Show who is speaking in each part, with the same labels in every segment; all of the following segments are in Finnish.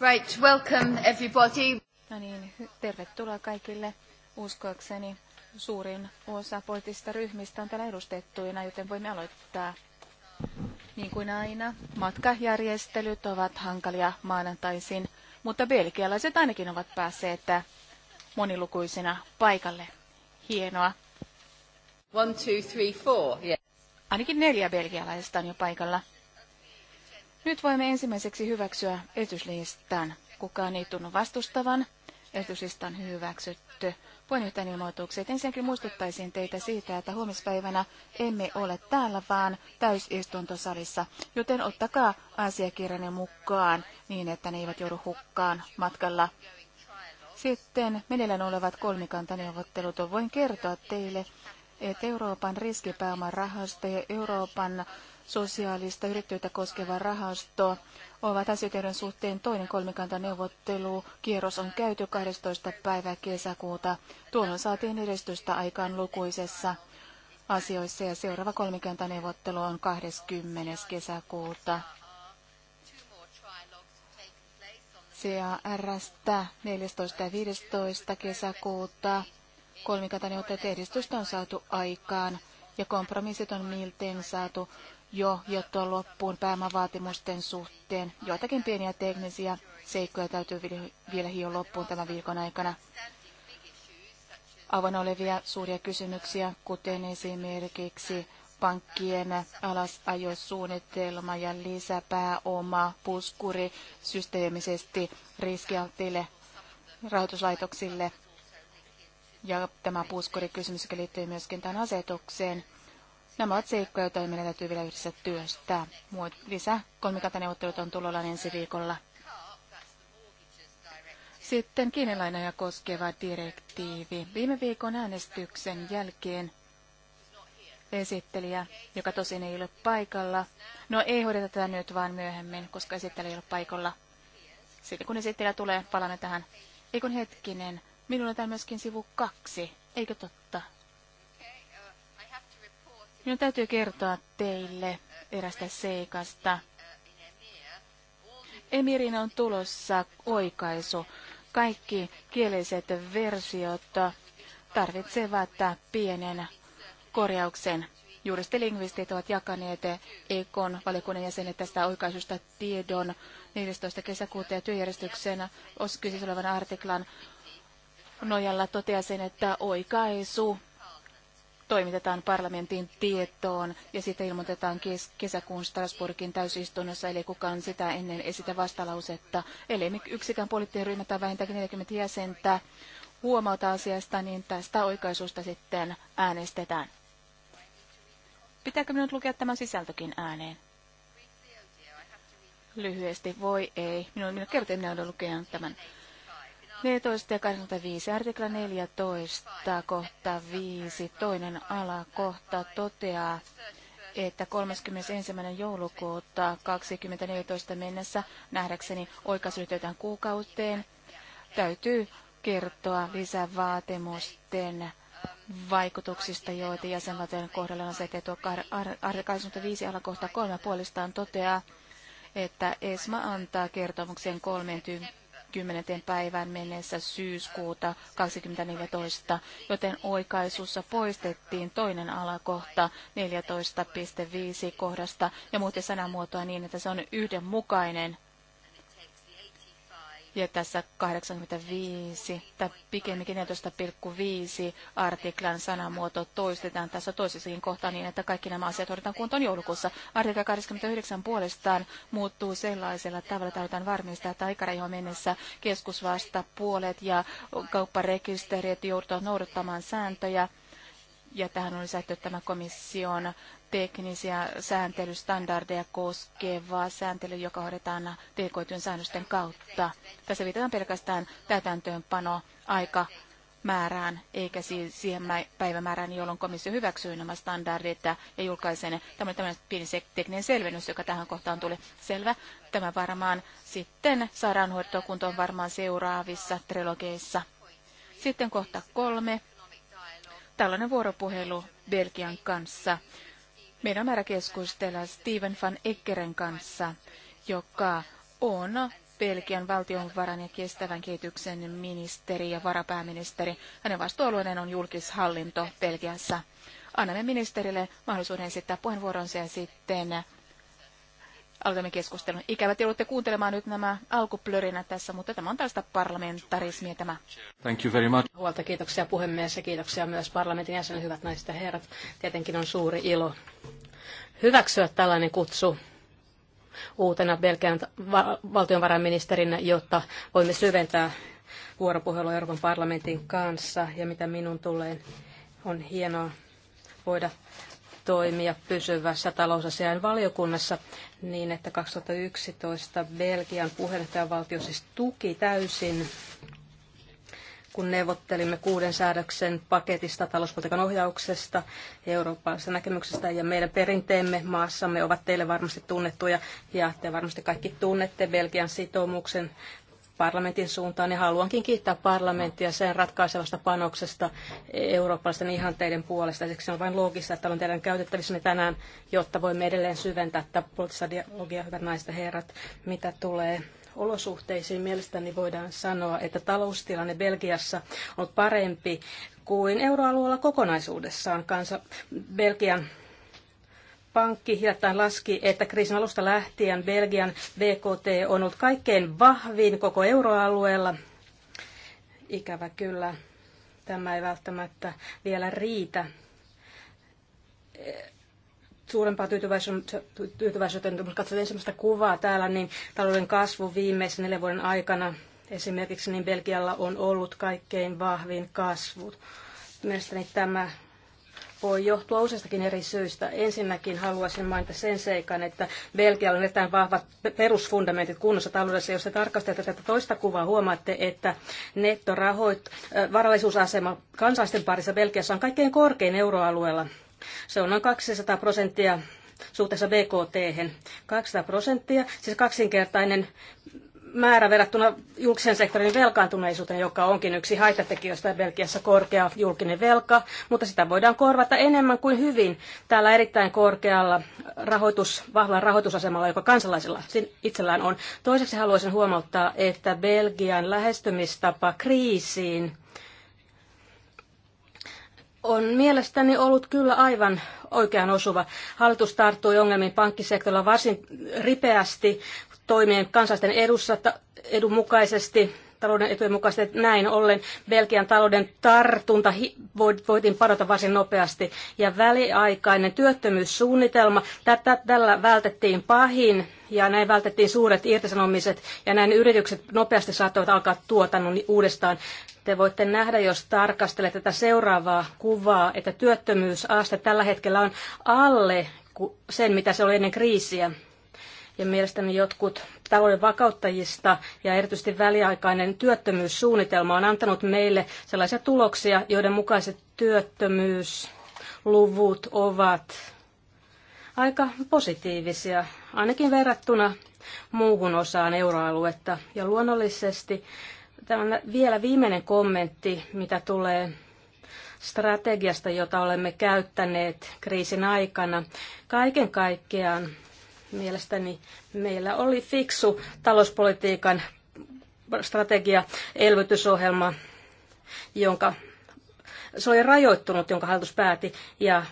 Speaker 1: Right, welcome everybody. No niin, tervetuloa kaikille. Uskoakseni suurin osa poliittisista ryhmistä on täällä edustettuina, joten voimme aloittaa. Niin kuin aina, matkajärjestelyt ovat hankalia maanantaisin, mutta belgialaiset ainakin ovat päässeet monilukuisina paikalle. Hienoa. One, two, three, four. Yeah. Ainakin neljä belgialaista on jo paikalla. Nyt voimme ensimmäiseksi hyväksyä esityslistan. Kukaan ei tunnu vastustavan. Esityslista on hyväksytty. Puheenjohtajan ilmoitukset. Ensinnäkin muistuttaisin teitä siitä, että huomispäivänä emme ole täällä, vaan täysistuntosalissa, joten ottakaa asiakirjanne mukaan niin, että ne eivät joudu hukkaan matkalla. Sitten meneillään olevat kolmikantaneuvottelut. Voin kertoa teille, että Euroopan riskipääomarahasto ja Euroopan sosiaalista yrittäjyyttä koskeva rahasto ovat asioita, joiden suhteen toinen kolmikantaneuvottelukierros on käyty 12. päivä kesäkuuta. Tuolloin saatiin edistystä aikaan lukuisessa asioissa ja seuraava kolmikantaneuvottelu on 20. kesäkuuta. CARstä 14. ja 15. kesäkuuta kolmikantaneuvottelut edistystä on saatu aikaan ja kompromissit on milten saatu jo jotta loppuun pääomavaatimusten suhteen. Joitakin pieniä teknisiä seikkoja täytyy vielä hio loppuun tämän viikon aikana. Avoin olevia suuria kysymyksiä, kuten esimerkiksi pankkien alasajosuunnitelma ja lisäpääoma, puskuri systeemisesti riskialtille rahoituslaitoksille. Ja tämä puskurikysymys liittyy myöskin tämän asetukseen. Nämä ovat seikkoja, joita meidän täytyy vielä yhdessä työstää. Lisää kolmikantaneuvottelut on tulolla ensi viikolla. Sitten kiinalainoja koskeva direktiivi. Viime viikon äänestyksen jälkeen esittelijä, joka tosin ei ole paikalla. No ei hoideta tätä nyt, vaan myöhemmin, koska esittelijä ei ole paikalla. Sitten kun esittelijä tulee, palaamme tähän. Eikun hetkinen, minulla on täällä myöskin sivu kaksi, eikö totta? Minun täytyy kertoa teille erästä seikasta. Emirin on tulossa oikaisu. Kaikki kieliset versiot tarvitsevat pienen korjauksen. Juristilingvistit ovat jakaneet EKon valiokunnan jäsenet tästä oikaisusta tiedon 14. kesäkuuta ja työjärjestyksen kyseessä olevan artiklan nojalla toteaa sen, että oikaisu toimitetaan parlamentin tietoon ja sitten ilmoitetaan kes- kesäkuun Strasbourgin täysistunnossa, eli kukaan sitä ennen esitä vastalausetta. Eli yksikään poliittinen ryhmä tai vähintäänkin 40 jäsentä huomauta asiasta, niin tästä oikaisusta sitten äänestetään. Pitääkö minun lukea tämä sisältökin ääneen? Lyhyesti, voi ei. Minun, minun että minä olen lukenut tämän. 14 ja 25, artikla 14, kohta 5, toinen ala kohta toteaa, että 31. joulukuuta 2014 mennessä nähdäkseni oikaisuyhteytään kuukauteen täytyy kertoa lisävaatimusten vaikutuksista, joita jäsenvaltioiden kohdalla on asetettu. Artikla 25 alakohta 3 puolestaan toteaa, että ESMA antaa kertomuksen 30 10. päivään mennessä syyskuuta 2014, joten oikaisussa poistettiin toinen alakohta 14.5 kohdasta ja muuten sanamuotoa niin, että se on yhdenmukainen ja tässä 85 tai pikemminkin 14,5 artiklan sanamuoto toistetaan tässä toisessakin kohtaa niin, että kaikki nämä asiat hoidetaan kuntoon joulukuussa. Artikla 29 puolestaan muuttuu sellaisella tavalla, että halutaan varmistaa, että aikarajoon mennessä keskusvasta puolet ja kaupparekisterit joudutaan noudattamaan sääntöjä ja tähän on lisätty tämä komission teknisiä sääntelystandardeja koskeva sääntely, joka hoidetaan tk säännösten kautta. Tässä viitataan pelkästään täytäntöönpano aika määrään, eikä siihen päivämäärään, jolloin komissio hyväksyy nämä standardit ja julkaisee ne. Tämä on tämmöinen pieni tekninen selvennys, joka tähän kohtaan tuli selvä. Tämä varmaan sitten saadaan hoidettua kuntoon varmaan seuraavissa trilogeissa. Sitten kohta kolme tällainen vuoropuhelu Belgian kanssa. Meidän on määrä keskustella Steven van Eckeren kanssa, joka on Belgian valtionvaran ja kestävän kehityksen ministeri ja varapääministeri. Hänen vastuualueen on julkishallinto Belgiassa. Annamme ministerille mahdollisuuden esittää puheenvuoronsa ja sitten aloitamme keskustelun. Ikävä te joudutte kuuntelemaan nyt nämä alkuplörinä tässä, mutta tämä on tällaista parlamentarismia tämä.
Speaker 2: Thank you very much.
Speaker 1: Huolta kiitoksia puhemies ja kiitoksia myös
Speaker 3: parlamentin jäsenille, hyvät naiset ja herrat. Tietenkin on suuri ilo hyväksyä tällainen kutsu uutena Belgian valtionvarainministerin, jotta voimme syventää vuoropuhelua Euroopan parlamentin kanssa. Ja mitä minun tulee, on hienoa voida toimia pysyvässä talousasiain valiokunnassa niin, että 2011 Belgian puheenjohtajavaltio siis tuki täysin kun neuvottelimme kuuden säädöksen paketista talouspolitiikan ohjauksesta ja eurooppalaisesta näkemyksestä. Ja meidän perinteemme maassamme ovat teille varmasti tunnettuja ja te varmasti kaikki tunnette Belgian sitoumuksen parlamentin suuntaan ja haluankin kiittää parlamenttia sen ratkaisevasta panoksesta eurooppalaisten ihanteiden puolesta. Siksi on vain loogista, että on teidän käytettävissäni tänään, jotta voimme edelleen syventää tätä poliittista dialogia, hyvät naiset ja herrat, mitä tulee olosuhteisiin mielestäni voidaan sanoa, että taloustilanne Belgiassa on parempi kuin euroalueella kokonaisuudessaan. Kansa, Belgian pankki hiljattain laski, että kriisin alusta lähtien Belgian BKT on ollut kaikkein vahvin koko euroalueella. Ikävä kyllä, tämä ei välttämättä vielä riitä. Suurempaa tyytyväisyyttä, kun katsot ensimmäistä kuvaa täällä, niin talouden kasvu viimeisen neljän vuoden aikana esimerkiksi, niin Belgialla on ollut kaikkein vahvin kasvu. Mielestäni tämä voi johtua useistakin eri syistä. Ensinnäkin haluaisin mainita sen seikan, että Belgialla on erittäin vahvat perusfundamentit kunnossa taloudessa. Jos te tarkastelette tätä toista kuvaa, huomaatte, että nettorahoit, varallisuusasema kansalaisten parissa Belgiassa on kaikkein korkein euroalueella. Se on noin 200 prosenttia suhteessa BKT. 200 prosenttia, siis kaksinkertainen määrä verrattuna julkisen sektorin velkaantuneisuuteen, joka onkin yksi haittatekijöistä Belgiassa korkea julkinen velka, mutta sitä voidaan korvata enemmän kuin hyvin tällä erittäin korkealla rahoitus, vahvalla rahoitusasemalla, joka kansalaisilla itsellään on. Toiseksi haluaisin huomauttaa, että Belgian lähestymistapa kriisiin on mielestäni ollut kyllä aivan oikean osuva. Hallitus tarttui ongelmiin pankkisektorilla varsin ripeästi, toimien kansallisten edussa, edun mukaisesti, talouden etujen mukaisesti. Näin ollen Belgian talouden tartunta voitiin parata varsin nopeasti. Ja väliaikainen työttömyyssuunnitelma, tätä, tällä vältettiin pahin ja näin vältettiin suuret irtisanomiset ja näin yritykset nopeasti saattoivat alkaa tuotannon niin uudestaan. Te voitte nähdä, jos tarkastelette tätä seuraavaa kuvaa, että työttömyysaste tällä hetkellä on alle sen, mitä se oli ennen kriisiä. Ja mielestäni jotkut talouden vakauttajista ja erityisesti väliaikainen työttömyyssuunnitelma on antanut meille sellaisia tuloksia, joiden mukaiset työttömyysluvut ovat aika positiivisia, ainakin verrattuna muuhun osaan euroaluetta. Ja luonnollisesti tämä vielä viimeinen kommentti, mitä tulee strategiasta, jota olemme käyttäneet kriisin aikana. Kaiken kaikkiaan Mielestäni meillä oli fiksu talouspolitiikan strategia, elvytysohjelma, jonka se oli rajoittunut, jonka hallitus päätti. Ja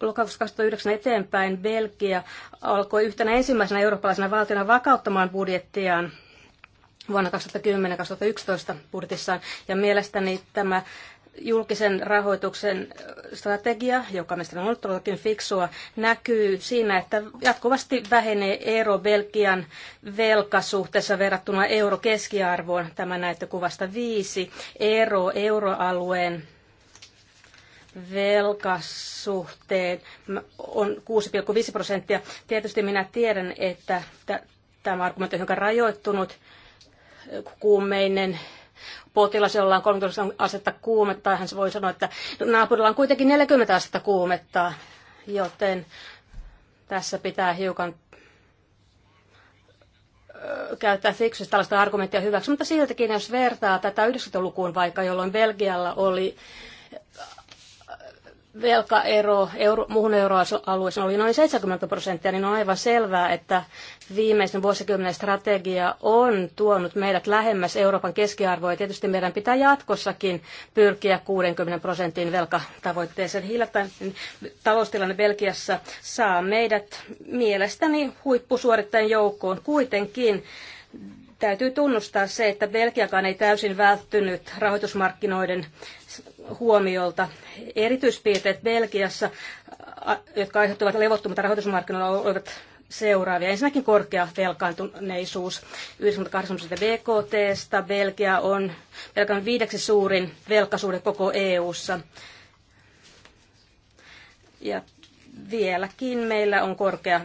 Speaker 3: lokakuussa 2009 eteenpäin Belgia alkoi yhtenä ensimmäisenä eurooppalaisena valtiona vakauttamaan budjettiaan vuonna 2010-2011 budjetissaan. Ja mielestäni tämä julkisen rahoituksen strategia, joka mielestäni on ollut todellakin fiksua, näkyy siinä, että jatkuvasti vähenee ero Belgian velkasuhteessa verrattuna eurokeskiarvoon. Tämä näette kuvasta viisi. Ero euroalueen velkasuhteen on 6,5 prosenttia. Tietysti minä tiedän, että tämä argumentti on hiukan rajoittunut, kuumeinen potilas, jolla on 30 asetta kuumetta, hän voi sanoa, että naapurilla on kuitenkin 40 astetta kuumetta, joten tässä pitää hiukan käyttää fiksuista tällaista argumenttia hyväksi, mutta siltikin jos vertaa tätä 90-lukuun vaikka, jolloin Belgialla oli velkaero euro, muuhun euroalueeseen oli noin 70 prosenttia, niin on aivan selvää, että viimeisen vuosikymmenen strategia on tuonut meidät lähemmäs Euroopan keskiarvoa. Ja tietysti meidän pitää jatkossakin pyrkiä 60 prosentin velkatavoitteeseen. Hiljattain taloustilanne Belgiassa saa meidät mielestäni huippusuorittajien joukkoon kuitenkin täytyy tunnustaa se, että Belgiakaan ei täysin välttynyt rahoitusmarkkinoiden huomiolta. Erityispiirteet Belgiassa, jotka aiheuttavat levottomuutta rahoitusmarkkinoilla, olivat seuraavia. Ensinnäkin korkea velkaantuneisuus 98 BKTstä. Belgia on Belgian viideksi suurin velkasuhde koko EU:ssa. Ja vieläkin meillä on korkea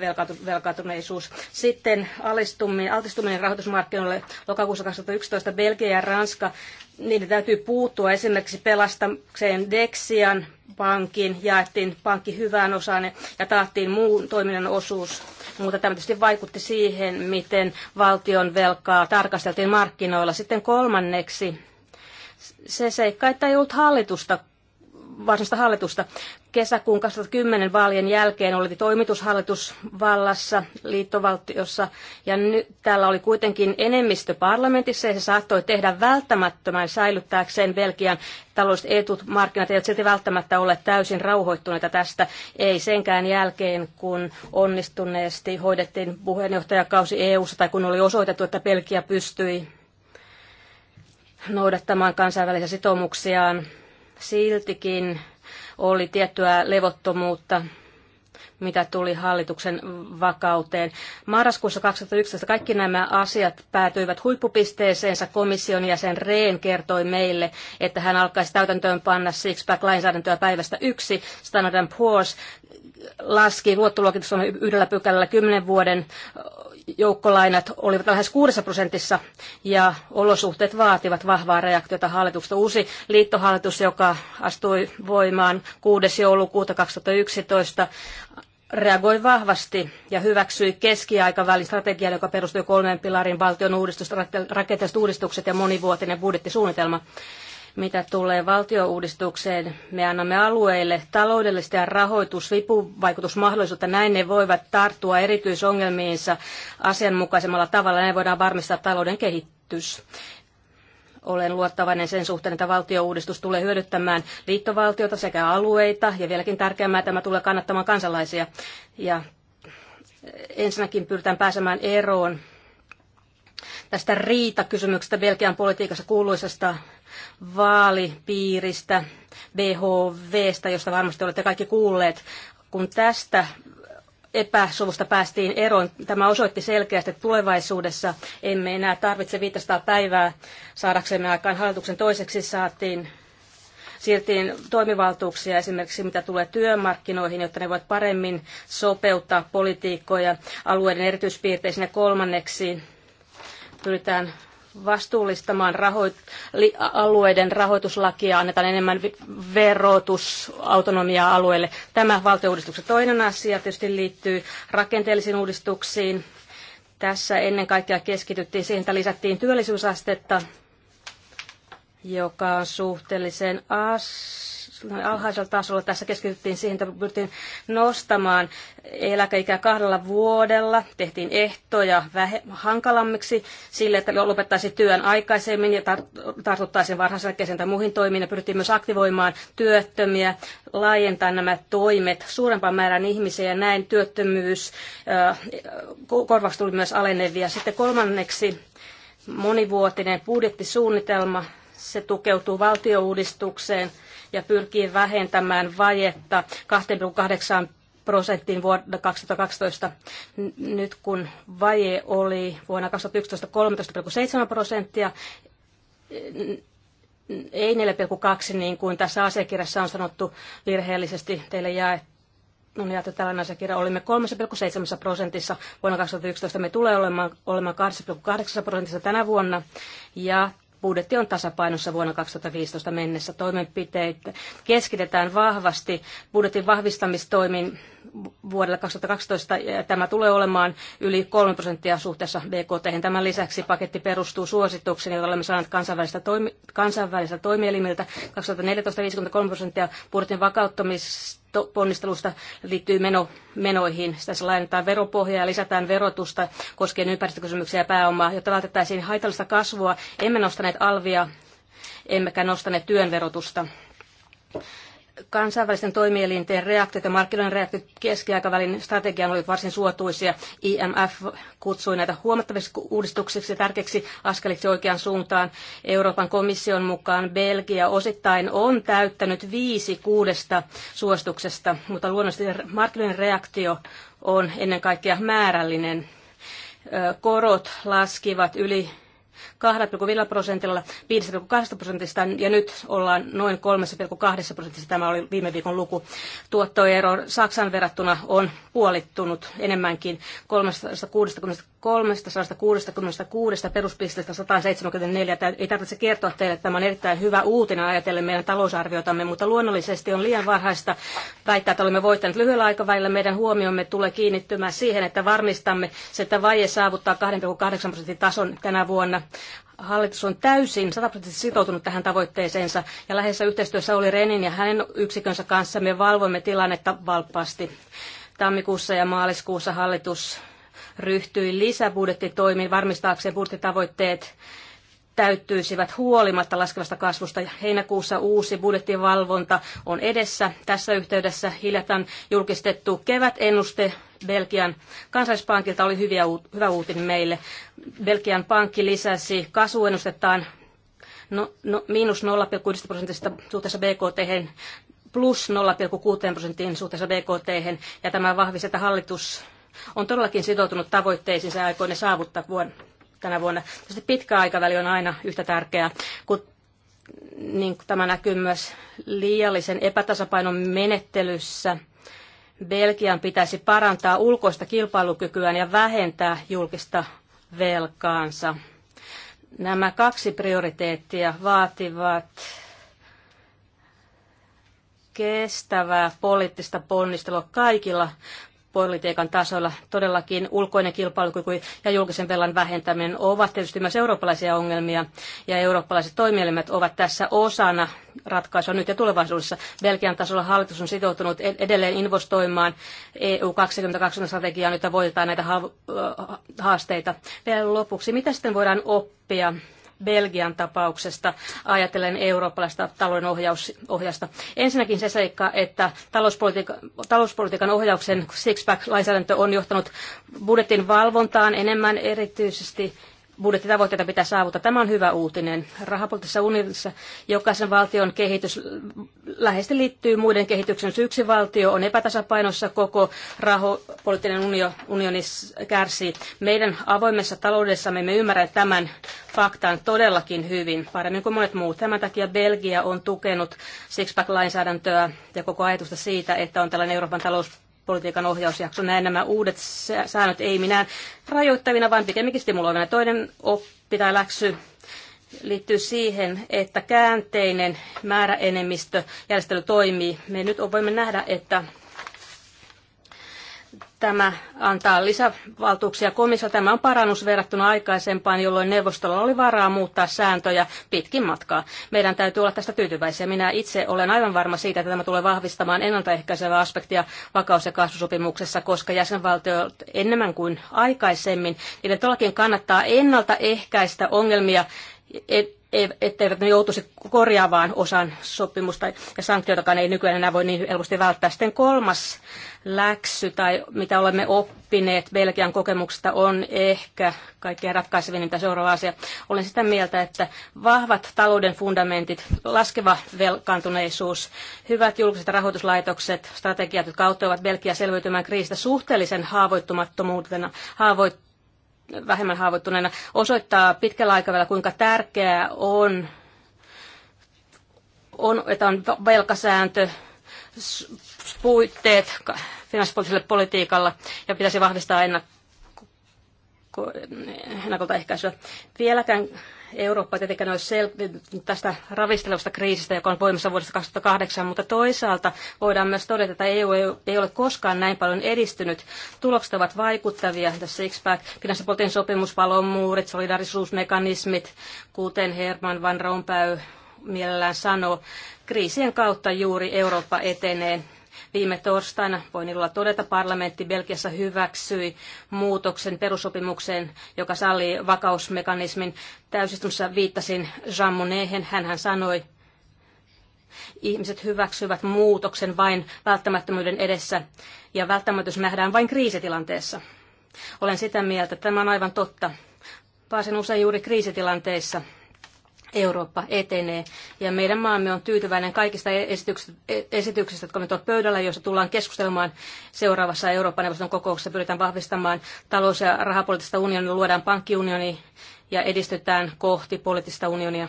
Speaker 3: velkaantuneisuus. Sitten alistuminen, altistuminen rahoitusmarkkinoille lokakuussa 2011 Belgia ja Ranska, niiden täytyy puuttua esimerkiksi pelastakseen Dexian pankin, jaettiin pankki hyvään osaan ja taattiin muun toiminnan osuus. Mutta tämä tietysti vaikutti siihen, miten valtion velkaa tarkasteltiin markkinoilla. Sitten kolmanneksi se seikka, että ei ollut hallitusta varsinaista hallitusta. Kesäkuun 2010 vaalien jälkeen oli toimitushallitus vallassa liittovaltiossa ja nyt täällä oli kuitenkin enemmistö parlamentissa ja se saattoi tehdä välttämättömän säilyttääkseen Belgian taloudelliset etut, markkinat eivät silti välttämättä ole täysin rauhoittuneita tästä, ei senkään jälkeen, kun onnistuneesti hoidettiin puheenjohtajakausi EU-ssa tai kun oli osoitettu, että Belgia pystyi noudattamaan kansainvälisiä sitoumuksiaan Siltikin oli tiettyä levottomuutta mitä tuli hallituksen vakauteen. Marraskuussa 2011 kaikki nämä asiat päätyivät huippupisteeseensä. Komission jäsen Rehn kertoi meille, että hän alkaisi täytäntöön panna Sixpack-lainsäädäntöä päivästä yksi. Standard Poor's laski luottoluokitus on yhdellä pykälällä kymmenen vuoden joukkolainat olivat lähes 6 prosentissa ja olosuhteet vaativat vahvaa reaktiota hallituksesta. Uusi liittohallitus, joka astui voimaan 6. joulukuuta 2011, reagoi vahvasti ja hyväksyi keskiaikavälin strategian, joka perustui kolmeen pilarin valtion uudistus, rakenteelliset uudistukset ja monivuotinen budjettisuunnitelma. Mitä tulee valtiouudistukseen, me annamme alueille taloudellista ja rahoitusvipuvaikutusmahdollisuutta. Näin ne voivat tarttua erityisongelmiinsa asianmukaisemmalla tavalla. Näin voidaan varmistaa talouden kehitys olen luottavainen sen suhteen, että valtiouudistus tulee hyödyttämään liittovaltiota sekä alueita ja vieläkin tärkeämmää tämä tulee kannattamaan kansalaisia. Ja ensinnäkin pyritään pääsemään eroon tästä riitakysymyksestä Belgian politiikassa kuuluisesta vaalipiiristä, BHVstä, josta varmasti olette kaikki kuulleet. Kun tästä epäsuvusta päästiin eroon. Tämä osoitti selkeästi, että tulevaisuudessa emme enää tarvitse 500 päivää saadaksemme aikaan hallituksen toiseksi saatiin siirtiin toimivaltuuksia esimerkiksi mitä tulee työmarkkinoihin, jotta ne voivat paremmin sopeuttaa politiikkoja alueiden erityispiirteisiin ja kolmanneksi pyritään vastuullistamaan rahoit- li- alueiden rahoituslakia, annetaan enemmän verotusautonomiaa alueelle. Tämä valtiouudistuksen toinen asia tietysti liittyy rakenteellisiin uudistuksiin. Tässä ennen kaikkea keskityttiin siihen, että lisättiin työllisyysastetta, joka on suhteellisen as alhaisella tasolla. Tässä keskityttiin siihen, että pyrittiin nostamaan eläkeikää kahdella vuodella. Tehtiin ehtoja vähe- hankalammiksi sille, että lopettaisi työn aikaisemmin ja tartuttaisiin varhaiseläkkeeseen tai muihin toimiin. pyrittiin myös aktivoimaan työttömiä, laajentaa nämä toimet suurempaan määrään ihmisiä ja näin työttömyys, korvaksi tuli myös alenevia. Sitten kolmanneksi monivuotinen budjettisuunnitelma se tukeutuu valtiouudistukseen ja pyrkii vähentämään vajetta 2,8 prosenttiin vuonna 2012. Nyt kun vaje oli vuonna 2011 13,7 prosenttia, ei 4,2 niin kuin tässä asiakirjassa on sanottu virheellisesti teille jaettu on no niin, jaettu tällainen asiakirja. Olimme 3,7 prosentissa vuonna 2011. Me tulee olemaan, olemaan 8,8 prosentissa tänä vuonna. Ja budjetti on tasapainossa vuonna 2015 mennessä. Toimenpiteet keskitetään vahvasti budjetin vahvistamistoimin vuodelle 2012 ja tämä tulee olemaan yli 3 prosenttia suhteessa BKT. Tämän lisäksi paketti perustuu suosituksiin, joita olemme saaneet kansainvälistä toimi, kansainvälisiltä toimielimiltä 2014-53 prosenttia budjetin vakauttamista ponnistelusta liittyy meno, menoihin. Tässä laajennetaan veropohjaa ja lisätään verotusta koskien ympäristökysymyksiä ja pääomaa, jotta vältettäisiin haitallista kasvua. Emme nostaneet alvia, emmekä nostaneet työn verotusta kansainvälisten toimielinten reaktiot ja markkinoiden reaktiot keskiaikavälin strategiaan olivat varsin suotuisia. IMF kutsui näitä huomattaviksi uudistuksiksi ja tärkeiksi askeliksi oikeaan suuntaan. Euroopan komission mukaan Belgia osittain on täyttänyt viisi kuudesta suosituksesta, mutta luonnollisesti markkinoiden reaktio on ennen kaikkea määrällinen. Korot laskivat yli 2,5 prosentilla 5,8 prosentista ja nyt ollaan noin 3,2 prosentissa. Tämä oli viime viikon luku. Tuottoero Saksan verrattuna on puolittunut enemmänkin 366 peruspisteestä 174. Ei tarvitse kertoa teille, että tämä on erittäin hyvä uutinen ajatellen meidän talousarviotamme, mutta luonnollisesti on liian varhaista väittää, että olemme voittaneet lyhyellä aikavälillä. Meidän huomiomme tulee kiinnittymään siihen, että varmistamme se, että vaje saavuttaa 2,8 prosentin tason tänä vuonna hallitus on täysin sataprosenttisesti sitoutunut tähän tavoitteeseensa ja läheisessä yhteistyössä oli Renin ja hänen yksikönsä kanssa me valvoimme tilannetta valppaasti. Tammikuussa ja maaliskuussa hallitus ryhtyi lisäbudjettitoimiin varmistaakseen budjettitavoitteet täyttyisivät huolimatta laskevasta kasvusta. Heinäkuussa uusi budjettivalvonta on edessä. Tässä yhteydessä hiljattain julkistettu kevätennuste Belgian kansallispankilta oli hyviä, hyvä uutinen meille. Belgian pankki lisäsi kasvuennustettaan no, no, miinus 0,1 prosentista suhteessa BKT plus 0,6 prosenttiin suhteessa BKT, ja tämä vahvistaa että hallitus on todellakin sitoutunut tavoitteisiinsa ja aikoo saavuttaa vuonna tänä vuonna. Tietysti pitkä aikaväli on aina yhtä tärkeää, kun niin tämä näkyy myös liiallisen epätasapainon menettelyssä. Belgian pitäisi parantaa ulkoista kilpailukykyään ja vähentää julkista velkaansa. Nämä kaksi prioriteettia vaativat kestävää poliittista ponnistelua kaikilla politiikan tasolla. Todellakin ulkoinen kilpailukyky ja julkisen velan vähentäminen ovat tietysti myös eurooppalaisia ongelmia, ja eurooppalaiset toimielimet ovat tässä osana ratkaisua nyt ja tulevaisuudessa. Belgian tasolla hallitus on sitoutunut edelleen investoimaan EU 2020-strategiaan, jotta voitetaan näitä haasteita. Vielä lopuksi, mitä sitten voidaan oppia Belgian tapauksesta ajatellen eurooppalaista talouden ohjaus, ohjausta. Ensinnäkin se seikka, että talouspolitiikan, talouspolitiikan ohjauksen six-pack-lainsäädäntö on johtanut budjetin valvontaan enemmän erityisesti budjettitavoitteita pitää saavuttaa. Tämä on hyvä uutinen. Rahapoliittisessa unionissa jokaisen valtion kehitys läheisesti liittyy muiden kehityksen. Yksi valtio on epätasapainossa, koko rahapoliittinen unioni kärsii. Meidän avoimessa taloudessamme me ymmärrämme tämän faktaan todellakin hyvin, paremmin kuin monet muut. Tämän takia Belgia on tukenut Sixpack-lainsäädäntöä ja koko ajatusta siitä, että on tällainen Euroopan talous politiikan ohjausjakso, näin nämä uudet säännöt ei minään rajoittavina, vaan pikemminkin stimuloivina. Toinen oppi tai läksy liittyy siihen, että käänteinen määräenemmistöjärjestely toimii. Me nyt voimme nähdä, että Tämä antaa lisävaltuuksia komissa. Tämä on parannus verrattuna aikaisempaan, jolloin neuvostolla oli varaa muuttaa sääntöjä pitkin matkaa. Meidän täytyy olla tästä tyytyväisiä. Minä itse olen aivan varma siitä, että tämä tulee vahvistamaan ennaltaehkäisevää aspektia vakaus- ja kasvusopimuksessa, koska jäsenvaltiot enemmän kuin aikaisemmin, niiden todellakin kannattaa ennaltaehkäistä ongelmia, etteivät ne joutuisi korjaavaan osaan sopimusta ja sanktioitakaan ei nykyään enää voi niin helposti välttää. Sitten kolmas läksy tai mitä olemme oppineet Belgian kokemuksesta on ehkä kaikkein ratkaisevin mitä seuraava asia. Olen sitä mieltä, että vahvat talouden fundamentit, laskeva velkaantuneisuus, hyvät julkiset rahoituslaitokset, strategiat, jotka auttoivat Belgia selviytymään kriisistä suhteellisen haavoittumattomuutena, haavoittumattomuutena vähemmän haavoittuneena, osoittaa pitkällä aikavälillä, kuinka tärkeää on, on että on velkasääntö, puitteet finanssipoliittiselle politiikalla ja pitäisi vahvistaa ennakko, ennakoltaehkäisyä. Vieläkään Eurooppa tietenkään olisi sel- tästä ravistelevasta kriisistä, joka on voimassa vuodesta 2008, mutta toisaalta voidaan myös todeta, että EU ei ole koskaan näin paljon edistynyt. Tulokset ovat vaikuttavia, the six-pack, finanssipolitiikan sopimus, muut solidarisuusmekanismit, kuten Herman Van Rompuy mielellään sanoo, kriisien kautta juuri Eurooppa etenee. Viime torstaina, voin ilolla todeta, parlamentti Belgiassa hyväksyi muutoksen perusopimukseen, joka sallii vakausmekanismin. Täysistunnossa viittasin Jean Monnethen, hän sanoi, ihmiset hyväksyvät muutoksen vain välttämättömyyden edessä ja välttämättömyys nähdään vain kriisitilanteessa. Olen sitä mieltä, että tämä on aivan totta, varsin usein juuri kriisitilanteissa – Eurooppa etenee. Ja meidän maamme on tyytyväinen kaikista esityksistä, esityksistä jotka ovat pöydällä, joissa tullaan keskustelemaan seuraavassa Euroopan neuvoston kokouksessa. Pyritään vahvistamaan talous- ja rahapoliittista unionia, luodaan pankkiunioni ja edistetään kohti poliittista unionia.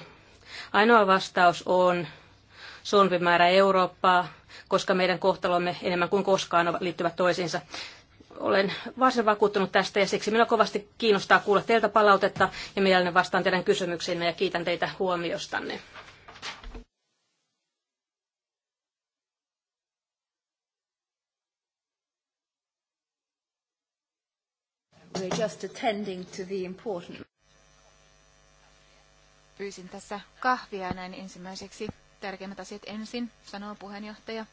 Speaker 3: Ainoa vastaus on määrä Eurooppaa, koska meidän kohtalomme enemmän kuin koskaan liittyvät toisiinsa olen varsin vakuuttunut tästä ja siksi minua kovasti kiinnostaa kuulla teiltä palautetta ja mielelläni vastaan teidän kysymyksiinne ja kiitän teitä huomiostanne.
Speaker 1: We're just attending to the important... Pyysin tässä kahvia näin ensimmäiseksi. Tärkeimmät asiat ensin, sanoo puheenjohtaja.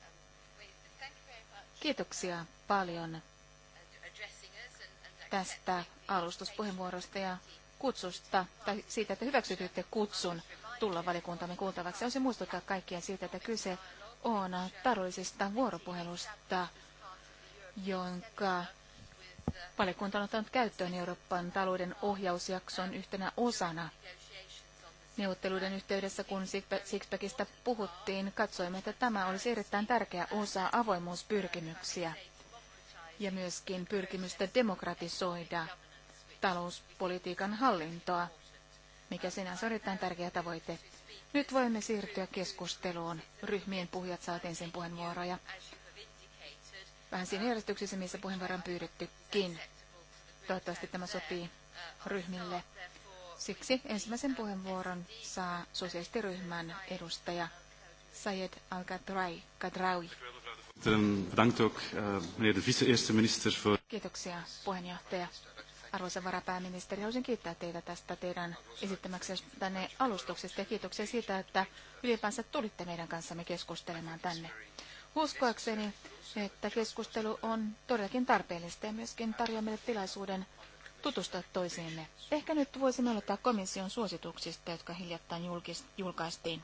Speaker 1: Kiitoksia paljon tästä alustuspuheenvuorosta ja kutsusta, tai siitä, että hyväksytytte kutsun tulla valikuntamme kuultavaksi. Olisin muistuttaa kaikkia siitä, että kyse on taloudellisesta vuoropuhelusta, jonka valikunta on ottanut käyttöön Euroopan talouden ohjausjakson yhtenä osana. Neuvotteluiden yhteydessä, kun Sixpackista puhuttiin, katsoimme, että tämä olisi erittäin tärkeä osa avoimuuspyrkimyksiä ja myöskin pyrkimystä demokratisoida talouspolitiikan hallintoa, mikä sinänsä on erittäin tärkeä tavoite. Nyt voimme siirtyä keskusteluun. Ryhmien puhujat saavat ensin puheenvuoroja. Vähän siinä järjestyksessä, missä puheenvuoron pyydettykin. Toivottavasti tämä sopii ryhmille. Siksi ensimmäisen puheenvuoron saa sosiaalistiryhmän edustaja Sayed Al-Kadraui.
Speaker 4: Ehm, eh,
Speaker 1: kiitoksia puheenjohtaja. Arvoisa varapääministeri, haluaisin kiittää teitä tästä teidän esittämäksenne tänne alustuksesta ja kiitoksia siitä, että ylipäänsä tulitte meidän kanssamme keskustelemaan tänne. Uskoakseni, että keskustelu on todellakin tarpeellista ja myöskin tarjoaa meille tilaisuuden tutustua toisiimme. Ehkä nyt voisimme aloittaa komission suosituksista, jotka hiljattain julkaistiin.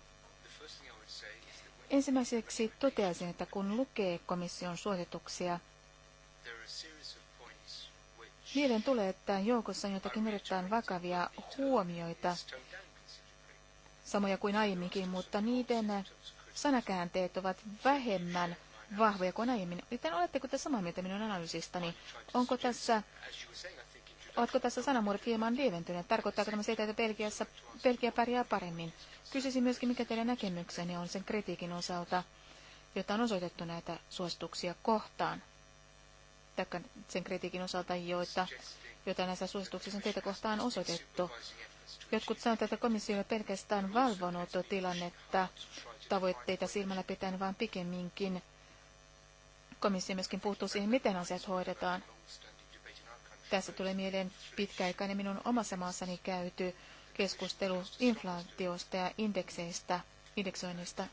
Speaker 1: Ensimmäiseksi toteaisin, että kun lukee komission suosituksia, niiden tulee, että joukossa on jotakin erittäin vakavia huomioita, samoja kuin aiemminkin, mutta niiden sanakäänteet ovat vähemmän vahvoja kuin aiemmin. Joten oletteko te samaa mieltä minun analyysistani? Onko tässä Ovatko tässä sanamuodot hieman lieventyneet? Tarkoittaako tämä sitä, että Belgiassa, Belgia pärjää paremmin? Kysyisin myöskin, mikä teidän näkemyksenne on sen kritiikin osalta, jota on osoitettu näitä suosituksia kohtaan. Taikka sen kritiikin osalta, joita, joita näissä suosituksissa on teitä kohtaan osoitettu. Jotkut sanovat, että komissio ei pelkästään valvonut tilannetta tavoitteita silmällä pitäen, vaan pikemminkin komissio myöskin puuttuu siihen, miten asiat hoidetaan. Tässä tulee mieleen pitkäaikainen minun omassa maassani käyty keskustelu inflaatiosta ja indekseistä, indeksoinnista.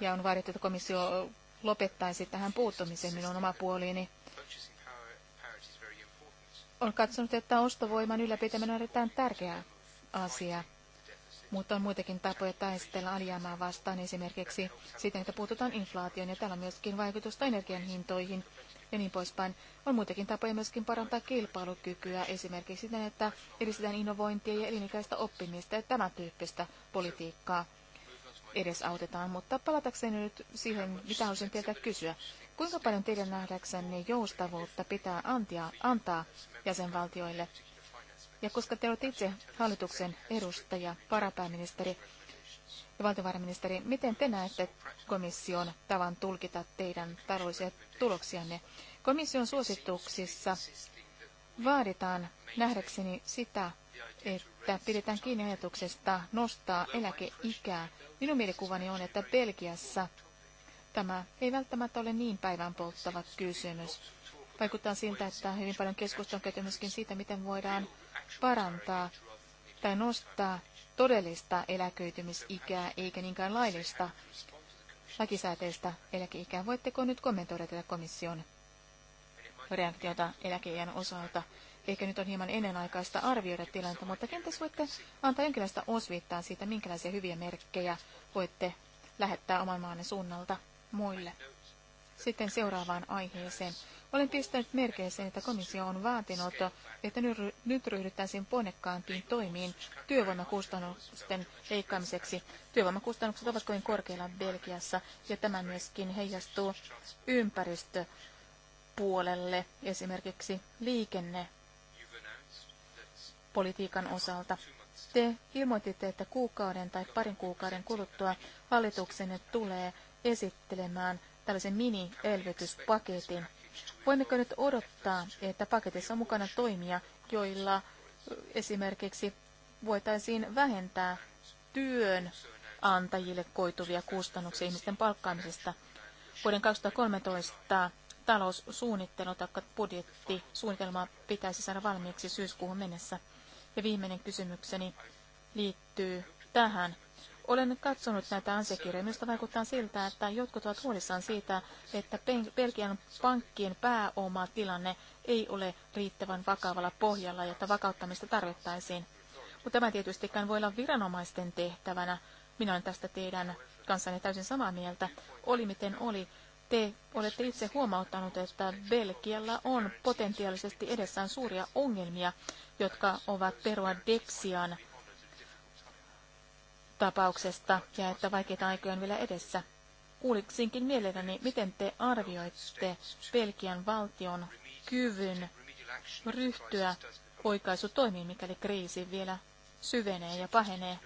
Speaker 1: Ja on vaadittu, että komissio lopettaisi tähän puuttumisen minun oma puoliini. On katsonut, että ostovoiman ylläpitäminen on erittäin tärkeä asia, mutta on muitakin tapoja taistella alijäämää vastaan, esimerkiksi siten, että puututaan inflaatioon, ja tällä on myöskin vaikutusta energian hintoihin ja niin poispäin. On muitakin tapoja myöskin parantaa kilpailukykyä, esimerkiksi siten, että edistetään innovointia ja elinikäistä oppimista ja tämän tyyppistä politiikkaa edesautetaan, mutta palatakseni nyt siihen, mitä haluaisin teiltä kysyä. Kuinka paljon teidän nähdäksenne joustavuutta pitää antia, antaa jäsenvaltioille? Ja koska te olette itse hallituksen edustaja, varapääministeri, ja valtiovarainministeri, miten te näette komission tavan tulkita teidän taloudellisia tuloksianne? Komission suosituksissa vaaditaan nähdäkseni sitä, että pidetään kiinni ajatuksesta nostaa eläkeikää. Minun mielikuvani on, että Belgiassa tämä ei välttämättä ole niin päivän polttava kysymys. Vaikuttaa siltä, että hyvin paljon keskustelua on käyty myöskin siitä, miten voidaan parantaa tai nostaa todellista eläköitymisikää eikä niinkään laillista lakisääteistä eläkeikää. Voitteko nyt kommentoida tätä komission reaktiota eläkeiän osalta? Ehkä nyt on hieman ennenaikaista arvioida tilannetta, mutta kenties voitte antaa jonkinlaista osviittaa siitä, minkälaisia hyviä merkkejä voitte lähettää oman maanne suunnalta muille. Sitten seuraavaan aiheeseen. Olen pistänyt merkille sen, että komissio on vaatinut, että nyt ryhdyttäisiin ponnekkaampiin toimiin työvoimakustannusten leikkaamiseksi. Työvoimakustannukset ovat kovin korkeilla Belgiassa ja tämä myöskin heijastuu ympäristöpuolelle, esimerkiksi liikennepolitiikan osalta. Te ilmoititte, että kuukauden tai parin kuukauden kuluttua hallituksenne tulee esittelemään tällaisen mini-elvytyspaketin. Voimmeko nyt odottaa, että paketissa on mukana toimia, joilla esimerkiksi voitaisiin vähentää työn antajille koituvia kustannuksia ihmisten palkkaamisesta. Vuoden 2013 taloussuunnittelu tai budjettisuunnitelma pitäisi saada valmiiksi syyskuuhun mennessä. Ja viimeinen kysymykseni liittyy tähän olen katsonut näitä ansiokirjoja. Minusta vaikuttaa siltä, että jotkut ovat huolissaan siitä, että Belgian pankkien pääomatilanne ei ole riittävän vakavalla pohjalla, jotta vakauttamista tarvittaisiin. Mutta tämä tietystikään voi olla viranomaisten tehtävänä. Minä olen tästä teidän kanssanne täysin samaa mieltä. Oli miten oli. Te olette itse huomauttanut, että Belgialla on potentiaalisesti edessään suuria ongelmia, jotka ovat perua Dexian tapauksesta ja että vaikeita aikoja on vielä edessä. Kuuliksinkin mielelläni, miten te arvioitte Belgian valtion kyvyn ryhtyä oikaisutoimiin, mikäli kriisi vielä syvenee ja pahenee.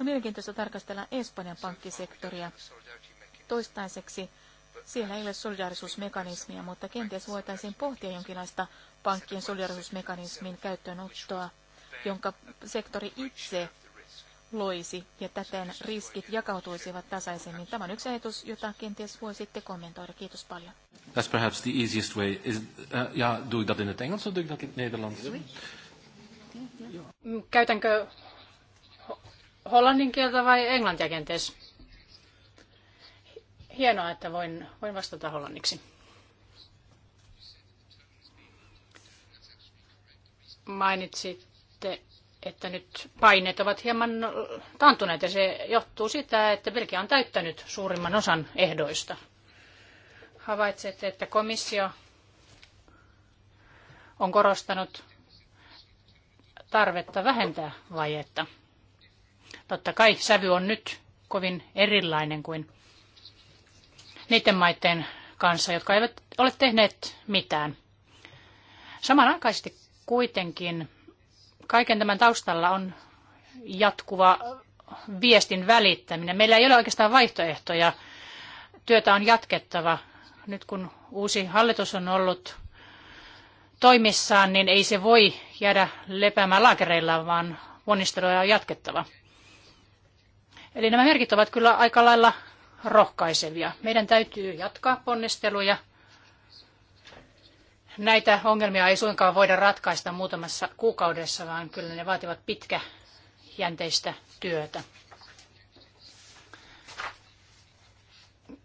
Speaker 1: On mielenkiintoista tarkastella Espanjan pankkisektoria. Toistaiseksi siellä ei ole solidarisuusmekanismia, mutta kenties voitaisiin pohtia jonkinlaista pankkien solidarisuusmekanismin käyttöönottoa, jonka sektori itse loisi ja täten riskit jakautuisivat tasaisemmin. Tämä on yksi ajatus, jota kenties voisitte kommentoida. Kiitos paljon.
Speaker 2: That's perhaps the easiest way. Is, uh, ja, doe ik in het or do doe in het Nederlands?
Speaker 5: Käytänkö hollannin kieltä vai englantia kenties? Hienoa, että voin, voin vastata hollanniksi. Mainitsitte että nyt paineet ovat hieman taantuneet ja se johtuu sitä, että Belgia on täyttänyt suurimman osan ehdoista. Havaitsette, että komissio on korostanut tarvetta vähentää vajetta. Totta kai sävy on nyt kovin erilainen kuin niiden maiden kanssa, jotka eivät ole tehneet mitään. Samanaikaisesti kuitenkin kaiken tämän taustalla on jatkuva viestin välittäminen. Meillä ei ole oikeastaan vaihtoehtoja. Työtä on jatkettava. Nyt kun uusi hallitus on ollut toimissaan, niin ei se voi jäädä lepäämään laakereilla, vaan ponnisteluja on jatkettava. Eli nämä merkit ovat kyllä aika lailla rohkaisevia. Meidän täytyy jatkaa ponnisteluja – Näitä ongelmia ei suinkaan voida ratkaista muutamassa kuukaudessa, vaan kyllä ne vaativat pitkäjänteistä työtä.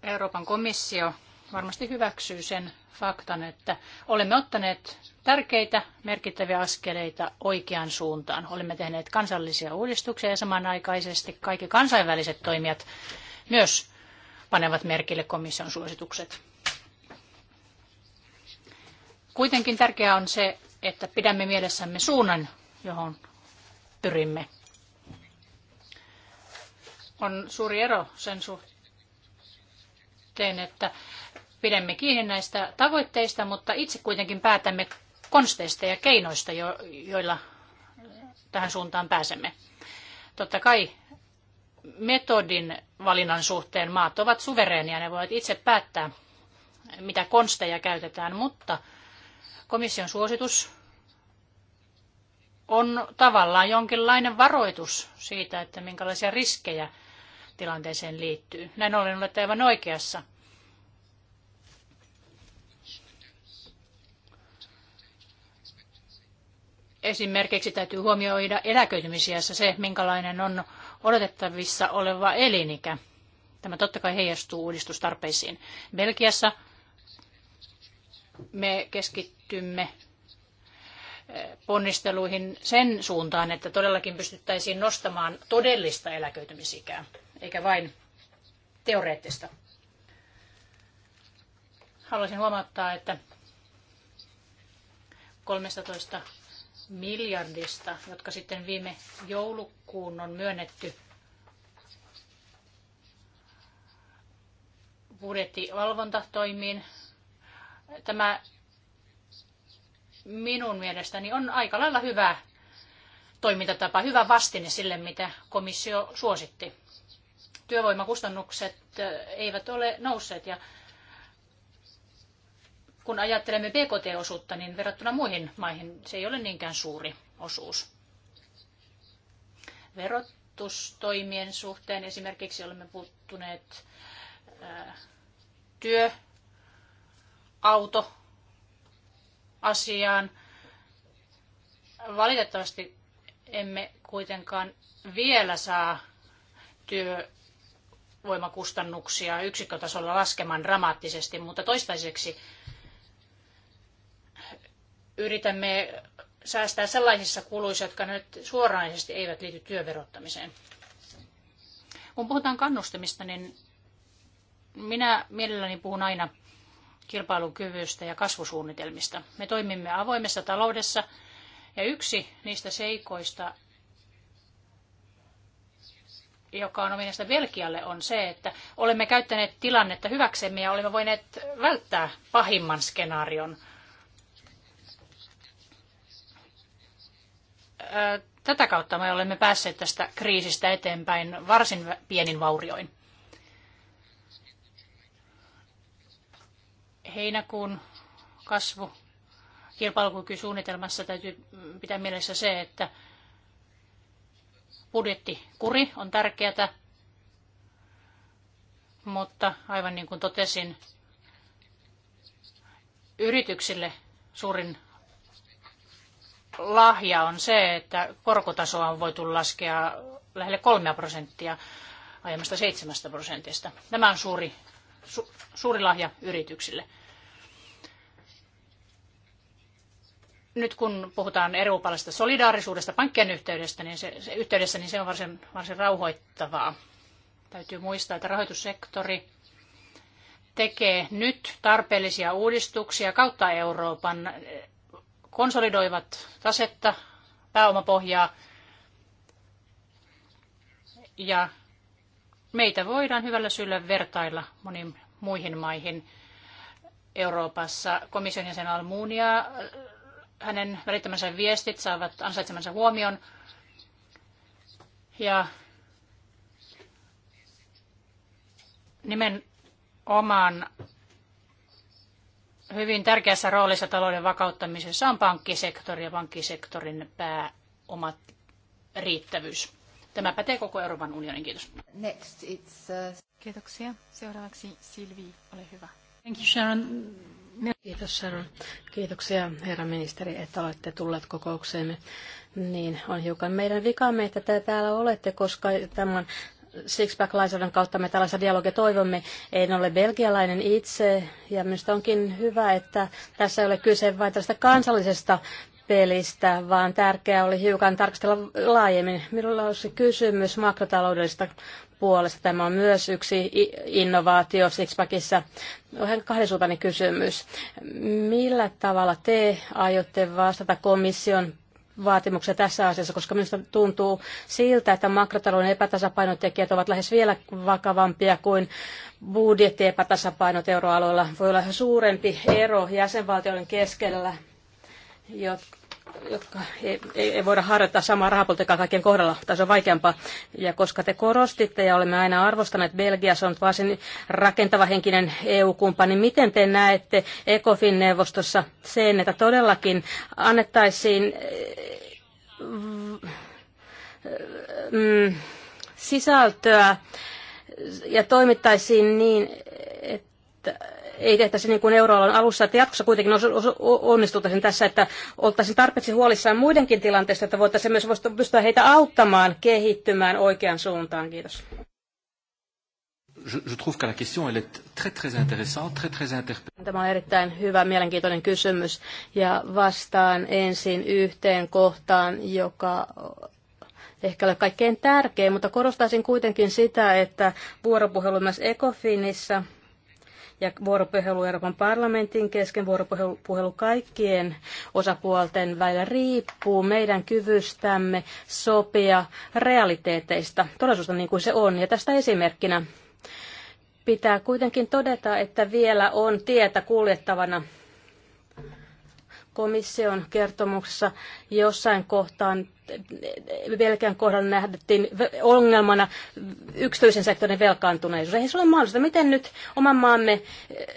Speaker 5: Euroopan komissio varmasti hyväksyy sen faktan, että olemme ottaneet tärkeitä, merkittäviä askeleita oikeaan suuntaan. Olemme tehneet kansallisia uudistuksia ja samanaikaisesti kaikki kansainväliset toimijat myös panevat merkille komission suositukset. Kuitenkin tärkeää on se, että pidämme mielessämme suunnan, johon pyrimme. On suuri ero sen suhteen, että pidämme kiinni näistä tavoitteista, mutta itse kuitenkin päätämme konsteista ja keinoista, joilla tähän suuntaan pääsemme. Totta kai metodin valinnan suhteen maat ovat suvereenia, ne voivat itse päättää, mitä konsteja käytetään, mutta Komission suositus on tavallaan jonkinlainen varoitus siitä, että minkälaisia riskejä tilanteeseen liittyy. Näin ollen olette aivan oikeassa. Esimerkiksi täytyy huomioida eläköitymisiässä se, minkälainen on odotettavissa oleva elinikä. Tämä totta kai heijastuu uudistustarpeisiin. Belgiassa me keskittymme eh, ponnisteluihin sen suuntaan, että todellakin pystyttäisiin nostamaan todellista eläköitymisikää, eikä vain teoreettista. Haluaisin huomauttaa, että 13 miljardista, jotka sitten viime joulukuun on myönnetty budjettivalvontatoimiin, Tämä minun mielestäni on aika lailla hyvä toimintatapa, hyvä vastine sille, mitä komissio suositti. Työvoimakustannukset eh, eivät ole nousseet ja kun ajattelemme BKT-osuutta, niin verrattuna muihin maihin se ei ole niinkään suuri osuus. Verotustoimien suhteen esimerkiksi olemme puuttuneet eh, työ auto asiaan. Valitettavasti emme kuitenkaan vielä saa työvoimakustannuksia yksikkötasolla laskemaan dramaattisesti, mutta toistaiseksi yritämme säästää sellaisissa kuluissa, jotka nyt suoranaisesti eivät liity työverottamiseen. Kun puhutaan kannustamista, niin minä mielelläni puhun aina kilpailukyvystä ja kasvusuunnitelmista. Me toimimme avoimessa taloudessa ja yksi niistä seikoista, joka on ominaista Belgialle, on se, että olemme käyttäneet tilannetta hyväksemme ja olemme voineet välttää pahimman skenaarion. Tätä kautta me olemme päässeet tästä kriisistä eteenpäin varsin pienin vaurioin. heinäkuun kasvu kilpailukykysuunnitelmassa täytyy pitää mielessä se, että budjettikuri on tärkeää, mutta aivan niin kuin totesin, yrityksille suurin lahja on se, että korkotasoa on voitu laskea lähelle 3 prosenttia aiemmasta 7 prosentista. Tämä on suuri, su, suuri lahja yrityksille. nyt kun puhutaan eurooppalaisesta solidaarisuudesta pankkien yhteydessä, niin se, se, yhteydessä, niin se on varsin, varsin rauhoittavaa. Täytyy muistaa, että rahoitussektori tekee nyt tarpeellisia uudistuksia kautta Euroopan, konsolidoivat tasetta, pääomapohjaa ja meitä voidaan hyvällä syyllä vertailla moniin muihin maihin. Euroopassa komission jäsen Almunia hänen välittämänsä viestit saavat ansaitsemansa huomion. Ja nimenomaan hyvin tärkeässä roolissa talouden vakauttamisessa on pankkisektori ja pankkisektorin pääomat riittävyys. Tämä pätee koko Euroopan unionin. Kiitos. Next, it's, uh... Kiitoksia. Seuraavaksi Silvi, ole hyvä. Thank you, Sharon. Kiitos Sharon.
Speaker 3: Kiitoksia herra ministeri, että olette tulleet kokoukseemme. Niin, on hiukan meidän vikamme, että te täällä olette, koska tämän Sixpack-lainsäädännön kautta me tällaisia dialogia toivomme. En ole belgialainen itse ja minusta onkin hyvä, että tässä ei ole kyse vain tästä kansallisesta pelistä, vaan tärkeää oli hiukan tarkastella laajemmin. Minulla olisi kysymys makrotaloudellisesta puolesta. Tämä on myös yksi innovaatio Sixpackissa. Vähän kahdensuuntainen kysymys. Millä tavalla te aiotte vastata komission vaatimuksia tässä asiassa, koska minusta tuntuu siltä, että makrotalouden epätasapainotekijät ovat lähes vielä vakavampia kuin budjettiepätasapainot euroalueella. Voi olla suurempi ero jäsenvaltioiden keskellä, jotka jotka ei, ei, voida harjoittaa samaa rahapolitiikkaa kaikkien kohdalla, tai se on vaikeampaa. Ja koska te korostitte ja olemme aina arvostaneet, Belgia on varsin rakentava henkinen EU-kumppani, niin miten te näette ECOFIN-neuvostossa sen, että todellakin annettaisiin eh, mm, sisältöä ja toimittaisiin niin, että ei tehtäisi niin kuin euroalueen alussa, että jatkossa kuitenkin onnistuttaisiin tässä, että oltaisiin tarpeeksi huolissaan muidenkin tilanteesta, että voitaisiin myös pystyä heitä auttamaan kehittymään oikeaan suuntaan. Kiitos. Tämä on erittäin hyvä, mielenkiintoinen kysymys. Ja vastaan ensin yhteen kohtaan, joka ehkä ole kaikkein tärkein, mutta korostaisin kuitenkin sitä, että vuoropuhelu myös ECOFINissa – ja vuoropuhelu Euroopan parlamentin kesken, vuoropuhelu kaikkien osapuolten välillä riippuu meidän kyvystämme sopia realiteeteista, todellisuudesta niin kuin se on. Ja tästä esimerkkinä pitää kuitenkin todeta, että vielä on tietä kuljettavana komission kertomuksessa jossain kohtaan Belgian kohdalla nähdettiin ongelmana yksityisen sektorin velkaantuneisuus. Ei se ole mahdollista. Miten nyt oman maamme eh,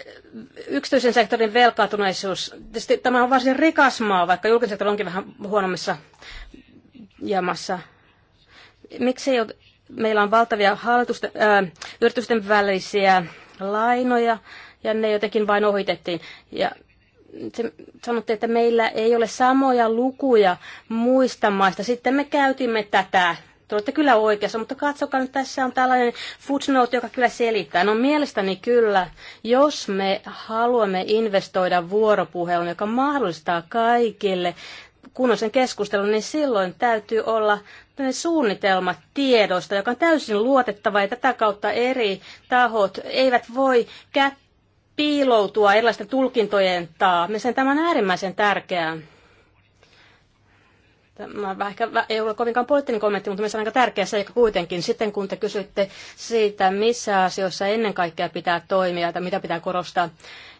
Speaker 3: yksityisen sektorin velkaantuneisuus, tietysti tämä on varsin rikas maa, vaikka julkinen sektori onkin vähän huonommissa jamassa. Miksi ei ole, meillä on valtavia hallitusten, ää, eh, yritysten välisiä lainoja, ja ne jotenkin vain ohitettiin. Ja sanotte, että meillä ei ole samoja lukuja muista maista. Sitten me käytimme tätä. Te olette kyllä oikeassa, mutta katsokaa nyt, tässä on tällainen footnote, joka kyllä selittää. No mielestäni kyllä, jos me haluamme investoida vuoropuhelun, joka mahdollistaa kaikille kunnollisen keskustelun, niin silloin täytyy olla suunnitelma tiedosta, joka on täysin luotettava ja tätä kautta eri tahot eivät voi kättää piiloutua erilaisten tulkintojen taa. Mielestäni tämä on äärimmäisen tärkeää. Tämä ehkä ei ole kovinkaan poliittinen kommentti, mutta mielestäni aika tärkeä seikka kuitenkin. Sitten kun te kysytte siitä, missä asioissa ennen kaikkea pitää toimia tai mitä pitää korostaa,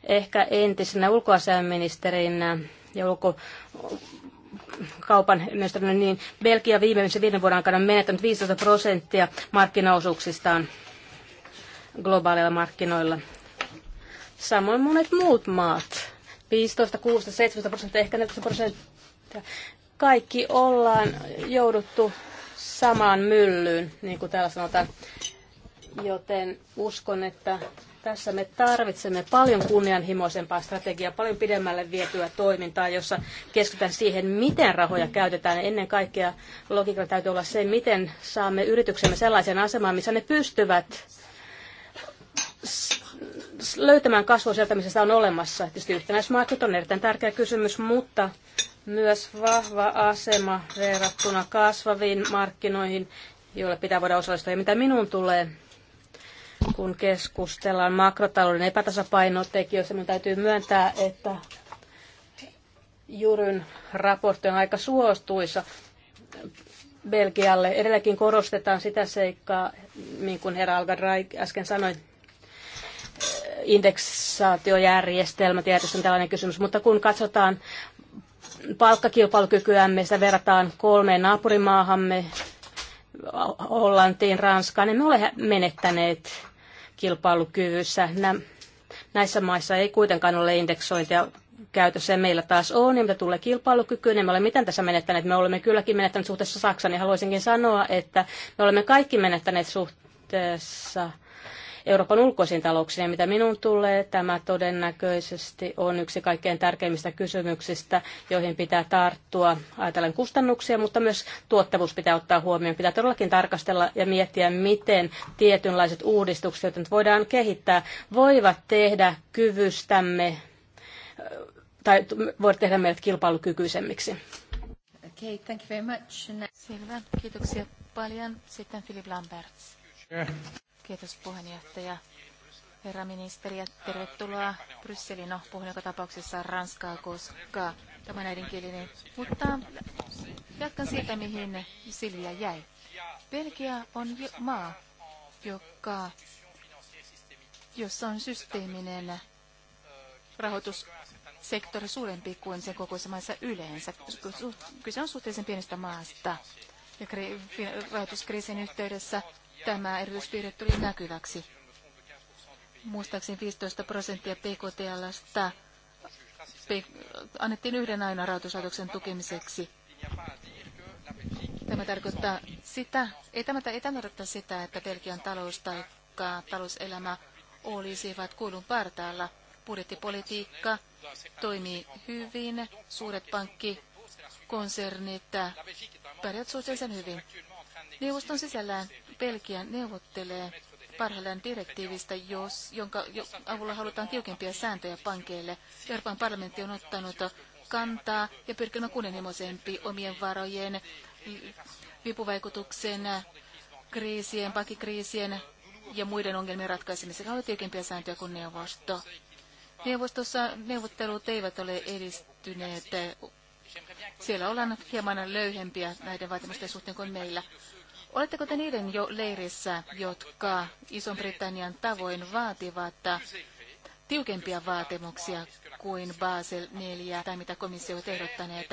Speaker 3: ehkä entisenä ulkoasiainministerinä ja ulko kaupan mestarin, niin Belgia viimeisen viiden vuoden aikana on menettänyt 15 prosenttia markkinaosuuksistaan globaaleilla markkinoilla. Samoin monet muut maat, 15, 16, 17 prosenttia, ehkä 14 prosenttia, kaikki ollaan jouduttu samaan myllyyn, niin kuin täällä sanotaan. Joten uskon, että tässä me tarvitsemme paljon kunnianhimoisempaa strategiaa, paljon pidemmälle vietyä toimintaa, jossa keskitytään siihen, miten rahoja käytetään. Ennen kaikkea logiikka täytyy olla se, miten saamme yrityksemme sellaisen asemaan, missä ne pystyvät löytämään kasvua sieltä, missä sitä on olemassa. Tietysti yhtenäismarkkinat on erittäin tärkeä kysymys, mutta myös vahva asema verrattuna kasvaviin markkinoihin, joille pitää voida osallistua. Ja mitä minun tulee, kun keskustellaan makrotalouden epätasapainotekijöistä, minun täytyy myöntää, että Juryn raportti on aika suostuissa Belgialle. Edelläkin korostetaan sitä seikkaa, niin kuin herra Algadrai äsken sanoi, tietysti on tällainen kysymys, mutta kun katsotaan palkkakilpailukykyämme, sitä verrataan kolmeen naapurimaahamme, Hollantiin, Ranskaan, niin me ole menettäneet kilpailukyvyssä. Näissä maissa ei kuitenkaan ole indeksointia käytössä ja meillä taas on, ja mitä tulee kilpailukykyyn, niin me olemme miten tässä menettäneet. Me olemme kylläkin menettäneet suhteessa Saksaan, ja haluaisinkin sanoa, että me olemme kaikki menettäneet suhteessa Euroopan ulkoisiin talouksiin. Ja mitä minun tulee, tämä todennäköisesti on yksi kaikkein tärkeimmistä kysymyksistä, joihin pitää tarttua. Ajatellen kustannuksia, mutta myös tuottavuus pitää ottaa huomioon. Pitää todellakin tarkastella ja miettiä, miten tietynlaiset uudistukset, joita nyt voidaan kehittää, voivat tehdä kyvystämme tai voivat tehdä meidät kilpailukykyisemmiksi.
Speaker 1: Okay, thank you very much. Selvä. Kiitoksia paljon. Sitten Philip Lamberts. Kiitos puheenjohtaja. Herra ministeri, ja tervetuloa Brysseliin. No, puhun joka tapauksessa ranskaa, koska tämä on äidinkielinen. Mutta jatkan siitä, mihin Silvia jäi. Belgia on maa, joka, jossa on systeeminen sektori suurempi kuin sen kokoisessa maissa yleensä. Kyse on suhteellisen pienestä maasta. Ja rahoituskriisin yhteydessä tämä erityispiirre tuli näkyväksi. Muistaakseni 15 prosenttia PKTL annettiin yhden aina rahoituslaitoksen tukemiseksi. Tämä tarkoittaa sitä, ei tämä, ei tämä tarkoita sitä, että Belgian talous tai talouselämä olisivat kuulun partaalla. Budjettipolitiikka toimii hyvin, suuret pankkikonsernit pärjät suhteellisen hyvin. Neuvoston sisällään Belgia neuvottelee parhaillaan direktiivistä, jos, jonka jo, avulla halutaan tiukempia sääntöjä pankeille. Euroopan parlamentti on ottanut kantaa ja pyrkimään kunnianhimoisempi omien varojen vipuvaikutuksen, kriisien, pakikriisien ja muiden ongelmien ratkaisemiseksi. Haluaa tiukempia sääntöjä kuin neuvosto. Neuvostossa neuvottelut eivät ole edistyneet. Siellä ollaan hieman löyhempiä näiden vaatimusten suhteen kuin meillä. Oletteko te niiden jo leirissä, jotka iso britannian tavoin vaativat tiukempia vaatimuksia kuin Basel 4 tai mitä komissio on ehdottaneet,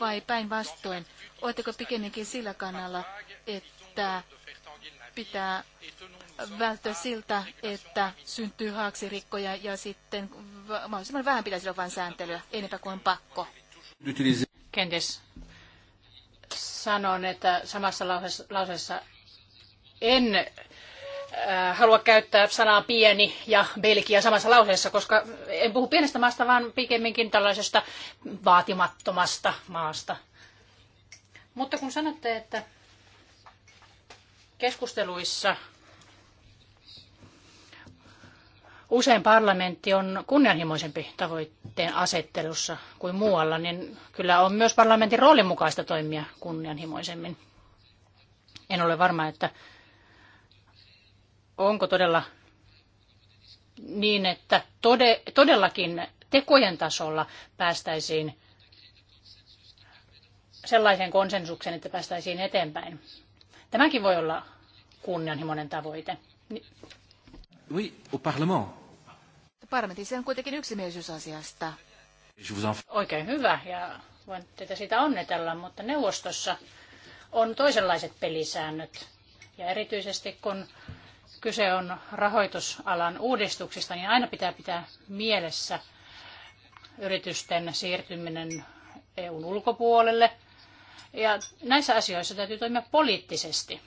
Speaker 1: vai päinvastoin, oletteko pikemminkin sillä kannalla, että pitää välttää siltä, että syntyy haaksirikkoja ja sitten mahdollisimman vähän pitäisi olla vain sääntelyä, enempä kuin pakko.
Speaker 5: Kenties sanon, että samassa lauseessa en äh, halua käyttää sanaa pieni ja Belgia samassa lauseessa, koska en puhu pienestä maasta, vaan pikemminkin tällaisesta vaatimattomasta maasta. Mutta kun sanotte, että keskusteluissa usein parlamentti on kunnianhimoisempi tavoitteen asettelussa kuin muualla, niin kyllä on myös parlamentin roolin mukaista toimia kunnianhimoisemmin. En ole varma, että onko todella niin, että tode, todellakin tekojen tasolla päästäisiin sellaiseen konsensukseen, että päästäisiin eteenpäin. Tämäkin voi olla kunnianhimoinen tavoite.
Speaker 2: Oui, au Parlement.
Speaker 5: Parlamentissa on kuitenkin yksimielisyys asiasta. Oikein hyvä ja voin teitä sitä onnetella, mutta neuvostossa on toisenlaiset pelisäännöt. Ja erityisesti kun kyse on rahoitusalan uudistuksista, niin aina pitää pitää mielessä yritysten siirtyminen EUn ulkopuolelle. Ja näissä asioissa täytyy toimia poliittisesti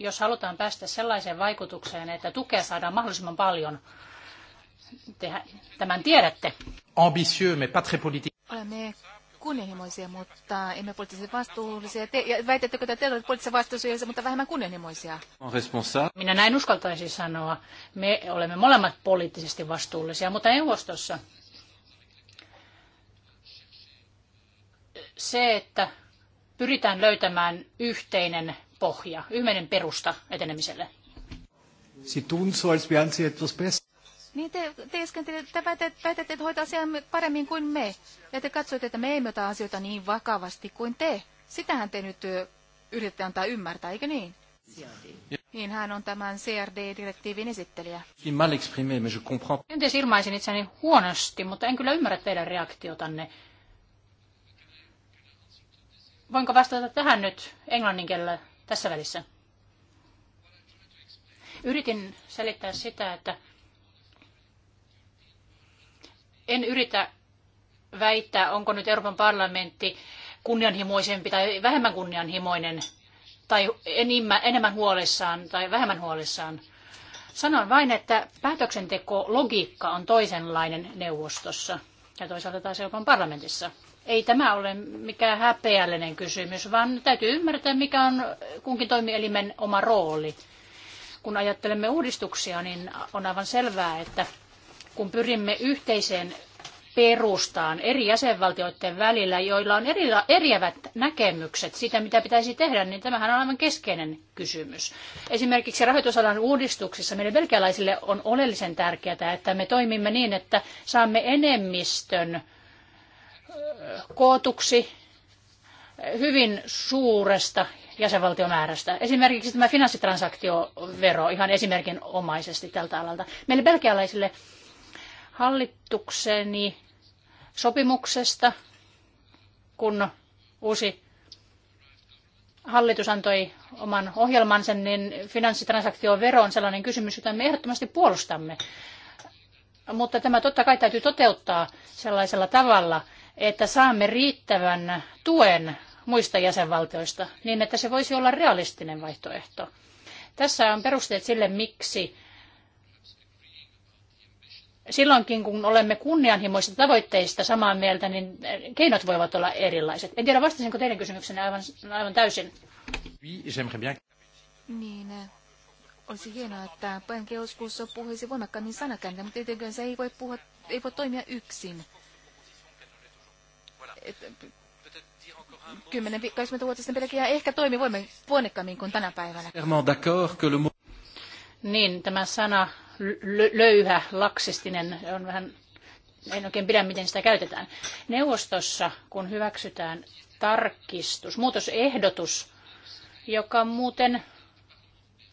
Speaker 5: jos halutaan päästä sellaiseen vaikutukseen, että tukea saadaan mahdollisimman paljon, te tämän tiedätte.
Speaker 2: Ambitieux, mais pas très politique.
Speaker 1: Olemme kunnianhimoisia, mutta emme poliittisesti vastuullisia. Te, ja väitettekö, että te olette
Speaker 5: poliittisesti vastuullisia, mutta vähemmän kunnianhimoisia? Minä näin uskaltaisin sanoa. Me olemme molemmat poliittisesti vastuullisia, mutta neuvostossa se, että pyritään löytämään yhteinen pohja, yhmeinen perusta etenemiselle.
Speaker 2: Sie tun so, als wären Sie etwas besser.
Speaker 1: Niin te teeskentelette, te väitätte, että hoitaa asian paremmin kuin me. Ja te katsoitte, että me emme ota asioita niin vakavasti kuin te. Sitähän te nyt yritätte antaa ymmärtää, eikö niin? Niin hän on tämän CRD-direktiivin esittelijä.
Speaker 2: En tiedä, mais
Speaker 5: je ilmaisin itseni huonosti, mutta en kyllä ymmärrä teidän reaktiotanne. Voinko vastata tähän nyt englannin tässä välissä. Yritin selittää sitä, että en yritä väittää, onko nyt Euroopan parlamentti kunnianhimoisempi tai vähemmän kunnianhimoinen tai enemmän huolissaan tai vähemmän huolissaan. Sanon vain, että päätöksenteko logiikka on toisenlainen neuvostossa ja toisaalta taas Euroopan parlamentissa. Ei tämä ole mikään häpeällinen kysymys, vaan täytyy ymmärtää, mikä on kunkin toimielimen oma rooli. Kun ajattelemme uudistuksia, niin on aivan selvää, että kun pyrimme yhteiseen perustaan eri jäsenvaltioiden välillä, joilla on eri, eriävät näkemykset siitä, mitä pitäisi tehdä, niin tämähän on aivan keskeinen kysymys. Esimerkiksi rahoitusalan uudistuksissa meille belgialaisille on oleellisen tärkeää, että me toimimme niin, että saamme enemmistön kootuksi hyvin suuresta jäsenvaltiomäärästä. Esimerkiksi tämä finanssitransaktiovero ihan esimerkinomaisesti tältä alalta. Meille belgialaisille hallitukseni sopimuksesta, kun uusi hallitus antoi oman ohjelmansa, niin finanssitransaktiovero on sellainen kysymys, jota me ehdottomasti puolustamme. Mutta tämä totta kai täytyy toteuttaa sellaisella tavalla, että saamme riittävän tuen muista jäsenvaltioista, niin että se voisi olla realistinen vaihtoehto. Tässä on perusteet sille, miksi silloinkin, kun olemme kunnianhimoisista tavoitteista samaa mieltä, niin keinot voivat olla erilaiset. En tiedä, vastasinko teidän kysymyksenne aivan, aivan täysin. Niin, olisi hienoa, että puheenjohtaja joskus puhuisi
Speaker 1: voimakkaammin sanakääntä, mutta tietenkin se ei voi, puhua, ei voi toimia yksin. 10-20 vuotta sitten Belgia ehkä toimi
Speaker 5: voimakkaammin kuin tänä päivänä. Niin, tämä sana löyhä, laksistinen, on vähän, en oikein pidä, miten sitä käytetään. Neuvostossa, kun hyväksytään tarkistus, muutosehdotus, joka muuten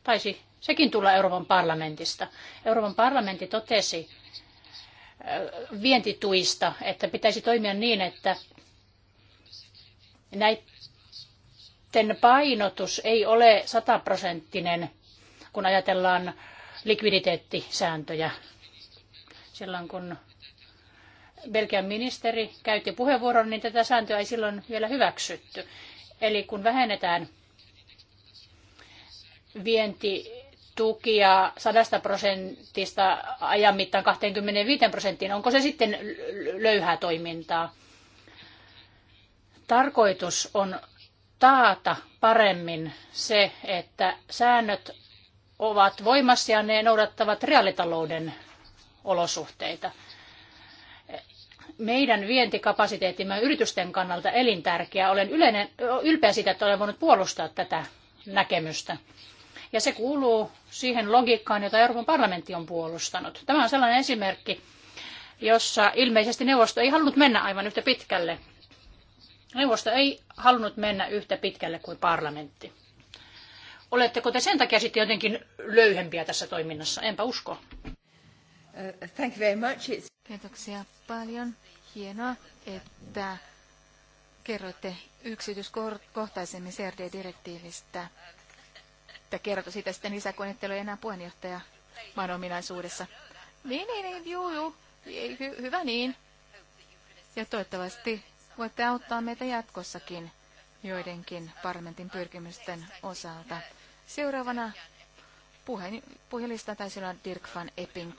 Speaker 5: taisi sekin tulla Euroopan parlamentista. Euroopan parlamentti totesi vientituista, että pitäisi toimia niin, että Näiden painotus ei ole sataprosenttinen, kun ajatellaan likviditeettisääntöjä. Silloin kun Belgian ministeri käytti puheenvuoron, niin tätä sääntöä ei silloin vielä hyväksytty. Eli kun vähennetään vientitukia 100 prosentista ajan mittaan 25 prosenttiin, onko se sitten löyhää toimintaa? Tarkoitus on taata paremmin se, että säännöt ovat voimassa ja ne noudattavat reaalitalouden olosuhteita. Meidän vientikapasiteettimme yritysten kannalta elintärkeä. Olen yleinen, ylpeä siitä, että olen voinut puolustaa tätä näkemystä. Ja se kuuluu siihen logiikkaan, jota Euroopan parlamentti on puolustanut. Tämä on sellainen esimerkki, jossa ilmeisesti neuvosto ei halunnut mennä aivan yhtä pitkälle Neuvosto ei halunnut mennä yhtä pitkälle kuin parlamentti. Oletteko te sen takia sitten jotenkin löyhempiä tässä toiminnassa? Enpä usko. Uh,
Speaker 1: thank you very much. Kiitoksia paljon. Hienoa, että kerroitte yksityiskohtaisemmin CRD-direktiivistä. Te kerrotte siitä sitten lisää, kun ette ole enää puheenjohtaja maan ominaisuudessa. Niin, niin, niin, juu, juu. Hy- hyvä niin. Ja toivottavasti Voitte auttaa meitä jatkossakin joidenkin parlamentin pyrkimysten osalta. Seuraavana puheen, puhelista taisi olla Dirk van Epping.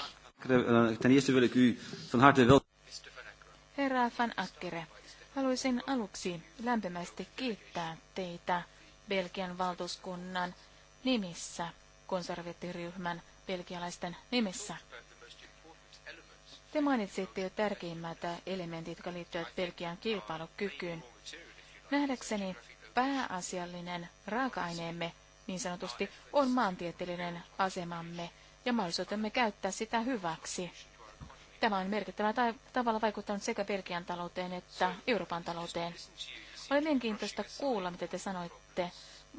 Speaker 1: Herra van Akkere, haluaisin aluksi lämpimästi kiittää teitä Belgian valtuuskunnan nimissä, konservatiiviryhmän belgialaisten nimissä. Te mainitsitte jo tärkeimmät elementit, jotka liittyvät Belgian kilpailukykyyn. Nähdäkseni pääasiallinen raaka-aineemme niin sanotusti on maantieteellinen asemamme ja mahdollisuutemme käyttää sitä hyväksi. Tämä on merkittävä ta- tavalla vaikuttanut sekä Belgian talouteen että Euroopan talouteen. Oli mielenkiintoista kuulla, mitä te sanoitte.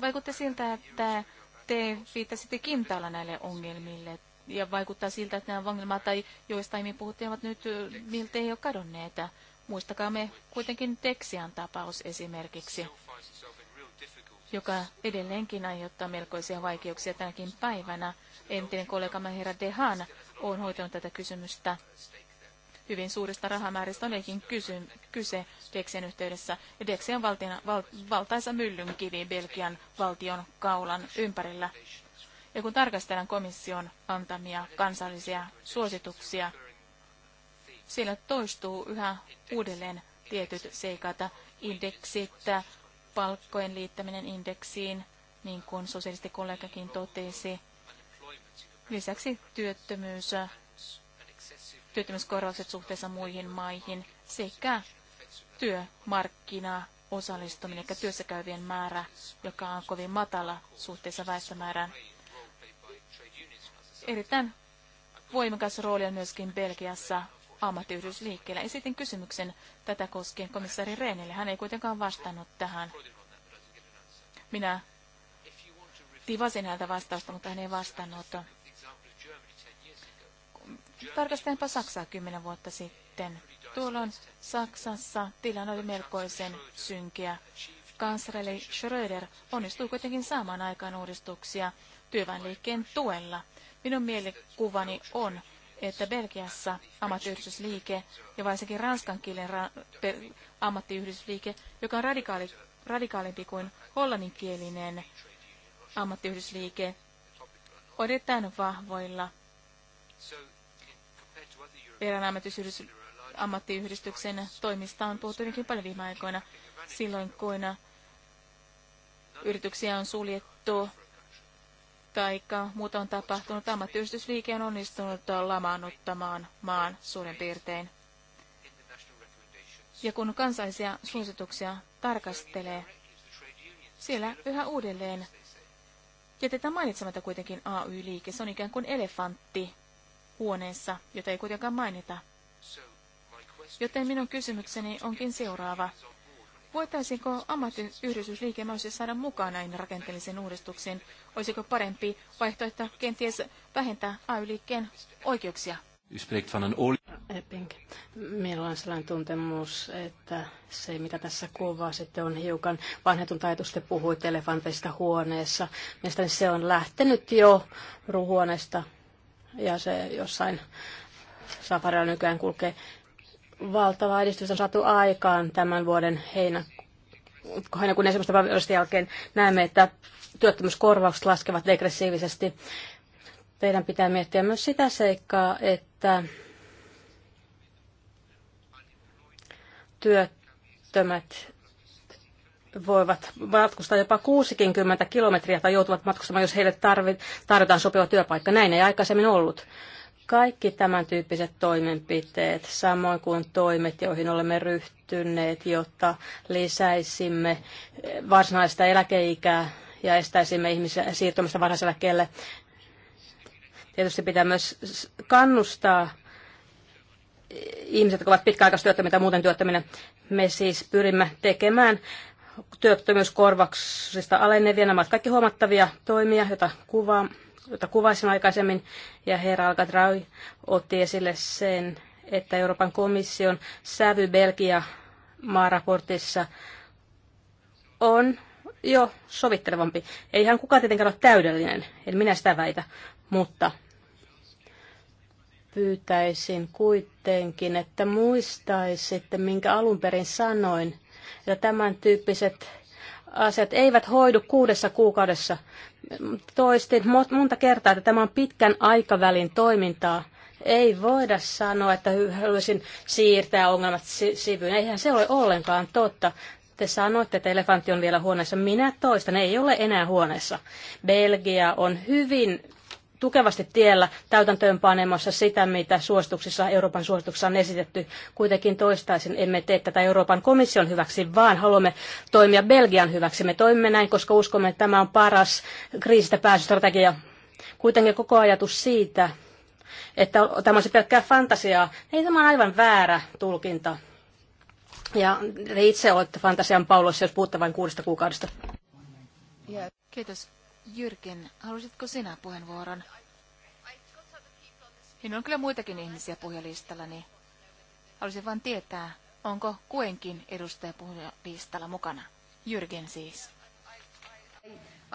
Speaker 1: Vaikutti siltä, että te viittasitte kintaalla näille ongelmille ja vaikuttaa siltä, että nämä vangelmat, tai joista aiemmin puhuttiin, ovat nyt miltei jo kadonneet. Muistakaa me kuitenkin Texian tapaus esimerkiksi, joka edelleenkin aiheuttaa melkoisia vaikeuksia tänäkin päivänä. Entinen kollegamme herra Dehan on hoitanut tätä kysymystä. Hyvin suurista rahamääristä olikin kysy, kyse Dexien yhteydessä. Ja Dexia val, valtaisa myllynkivi Belgian valtion kaulan ympärillä. Ja kun tarkastellaan komission antamia kansallisia suosituksia, siellä toistuu yhä uudelleen tietyt seikat, indeksit, palkkojen liittäminen indeksiin, niin kuin sosialistikollegakin totesi. Lisäksi työttömyys, työttömyyskorvaukset suhteessa muihin maihin sekä työmarkkina osallistuminen, eli työssäkäyvien määrä, joka on kovin matala suhteessa väestömäärään erittäin voimakas rooli on myöskin Belgiassa ammattiyhdysliikkeellä. Esitin kysymyksen tätä koskien komissaari Rehnille. Hän ei kuitenkaan vastannut tähän. Minä tivasin häntä vastausta, mutta hän ei vastannut. Tarkastelenpa Saksaa kymmenen vuotta sitten. Tuolloin Saksassa tilanne oli melkoisen synkeä. Kansreli Schröder onnistui kuitenkin saamaan aikaan uudistuksia työväenliikkeen tuella. Minun mielikuvani on, että Belgiassa ammattiyhdistysliike ja varsinkin ranskan kielen ra- ammattiyhdistysliike, joka on radikaali, radikaalimpi kuin hollanninkielinen ammattiyhdistysliike, on erittäin vahvoilla. Erään ammattiyhdistyksen toimista on puhuttu hyvinkin paljon viime aikoina, silloin kun yrityksiä on suljettu, tai muuta on tapahtunut. Ammattiyhdistysliike on onnistunut lamaannuttamaan maan suurin piirtein. Ja kun kansaisia suosituksia tarkastelee, siellä yhä uudelleen jätetään mainitsematta kuitenkin AY-liike. Se on ikään kuin elefantti huoneessa, jota ei kuitenkaan mainita. Joten minun kysymykseni onkin seuraava. Voitaisiinko ammattiyhdistysliike mahdollisesti saada mukaan näihin rakenteellisiin uudistuksiin? Olisiko parempi vaihtoehto kenties vähentää AY-liikkeen oikeuksia? Eh, Meillä on sellainen tuntemus,
Speaker 3: että se mitä tässä kuvaa sitten on hiukan vanhetun taitus, puhui elefanteista huoneessa. Mielestäni se on lähtenyt jo ruhuoneesta ja se jossain safarilla nykyään kulkee valtava edistys on saatu aikaan tämän vuoden heinä, heinäkuun ensimmäistä päivästä jälkeen. Näemme, että työttömyyskorvaukset laskevat degressiivisesti. Teidän pitää miettiä myös sitä seikkaa, että työttömät voivat matkustaa jopa 60 kilometriä tai joutuvat matkustamaan, jos heille tarvitaan sopiva työpaikka. Näin ei aikaisemmin ollut. Kaikki tämän tyyppiset toimenpiteet, samoin kuin toimet, joihin olemme ryhtyneet, jotta lisäisimme varsinaista eläkeikää ja estäisimme ihmisiä siirtymästä varhaiseläkkeelle. Tietysti pitää myös kannustaa ihmiset, jotka ovat pitkäaikaistyöttömiä tai muuten työttöminen. Me siis pyrimme tekemään työttömyyskorvauksista alenevia. Nämä ovat kaikki huomattavia toimia, joita kuvaa jota kuvasin aikaisemmin, ja herra Alcadraui otti esille sen, että Euroopan komission sävy Belgia maaraportissa on jo sovittelevampi. Eihän kukaan tietenkään ole täydellinen, en minä sitä väitä, mutta pyytäisin kuitenkin, että muistaisitte, minkä alun perin sanoin, että tämän tyyppiset asiat eivät hoidu kuudessa kuukaudessa. Toistin monta kertaa, että tämä on pitkän aikavälin toimintaa. Ei voida sanoa, että haluaisin siirtää ongelmat sivyyn. Eihän se ole ollenkaan totta. Te sanoitte, että elefantti on vielä huoneessa. Minä toistan, ei ole enää huoneessa. Belgia on hyvin tukevasti tiellä täytäntöönpanemassa sitä, mitä suosituksissa, Euroopan suosituksissa on esitetty. Kuitenkin toistaisin emme tee tätä Euroopan komission hyväksi, vaan haluamme toimia Belgian hyväksi. Me toimimme näin, koska uskomme, että tämä on paras kriisistä pääsystrategia. Kuitenkin koko ajatus siitä, että tämä on se pelkkää fantasiaa, niin tämä on aivan väärä tulkinta. Ja te itse olette fantasian paulossa, jos puhutte vain kuudesta kuukaudesta.
Speaker 1: Kiitos. Jyrkin, halusitko sinä puheenvuoron? Minun on kyllä muitakin ihmisiä niin. Haluaisin vain tietää, onko kuenkin edustaja puhujalistalla mukana. Jyrgen siis.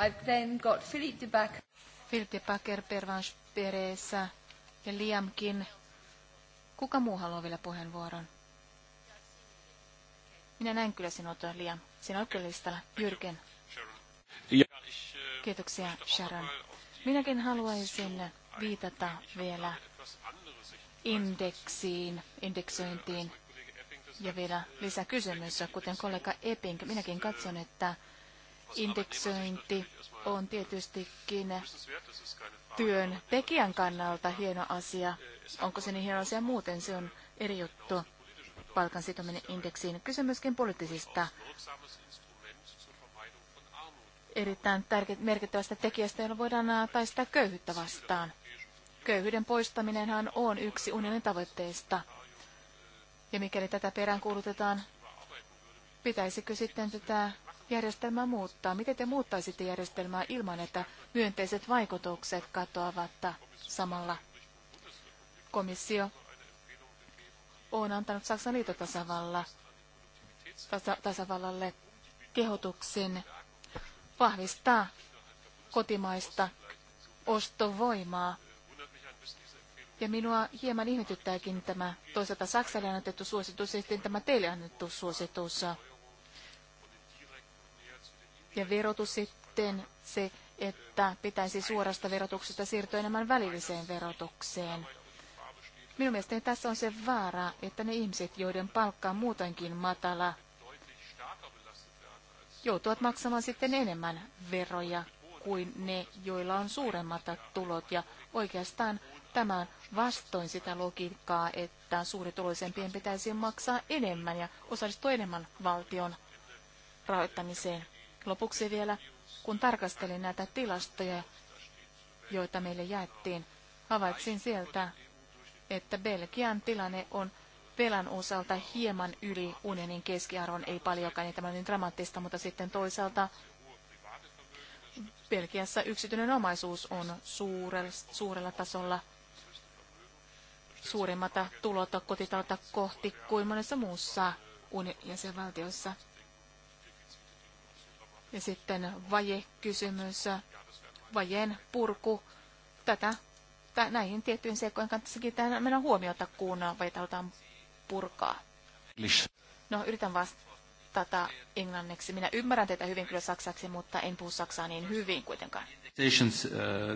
Speaker 1: I've then got Philippe de Backer. Philippe de Backer, Pervanche Peresa ja Liamkin. Kuka muu haluaa vielä puheenvuoron? Minä näen kyllä sinut, Liam. Sinä olet listalla. Jyrgen. Kiitoksia, Sharon. Minäkin haluaisin viitata vielä indeksiin, indeksointiin ja vielä lisäkysymys, kuten kollega Epping. Minäkin katson, että indeksointi on tietystikin työn tekijän kannalta hieno asia. Onko se niin hieno asia muuten? Se on eri juttu. Palkan sitominen indeksiin. Kysymyskin poliittisista erittäin tärke- merkittävästä tekijästä, jolla voidaan taistaa köyhyyttä vastaan. Köyhyyden poistaminenhan on yksi unionin tavoitteista. Ja mikäli tätä peräänkuulutetaan, pitäisikö sitten tätä järjestelmää muuttaa? Miten te muuttaisitte järjestelmää ilman, että myönteiset vaikutukset katoavat samalla? Komissio on antanut Saksan liitotasavalla tasavallalle kehotuksen vahvistaa kotimaista ostovoimaa. Ja minua hieman ihmetyttääkin tämä toisaalta Saksalle annettu suositus ja sitten tämä teille annettu suositus. Ja verotus sitten se, että pitäisi suorasta verotuksesta siirtyä enemmän välilliseen verotukseen. Minun mielestäni tässä on se vaara, että ne ihmiset, joiden palkka on muutenkin matala, joutuvat maksamaan sitten enemmän veroja kuin ne, joilla on suuremmat tulot. Ja oikeastaan tämä on vastoin sitä logiikkaa, että suurituloisempien pitäisi maksaa enemmän ja osallistua enemmän valtion rahoittamiseen. Lopuksi vielä, kun tarkastelin näitä tilastoja, joita meille jaettiin, havaitsin sieltä, että Belgian tilanne on velan osalta hieman yli unionin keskiarvon, ei paljonkaan, niin tämä on niin dramaattista, mutta sitten toisaalta Belgiassa yksityinen omaisuus on suurella, suurella tasolla suurimmata tulot kotitalta kohti kuin monessa muussa jäsenvaltiossa. Ja sitten vajekysymys, vajeen purku, tätä, näihin tiettyihin seikkoihin kannattaisi kiinnittää mennä huomiota, kun vajetaan purkaa. No, yritän vastata englanniksi. Minä ymmärrän teitä hyvin kyllä saksaksi, mutta en puhu saksaa niin hyvin
Speaker 5: kuitenkaan.
Speaker 2: Uh,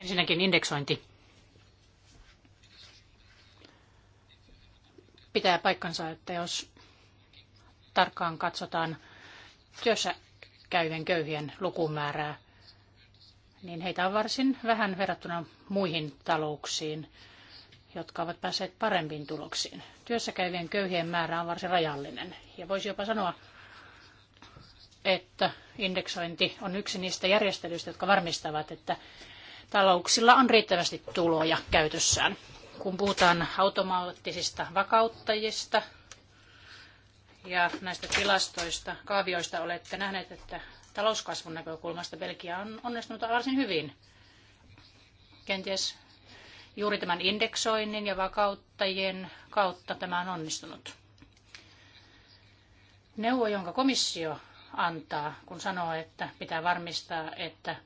Speaker 5: Ensinnäkin indeksointi. Pitää paikkansa, että jos tarkkaan katsotaan työssä käyvien köyhien lukumäärää, niin heitä on varsin vähän verrattuna muihin talouksiin jotka ovat päässeet parempiin tuloksiin. Työssä käyvien köyhien määrä on varsin rajallinen. Ja voisi jopa sanoa, että indeksointi on yksi niistä järjestelyistä, jotka varmistavat, että talouksilla on riittävästi tuloja käytössään. Kun puhutaan automaattisista vakauttajista ja näistä tilastoista, kaavioista, olette nähneet, että talouskasvun näkökulmasta Belgia on onnistunut varsin hyvin. Kenties Juuri tämän indeksoinnin ja vakauttajien kautta tämä on onnistunut. Neuvo, jonka komissio antaa, kun sanoo, että pitää varmistaa, että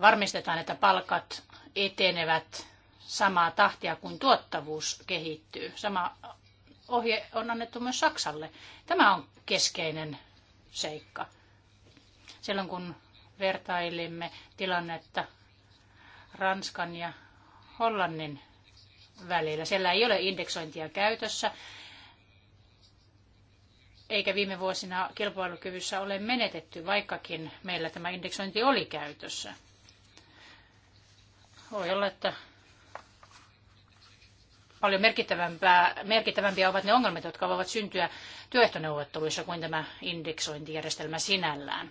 Speaker 5: varmistetaan, että palkat etenevät samaa tahtia kuin tuottavuus kehittyy. Sama ohje on annettu myös Saksalle. Tämä on keskeinen seikka. Silloin kun vertailimme tilannetta Ranskan ja Hollannin välillä. Siellä ei ole indeksointia käytössä, eikä viime vuosina kilpailukyvyssä ole menetetty, vaikkakin meillä tämä indeksointi oli käytössä. Voi olla, että paljon merkittävämpää, merkittävämpiä ovat ne ongelmat, jotka voivat syntyä työehtoneuvotteluissa kuin tämä indeksointijärjestelmä sinällään.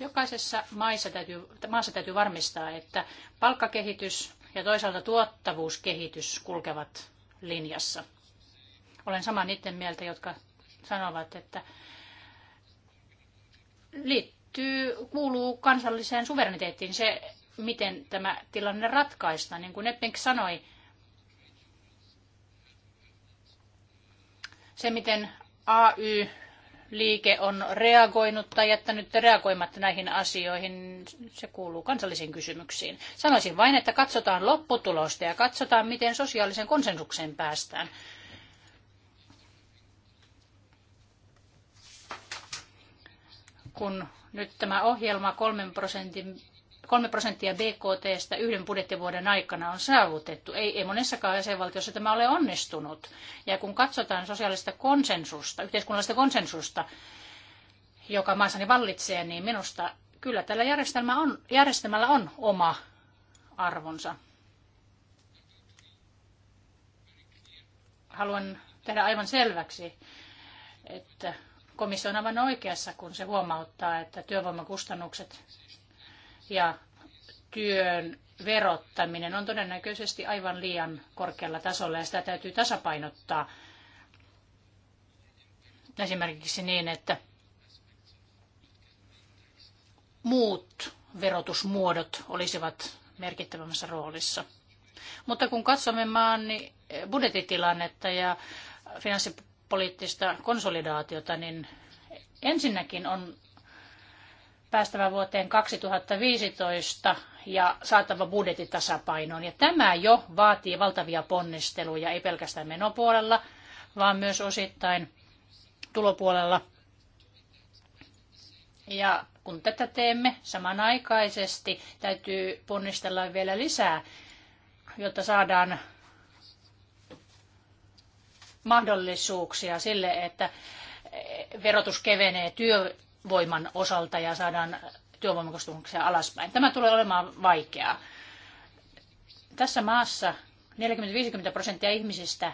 Speaker 5: Jokaisessa maissa täytyy, maassa täytyy varmistaa, että palkkakehitys ja toisaalta tuottavuuskehitys kulkevat linjassa. Olen sama niiden mieltä, jotka sanovat, että liittyy, kuuluu kansalliseen suvereniteettiin se, miten tämä tilanne ratkaistaan. Niin kuin Eppink sanoi, Se, miten AY liike on reagoinut tai jättänyt reagoimatta näihin asioihin, se kuuluu kansallisiin kysymyksiin. Sanoisin vain, että katsotaan lopputulosta ja katsotaan, miten sosiaalisen konsensukseen päästään. Kun nyt tämä ohjelma kolmen prosentin 3 prosenttia BKT: yhden budjettivuoden aikana on saavutettu. Ei, ei monessakaan jäsenvaltiossa tämä ole onnistunut. Ja kun katsotaan sosiaalista konsensusta, yhteiskunnallista konsensusta, joka maassani vallitsee, niin minusta kyllä tällä järjestelmä on, järjestelmällä on oma arvonsa. Haluan tehdä aivan selväksi, että komissio on aivan oikeassa, kun se huomauttaa, että työvoimakustannukset ja työn verottaminen on todennäköisesti aivan liian korkealla tasolla ja sitä täytyy tasapainottaa esimerkiksi niin, että muut verotusmuodot olisivat merkittävämmässä roolissa. Mutta kun katsomme maan niin eh, budjetitilannetta ja finanssipoliittista konsolidaatiota, niin ensinnäkin on päästävä vuoteen 2015 ja saatava budjetti tasapainoon. Ja tämä jo vaatii valtavia ponnisteluja, ei pelkästään menopuolella, vaan myös osittain tulopuolella. Ja kun tätä teemme samanaikaisesti, täytyy ponnistella vielä lisää, jotta saadaan mahdollisuuksia sille, että verotus kevenee työ, voiman osalta ja saadaan työvoimakustannuksia alaspäin. Tämä tulee olemaan vaikeaa. Tässä maassa 40-50 prosenttia ihmisistä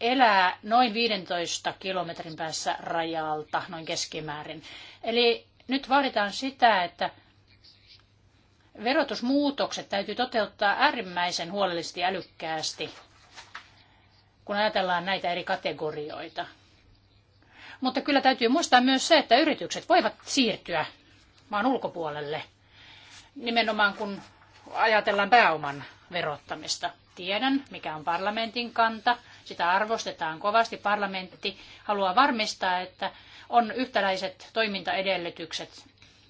Speaker 5: elää noin 15 kilometrin päässä rajalta, noin keskimäärin. Eli nyt vaaditaan sitä, että verotusmuutokset täytyy toteuttaa äärimmäisen huolellisesti ja älykkäästi, kun ajatellaan näitä eri kategorioita. Mutta kyllä täytyy muistaa myös se, että yritykset voivat siirtyä maan ulkopuolelle, nimenomaan kun ajatellaan pääoman verottamista. Tiedän, mikä on parlamentin kanta. Sitä arvostetaan kovasti. Parlamentti haluaa varmistaa, että on yhtäläiset toimintaedellytykset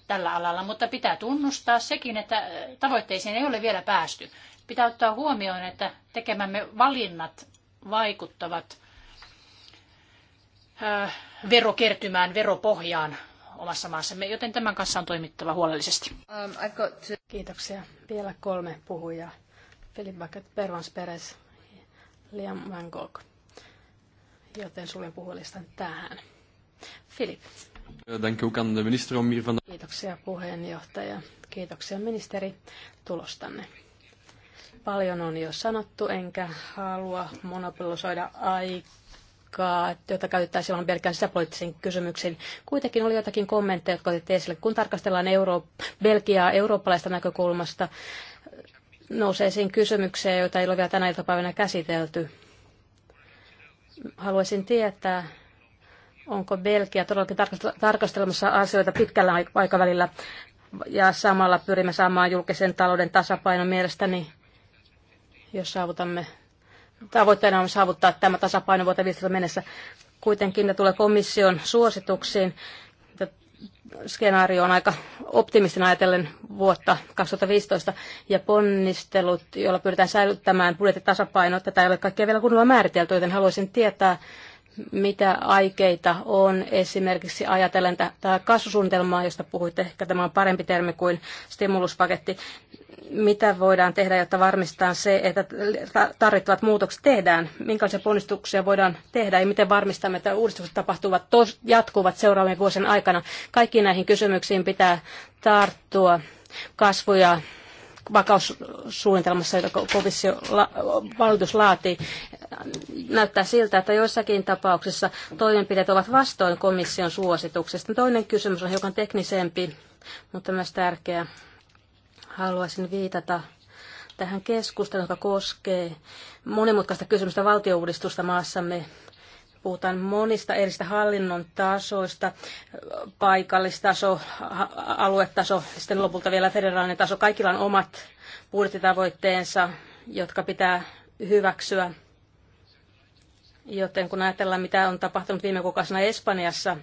Speaker 5: tällä alalla, mutta pitää tunnustaa sekin, että tavoitteisiin ei ole vielä päästy. Pitää ottaa huomioon, että tekemämme valinnat vaikuttavat äh, verokertymään, veropohjaan omassa maassamme, joten tämän kanssa on toimittava huolellisesti.
Speaker 3: Um, I've got to... Kiitoksia. Vielä kolme puhujaa. Philip Bucket, Pervans Perez, Liam Van Gogh. Joten suljen puhujalistan tähän. Philip.
Speaker 4: Dank ook aan de minister
Speaker 3: Kiitoksia puheenjohtaja. Kiitoksia ministeri tulostanne. Paljon on jo sanottu, enkä halua monopolisoida aikaa aikaa, jota käytetään silloin pelkään sisäpoliittisiin kysymyksiin. Kuitenkin oli jotakin kommentteja, jotka otitte esille. Kun tarkastellaan Euro- Belgiaa eurooppalaista näkökulmasta, nousee esiin kysymyksiä, joita ei ole vielä tänä iltapäivänä käsitelty. Haluaisin tietää, onko Belgia todellakin tarkastelemassa asioita pitkällä aikavälillä ja samalla pyrimme saamaan julkisen talouden tasapainon mielestäni, jos saavutamme Tavoitteena on saavuttaa tämä tasapaino vuoteen 15 mennessä. Kuitenkin ne tulee komission suosituksiin. Skenaario on aika optimistinen ajatellen vuotta 2015 ja ponnistelut, joilla pyritään säilyttämään budjettitasapaino. Tätä ei ole kaikkea vielä kunnolla määritelty, joten haluaisin tietää, mitä aikeita on esimerkiksi ajatellen tätä kasvusuunnitelmaa, josta puhuitte, ehkä tämä on parempi termi kuin stimuluspaketti. Mitä voidaan tehdä, jotta varmistetaan se, että tarvittavat muutokset tehdään? Minkälaisia ponnistuksia voidaan tehdä ja miten varmistamme, että uudistukset tapahtuvat jatkuvat seuraavien vuosien aikana? Kaikkiin näihin kysymyksiin pitää tarttua kasvuja vakaussuunnitelmassa, jota komissio la, valitus laatii, näyttää siltä, että joissakin tapauksissa toimenpiteet ovat vastoin komission suosituksesta. Toinen kysymys on hiukan teknisempi, mutta myös tärkeä. Haluaisin viitata tähän keskusteluun, joka koskee monimutkaista kysymystä valtiouudistusta maassamme Puhutaan monista eristä hallinnon tasoista, paikallistaso, aluetaso, sitten lopulta vielä federaalinen taso. Kaikilla on omat budjettitavoitteensa, jotka pitää hyväksyä. Joten kun ajatellaan, mitä on tapahtunut viime kuukausina Espanjassa,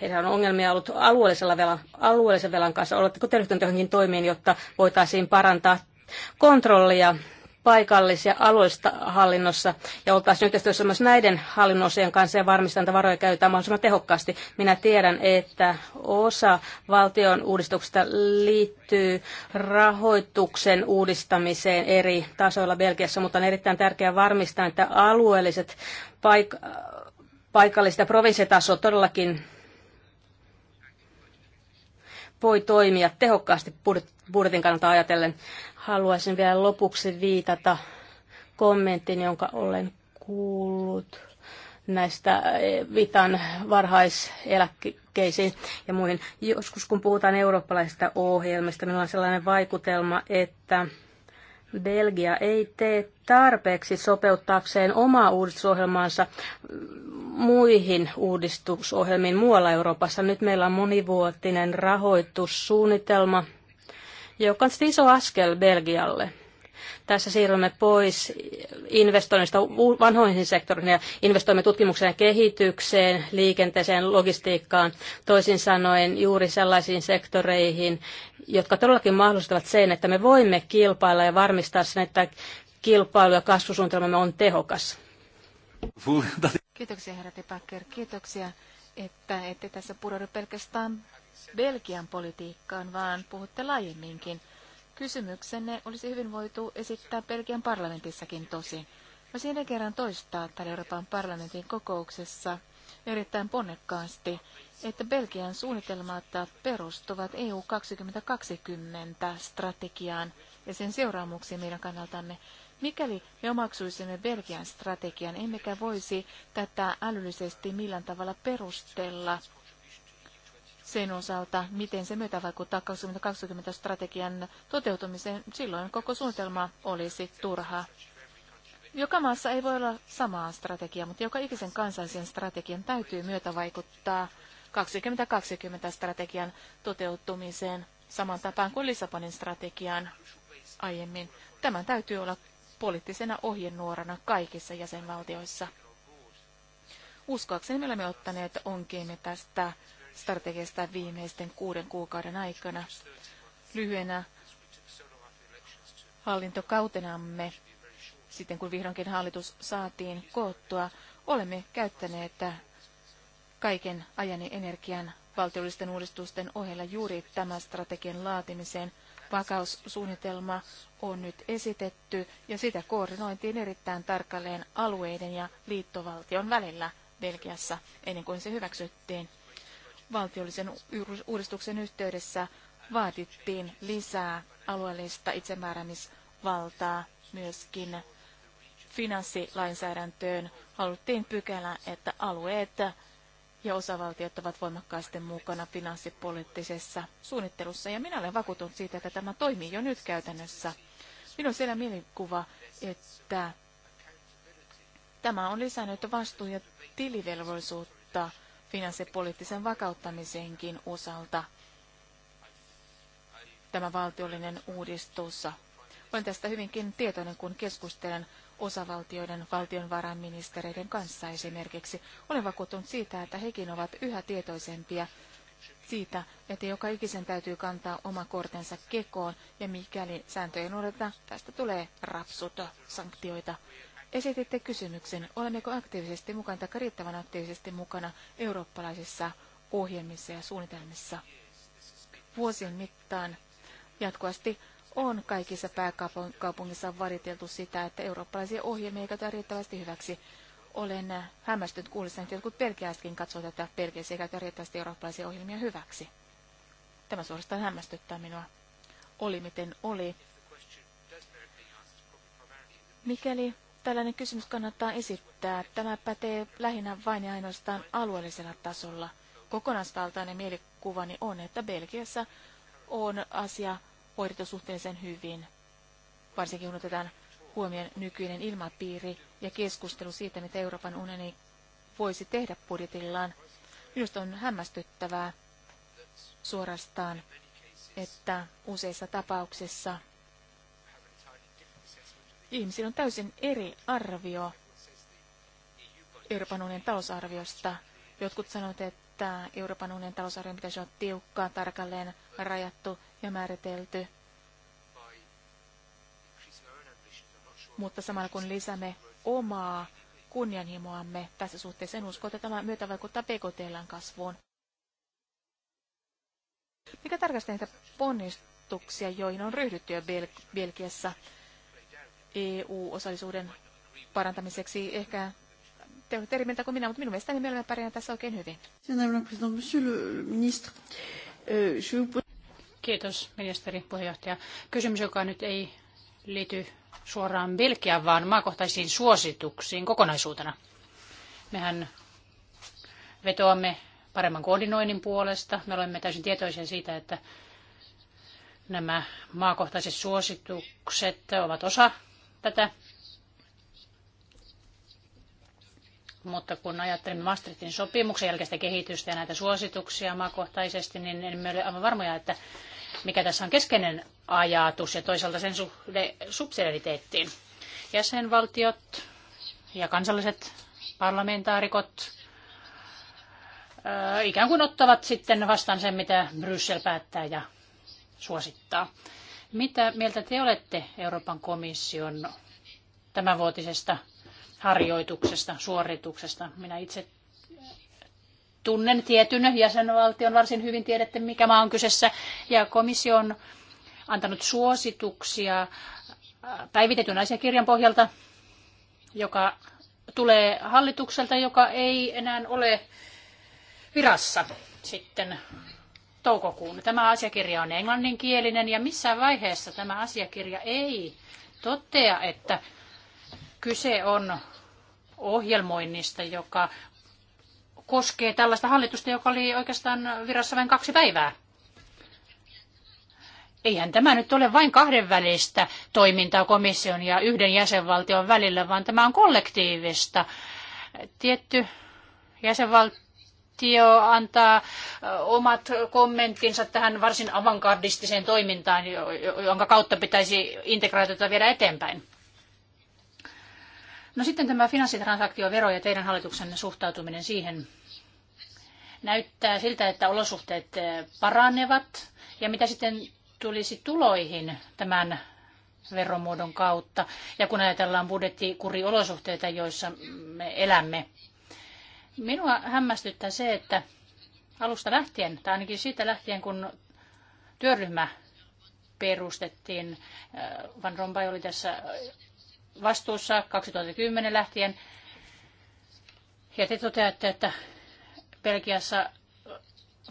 Speaker 3: heillä on ongelmia ollut alueellisella velan, alueellisen velan kanssa. Oletteko te ryhtyneet johonkin toimiin, jotta voitaisiin parantaa kontrollia paikallisia alueellista hallinnossa ja oltaisiin yhteistyössä myös näiden hallinnon kanssa ja varmistetaan, että varoja käytetään mahdollisimman tehokkaasti. Minä tiedän, että osa valtion uudistuksesta liittyy rahoituksen uudistamiseen eri tasoilla Belgiassa, mutta on erittäin tärkeää varmistaa, että alueelliset paik- paikalliset ja provinsitasot todellakin voi toimia tehokkaasti budjetin kannalta ajatellen. Haluaisin vielä lopuksi viitata kommenttiin, jonka olen kuullut näistä eh, vitan varhaiseläkkeisiin ja muihin. Joskus kun puhutaan eurooppalaisista ohjelmista, minulla on sellainen vaikutelma, että Belgia ei tee tarpeeksi sopeuttaakseen omaa uudistusohjelmaansa muihin uudistusohjelmiin muualla Euroopassa. Nyt meillä on monivuotinen rahoitussuunnitelma joka on iso askel Belgialle. Tässä siirrymme pois investoinnista vanhoihin sektoriin ja investoimme tutkimukseen ja kehitykseen, liikenteeseen, logistiikkaan, toisin sanoen juuri sellaisiin sektoreihin, jotka todellakin mahdollistavat sen, että me voimme kilpailla ja varmistaa sen, että kilpailu- ja kasvusuunnitelmamme on tehokas.
Speaker 1: Kiitoksia herra Tepakker, kiitoksia, että ette tässä pureudu pelkästään Belgian politiikkaan, vaan puhutte laajemminkin. Kysymyksenne olisi hyvin voitu esittää Belgian parlamentissakin tosin. Mä siinä kerran toistaa täällä Euroopan parlamentin kokouksessa erittäin ponnekkaasti, että Belgian suunnitelmat perustuvat EU 2020 strategiaan ja sen seuraamuksiin meidän kannaltamme. Mikäli me omaksuisimme Belgian strategian, emmekä voisi tätä älyllisesti millään tavalla perustella sen osalta, miten se myötä vaikuttaa 2020 strategian toteutumiseen, silloin koko suunnitelma olisi turha. Joka maassa ei voi olla samaa strategiaa, mutta joka ikisen kansallisen strategian täytyy myötä vaikuttaa 2020 strategian toteutumiseen saman tapaan kuin Lissabonin strategiaan aiemmin. Tämän täytyy olla poliittisena ohjenuorana kaikissa jäsenvaltioissa. Uskoakseni me olemme ottaneet onkiimme tästä strategiasta viimeisten kuuden kuukauden aikana. Lyhyenä hallintokautenamme, sitten kun vihdoinkin hallitus saatiin koottua, olemme käyttäneet kaiken ajan ja energian valtiollisten uudistusten ohella juuri tämän strategian laatimiseen. Vakaussuunnitelma on nyt esitetty ja sitä koordinointiin erittäin tarkalleen alueiden ja liittovaltion välillä Belgiassa ennen kuin se hyväksyttiin valtiollisen uudistuksen yhteydessä vaadittiin lisää alueellista itsemääräämisvaltaa myöskin finanssilainsäädäntöön. Haluttiin pykälä, että alueet ja osavaltiot ovat voimakkaasti mukana finanssipoliittisessa suunnittelussa. Ja minä olen vakuutunut siitä, että tämä toimii jo nyt käytännössä. Minulla on siellä mielikuva, että tämä on lisännyt vastuu- ja tilivelvollisuutta finanssipoliittisen vakauttamisenkin osalta tämä valtiollinen uudistus. Olen tästä hyvinkin tietoinen, kun keskustelen osavaltioiden valtionvarainministereiden kanssa esimerkiksi. Olen vakuuttunut siitä, että hekin ovat yhä tietoisempia siitä, että joka ikisen täytyy kantaa oma kortensa kekoon, ja mikäli sääntöjen noudateta, tästä tulee rapsuto sanktioita. Esititte kysymyksen, olemmeko aktiivisesti mukana tai riittävän aktiivisesti mukana eurooppalaisissa ohjelmissa ja suunnitelmissa. Vuosien mittaan jatkuvasti on kaikissa pääkaupungissa variteltu sitä, että eurooppalaisia ohjelmia ei käytä riittävästi hyväksi. Olen hämmästynyt kuullessani, että jotkut pelkiäisetkin katsovat, että pelkiäisiä ei käytä riittävästi eurooppalaisia ohjelmia hyväksi. Tämä suorastaan hämmästyttää minua. Oli miten oli. Mikäli tällainen kysymys kannattaa esittää. Tämä pätee lähinnä vain ja ainoastaan alueellisella tasolla. Kokonaisvaltainen mielikuvani on, että Belgiassa on asia hoidettu suhteellisen hyvin, varsinkin kun otetaan huomioon nykyinen ilmapiiri ja keskustelu siitä, mitä Euroopan unioni voisi tehdä budjetillaan. Minusta on hämmästyttävää suorastaan, että useissa tapauksissa Ihmisillä on täysin eri arvio Euroopan unionin talousarviosta. Jotkut sanovat, että Euroopan unionin talousarvio pitäisi olla tiukka, tarkalleen rajattu ja määritelty. Mutta samalla kun lisäämme omaa kunnianhimoamme tässä suhteessa, en usko, että tämä myötä vaikuttaa BKTLn kasvuun. Mikä tarkastaa näitä ponnistuksia, joihin on ryhdytty jo Bel- Belgiassa? EU-osallisuuden parantamiseksi. Ehkä te olette eri mieltä kuin minä, mutta minun mielestäni me olemme pärjänneet tässä oikein hyvin.
Speaker 5: Kiitos ministeri puheenjohtaja. Kysymys, joka nyt ei liity suoraan Belgiaan, vaan maakohtaisiin suosituksiin kokonaisuutena. Mehän vetoamme paremman koordinoinnin puolesta. Me olemme täysin tietoisia siitä, että nämä maakohtaiset suositukset ovat osa tätä. Mutta kun ajattelin Maastrichtin sopimuksen jälkeistä kehitystä ja näitä suosituksia maakohtaisesti, niin en ole aivan varmoja, että mikä tässä on keskeinen ajatus ja toisaalta sen suhde subsidiariteettiin. Jäsenvaltiot ja kansalliset parlamentaarikot ikään kuin ottavat sitten vastaan sen, mitä Bryssel päättää ja suosittaa. Mitä mieltä te olette Euroopan komission tämänvuotisesta harjoituksesta, suorituksesta? Minä itse tunnen tietyn jäsenvaltion varsin hyvin, tiedätte mikä maa on kyseessä, ja komissio on antanut suosituksia päivitetyn asiakirjan pohjalta, joka tulee hallitukselta, joka ei enää ole virassa sitten toukokuun. Tämä asiakirja on englanninkielinen ja missään vaiheessa tämä asiakirja ei totea, että kyse on ohjelmoinnista, joka koskee tällaista hallitusta, joka oli oikeastaan virassa vain kaksi päivää. Eihän tämä nyt ole vain kahdenvälistä toimintaa komission ja yhden jäsenvaltion välillä, vaan tämä on kollektiivista. Tietty jäsenvaltio komissio antaa omat kommenttinsa tähän varsin avankardistiseen toimintaan, jonka kautta pitäisi integraatiota viedä eteenpäin. No sitten tämä finanssitransaktiovero ja teidän hallituksenne suhtautuminen siihen. Näyttää siltä, että olosuhteet paranevat. Ja mitä sitten tulisi tuloihin tämän veromuodon kautta? Ja kun ajatellaan budjettikuriolosuhteita, joissa me elämme, Minua hämmästyttää se, että alusta lähtien, tai ainakin siitä lähtien, kun työryhmä perustettiin, äh, Van Rompuy oli tässä vastuussa 2010 lähtien, ja te toteatte, että Belgiassa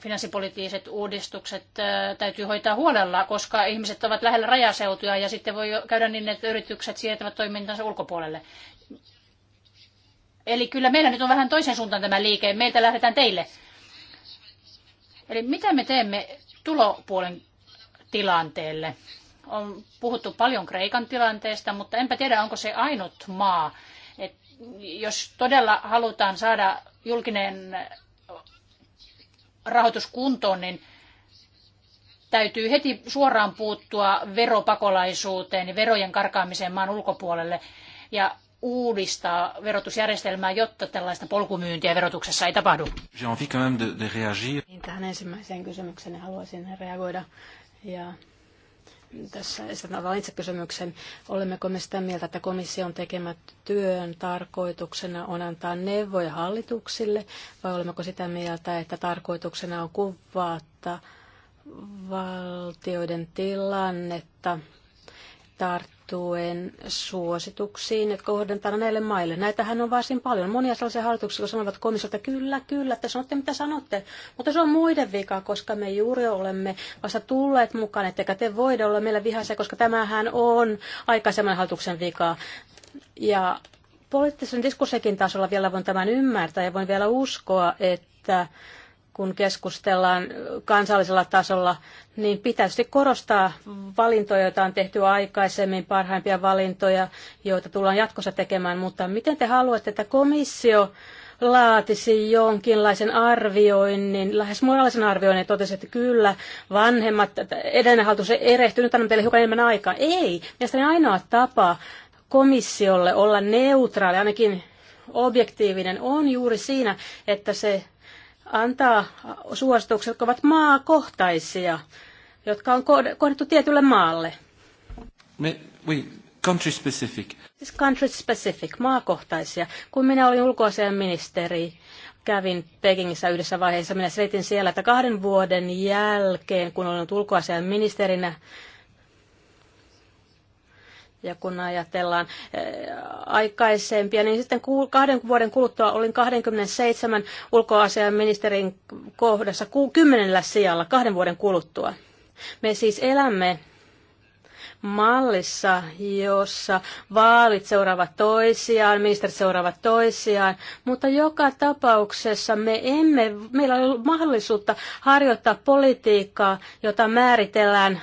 Speaker 5: finanssipoliittiset uudistukset äh, täytyy hoitaa huolella, koska ihmiset ovat lähellä rajaseutuja ja sitten voi käydä niin, että yritykset siirtävät toimintansa ulkopuolelle. Eli kyllä meillä nyt on vähän toisen suuntaan tämä liike. Meiltä lähdetään teille. Eli mitä me teemme tulopuolen tilanteelle? On puhuttu paljon Kreikan tilanteesta, mutta enpä tiedä, onko se ainut maa. Et jos todella halutaan saada julkinen rahoitus kuntoon, niin täytyy heti suoraan puuttua veropakolaisuuteen ja verojen karkaamiseen maan ulkopuolelle. Ja uudistaa verotusjärjestelmää, jotta tällaista polkumyyntiä verotuksessa ei tapahdu? Niin tähän ensimmäiseen kysymykseen haluaisin reagoida. Ja tässä esitän itse
Speaker 3: kysymyksen. Olemmeko me sitä mieltä, että komission tekemät työn tarkoituksena on antaa neuvoja hallituksille, vai olemmeko sitä mieltä, että tarkoituksena on kuvata valtioiden tilannetta, tarttua tuen suosituksiin, jotka kohdentaa näille maille. Näitähän on varsin paljon. Monia sellaisia hallituksia, jotka sanovat komissiolta, että kyllä, kyllä, te sanotte mitä sanotte. Mutta se on muiden vika, koska me juuri olemme vasta tulleet mukaan, etteikä te voida olla meillä vihaisia, koska tämähän on aikaisemman hallituksen vika. Ja poliittisen diskussekin tasolla vielä voin tämän ymmärtää ja voin vielä uskoa, että kun keskustellaan kansallisella tasolla, niin pitäisi korostaa valintoja, joita on tehty aikaisemmin, parhaimpia valintoja, joita tullaan jatkossa tekemään. Mutta miten te haluatte, että komissio laatisi jonkinlaisen arvioinnin, lähes moraalisen arvioinnin, ja totesi, että kyllä, vanhemmat, edellinen hallitus erehtyy, nyt annan teille hiukan enemmän aikaa. Ei, mielestäni ainoa tapa komissiolle olla neutraali, ainakin objektiivinen, on juuri siinä, että se antaa suositukset, jotka ovat maakohtaisia, jotka on kohdettu tietylle maalle.
Speaker 2: Me, we, country specific.
Speaker 3: Siis country specific, maakohtaisia. Kun minä olin ulkoasiainministeri, kävin Pekingissä yhdessä vaiheessa, minä selitin siellä, että kahden vuoden jälkeen, kun olen ulkoasian ministerinä, ja kun ajatellaan eh, aikaisempia, niin sitten kahden vuoden kuluttua olin 27 ulkoasiaministerin kohdassa kymmenellä sijalla kahden vuoden kuluttua. Me siis elämme mallissa, jossa vaalit seuraavat toisiaan, ministerit seuraavat toisiaan, mutta joka tapauksessa me emme, meillä ei ole mahdollisuutta harjoittaa politiikkaa, jota määritellään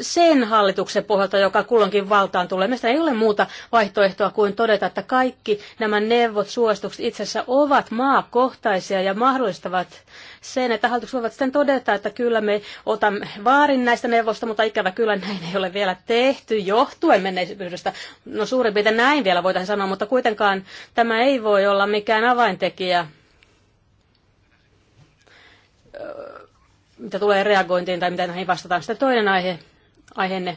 Speaker 3: sen hallituksen pohjalta, joka kulloinkin valtaan tulee. Meistä ei ole muuta vaihtoehtoa kuin todeta, että kaikki nämä neuvot, suositukset itse asiassa ovat maakohtaisia ja mahdollistavat sen, että hallitukset voivat sitten todeta, että kyllä me otamme vaarin näistä neuvosta, mutta ikävä kyllä näin ei ole vielä tehty johtuen menneisyydestä. No suurin piirtein näin vielä voitaisiin sanoa, mutta kuitenkaan tämä ei voi olla mikään avaintekijä mitä tulee reagointiin tai mitä näihin vastataan. Sitten toinen aihe, aiheenne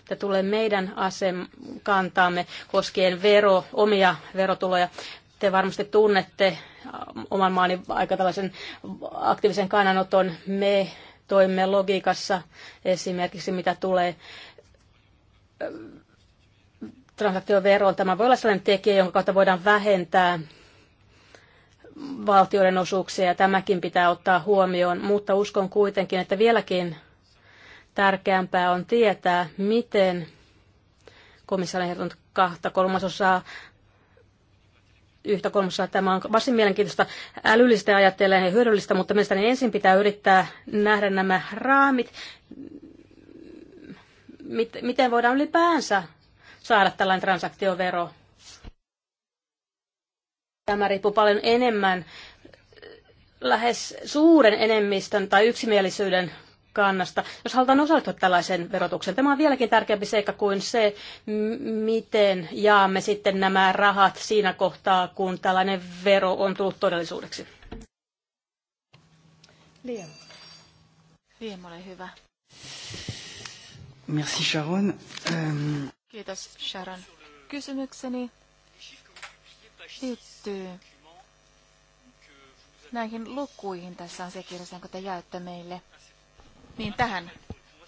Speaker 3: että tulee meidän asem kantaamme koskien vero, omia verotuloja. Te varmasti tunnette äh, oman maani aika tällaisen aktiivisen kannanoton. Me toimme logiikassa esimerkiksi, mitä tulee äh, transaktioveroon. Tämä voi olla sellainen tekijä, jonka kautta voidaan vähentää valtioiden osuuksia, ja tämäkin pitää ottaa huomioon, mutta uskon kuitenkin, että vieläkin Tärkeämpää on tietää, miten komissaari on kahta kolmasosaa yhtä kolmasosaa. Tämä on varsin mielenkiintoista älyllistä ajatellen ja hyödyllistä, mutta mielestäni ensin pitää yrittää nähdä nämä raamit, miten voidaan ylipäänsä saada tällainen transaktiovero. Tämä riippuu paljon enemmän lähes suuren enemmistön tai yksimielisyyden kannasta. Jos halutaan osallistua tällaiseen verotukseen, tämä on vieläkin tärkeämpi seikka kuin se, miten jaamme sitten nämä rahat siinä kohtaa, kun tällainen vero on tullut todellisuudeksi.
Speaker 1: Liam. Liam, ole hyvä.
Speaker 5: Merci Sharon. Um...
Speaker 1: Kiitos Sharon. Kysymykseni liittyy näihin lukuihin tässä asiakirjassa, jonka te jaatte meille niin tähän,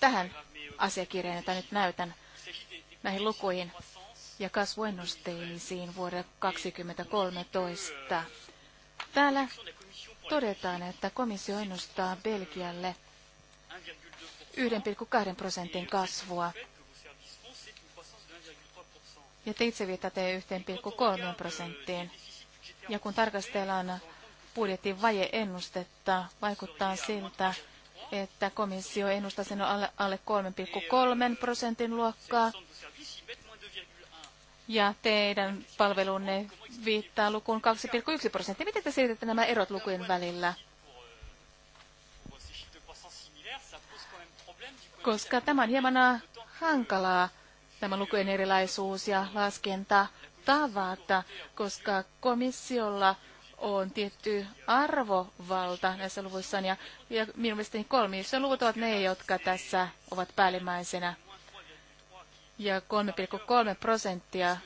Speaker 1: tähän asiakirjaan, jota nyt näytän, näihin lukuihin ja kasvuennusteisiin vuodelle 2013. Täällä todetaan, että komissio ennustaa Belgialle 1,2 prosentin kasvua. Ja te itse viittaatte 1,3 prosenttiin. Ja kun tarkastellaan budjetin vajeennustetta, vaikuttaa siltä, että komissio ennustaa sen alle, alle 3,3 prosentin luokkaa. Ja teidän palvelunne viittaa lukuun 2,1 prosenttia. Miten te selitätte nämä erot lukujen välillä? Koska tämä on hieman äh, hankalaa, tämä lukujen erilaisuus ja laskenta tavata, koska komissiolla – on tietty arvovalta näissä luvuissa, ja, ja minun mielestäni kolmissa luvut ovat ne, jotka tässä ovat päällimmäisenä. Ja 3,3 prosenttia,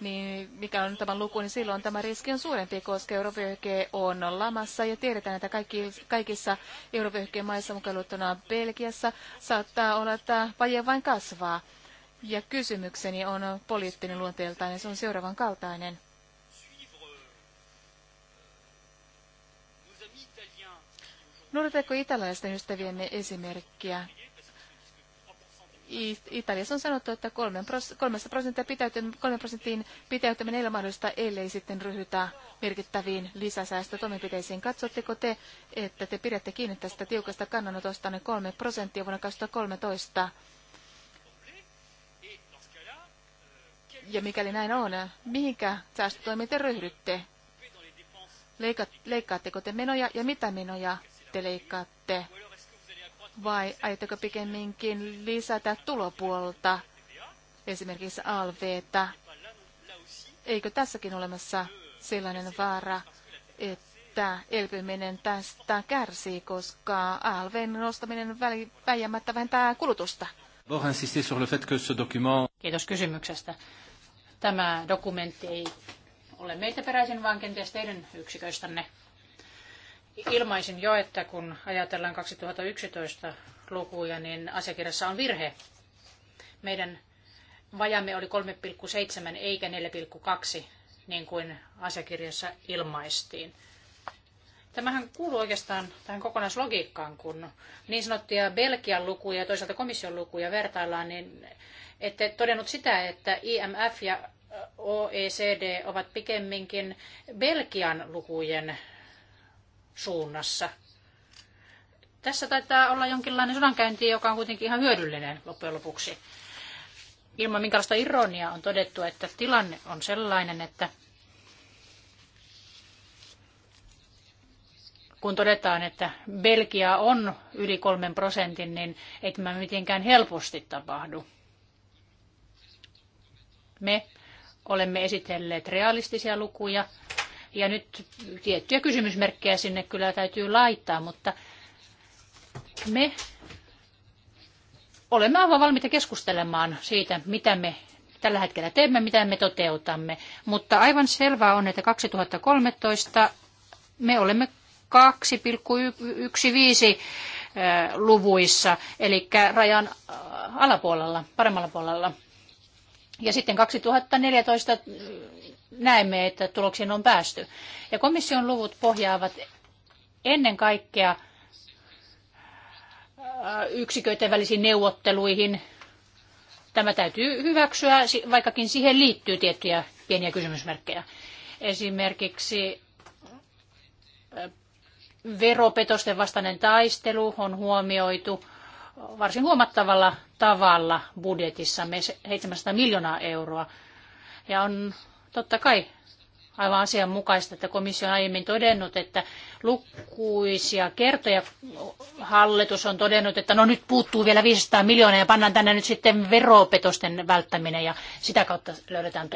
Speaker 1: niin mikä on tämä luku, niin silloin tämä riski on suurempi, koska eurovyöhyke on lamassa, ja tiedetään, että kaikki, kaikissa eurovyöhykkeen maissa mukaan Belgiassa saattaa olla, että vaje vain kasvaa. Ja kysymykseni on poliittinen luonteeltaan, ja se on seuraavan kaltainen Noudatatko italialaisten ystävienne esimerkkiä? Italiassa on sanottu, että kolmesta prosenttia pitäytyminen, 3 pitäytyminen ei ole mahdollista, ellei sitten ryhdytä merkittäviin lisäsäästötoimenpiteisiin. Katsotteko te, että te pidätte kiinni tästä tiukasta kannanotosta ne kolme prosenttia vuonna 2013? Ja mikäli näin on, mihinkä säästötoimiin te ryhdytte? Leika, leikkaatteko te menoja ja mitä menoja te leikkaatte? Vai aiotteko pikemminkin lisätä tulopuolta, esimerkiksi alveeta? Eikö tässäkin olemassa sellainen vaara, että elpyminen tästä kärsii, koska alveen nostaminen väijämättä vähentää
Speaker 5: kulutusta? Kiitos kysymyksestä. Tämä dokumentti ei ole meitä peräisin, vaan kenties teidän yksiköistänne. Ilmaisin jo, että kun ajatellaan 2011 lukuja, niin asiakirjassa on virhe. Meidän vajamme oli 3,7 eikä 4,2, niin kuin asiakirjassa ilmaistiin. Tämähän kuuluu oikeastaan tähän kokonaislogiikkaan, kun niin sanottuja Belgian lukuja ja toisaalta komission lukuja vertaillaan, niin ette todennut sitä, että IMF ja OECD ovat pikemminkin Belgian lukujen suunnassa. Tässä taitaa olla jonkinlainen sodankäynti, joka on kuitenkin ihan hyödyllinen loppujen lopuksi. Ilman minkälaista ironiaa on todettu, että tilanne on sellainen, että kun todetaan, että Belgia on yli kolmen prosentin, niin ei tämä mitenkään helposti tapahdu. Me olemme esitelleet realistisia lukuja, ja nyt tiettyjä kysymysmerkkejä sinne kyllä täytyy laittaa, mutta me olemme aivan valmiita keskustelemaan siitä, mitä me tällä hetkellä teemme, mitä me toteutamme. Mutta aivan selvää on, että 2013 me olemme 2,15 luvuissa, eli rajan alapuolella, paremmalla puolella. Ja sitten 2014 näemme, että tuloksiin on päästy. Ja komission luvut pohjaavat ennen kaikkea äh, yksiköiden välisiin neuvotteluihin. Tämä täytyy hyväksyä, vaikkakin siihen liittyy tiettyjä pieniä kysymysmerkkejä. Esimerkiksi äh, veropetosten vastainen taistelu on huomioitu – varsin huomattavalla tavalla budjetissamme 700 miljoonaa euroa. Ja on totta kai aivan asianmukaista, että komissio on aiemmin todennut, että lukuisia kertoja hallitus on todennut, että no nyt puuttuu vielä 500 miljoonaa ja pannaan tänne nyt sitten veropetosten välttäminen ja sitä kautta löydetään.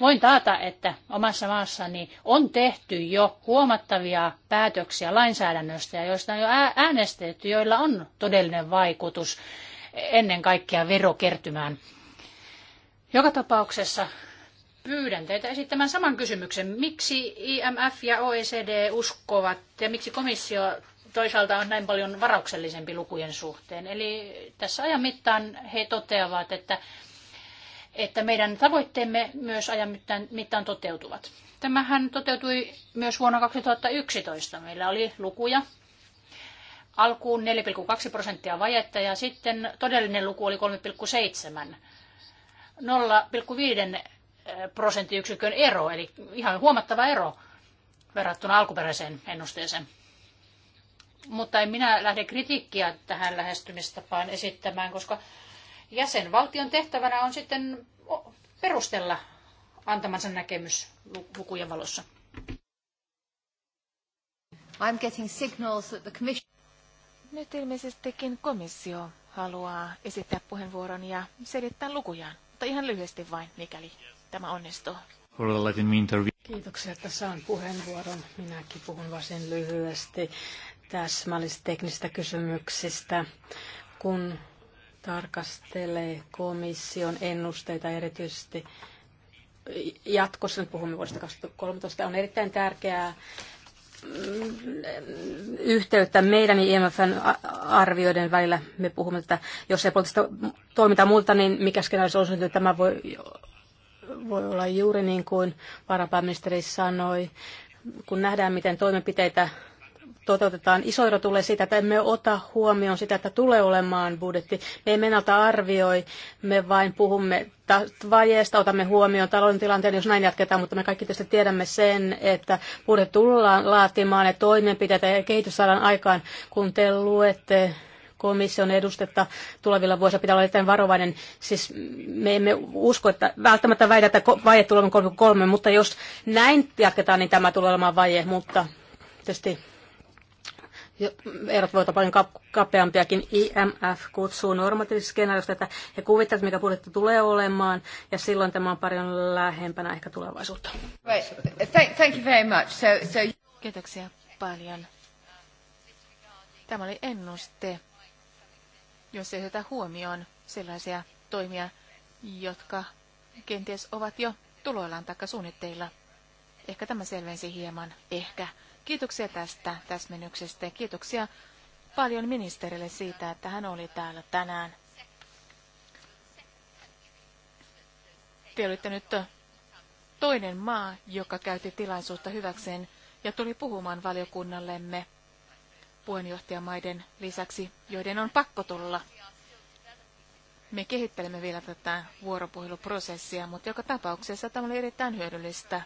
Speaker 5: Voin taata, että omassa maassani on tehty jo huomattavia päätöksiä lainsäädännöstä, joista on jo äänestetty, joilla on todellinen vaikutus ennen kaikkea verokertymään. Joka tapauksessa Pyydän teitä esittämään saman kysymyksen. Miksi IMF ja OECD uskovat ja miksi komissio toisaalta on näin paljon varauksellisempi lukujen suhteen? Eli tässä ajan mittaan he toteavat, että, että meidän tavoitteemme myös ajan mittaan, toteutuvat. Tämähän toteutui myös vuonna 2011. Meillä oli lukuja, alkuun 4,2 prosenttia vajetta ja sitten todellinen luku oli 3,7. 0,5 prosenttiyksikön ero, eli ihan huomattava ero verrattuna alkuperäiseen ennusteeseen. Mutta en minä lähde kritiikkiä tähän lähestymistapaan esittämään, koska jäsenvaltion tehtävänä on sitten perustella antamansa näkemys lukujen valossa. I'm getting signals that the commission... Nyt ilmeisestikin komissio haluaa
Speaker 1: esittää puheenvuoron ja selittää lukujaan, mutta ihan lyhyesti vain, mikäli tämä onnistuu. Kiitoksia, että saan puheenvuoron. Minäkin puhun varsin
Speaker 3: lyhyesti täsmällisistä teknisistä kysymyksistä. Kun tarkastelee komission ennusteita erityisesti jatkossa, nyt puhumme vuodesta 2013, on erittäin tärkeää mm, yhteyttä meidän ja IMFn arvioiden välillä. Me puhumme, että jos ei poliittista toimita muuta, niin mikä skenaario on syntynyt, tämä voi voi olla juuri niin kuin varapääministeri sanoi, kun nähdään, miten toimenpiteitä toteutetaan. Iso ero tulee siitä, että emme ota huomioon sitä, että tulee olemaan budjetti. Me emme ennalta arvioi, me vain puhumme vajeesta, otamme huomioon talouden tilanteen, jos näin jatketaan, mutta me kaikki tietysti tiedämme sen, että budjetti tullaan laatimaan ja toimenpiteitä ja kehitys saadaan aikaan, kun te luette komission edustetta tulevilla vuosilla pitää olla erittäin varovainen. Siis me emme usko, että välttämättä väitä, että vaje tulee olemaan mutta jos näin jatketaan, niin tämä tulee olemaan vaje, mutta tietysti erot voivat olla paljon kapeampiakin. IMF kutsuu normatiivisessa skenaariosta, että he kuvittavat, mikä budjetti tulee olemaan, ja silloin tämä on paljon lähempänä
Speaker 1: ehkä tulevaisuutta. Thank you very much. So, so... Kiitoksia paljon. Tämä oli ennuste jos ei oteta huomioon sellaisia toimia, jotka kenties ovat jo tuloillaan taikka suunnitteilla. Ehkä tämä selvensi hieman, ehkä. Kiitoksia tästä täsmennyksestä ja kiitoksia paljon ministerille siitä, että hän oli täällä tänään. Te olitte nyt toinen maa, joka käytti tilaisuutta hyväkseen ja tuli puhumaan valiokunnallemme puheenjohtajamaiden lisäksi, joiden on pakko tulla. Me kehittelemme vielä tätä vuoropuheluprosessia, mutta joka tapauksessa tämä oli erittäin hyödyllistä.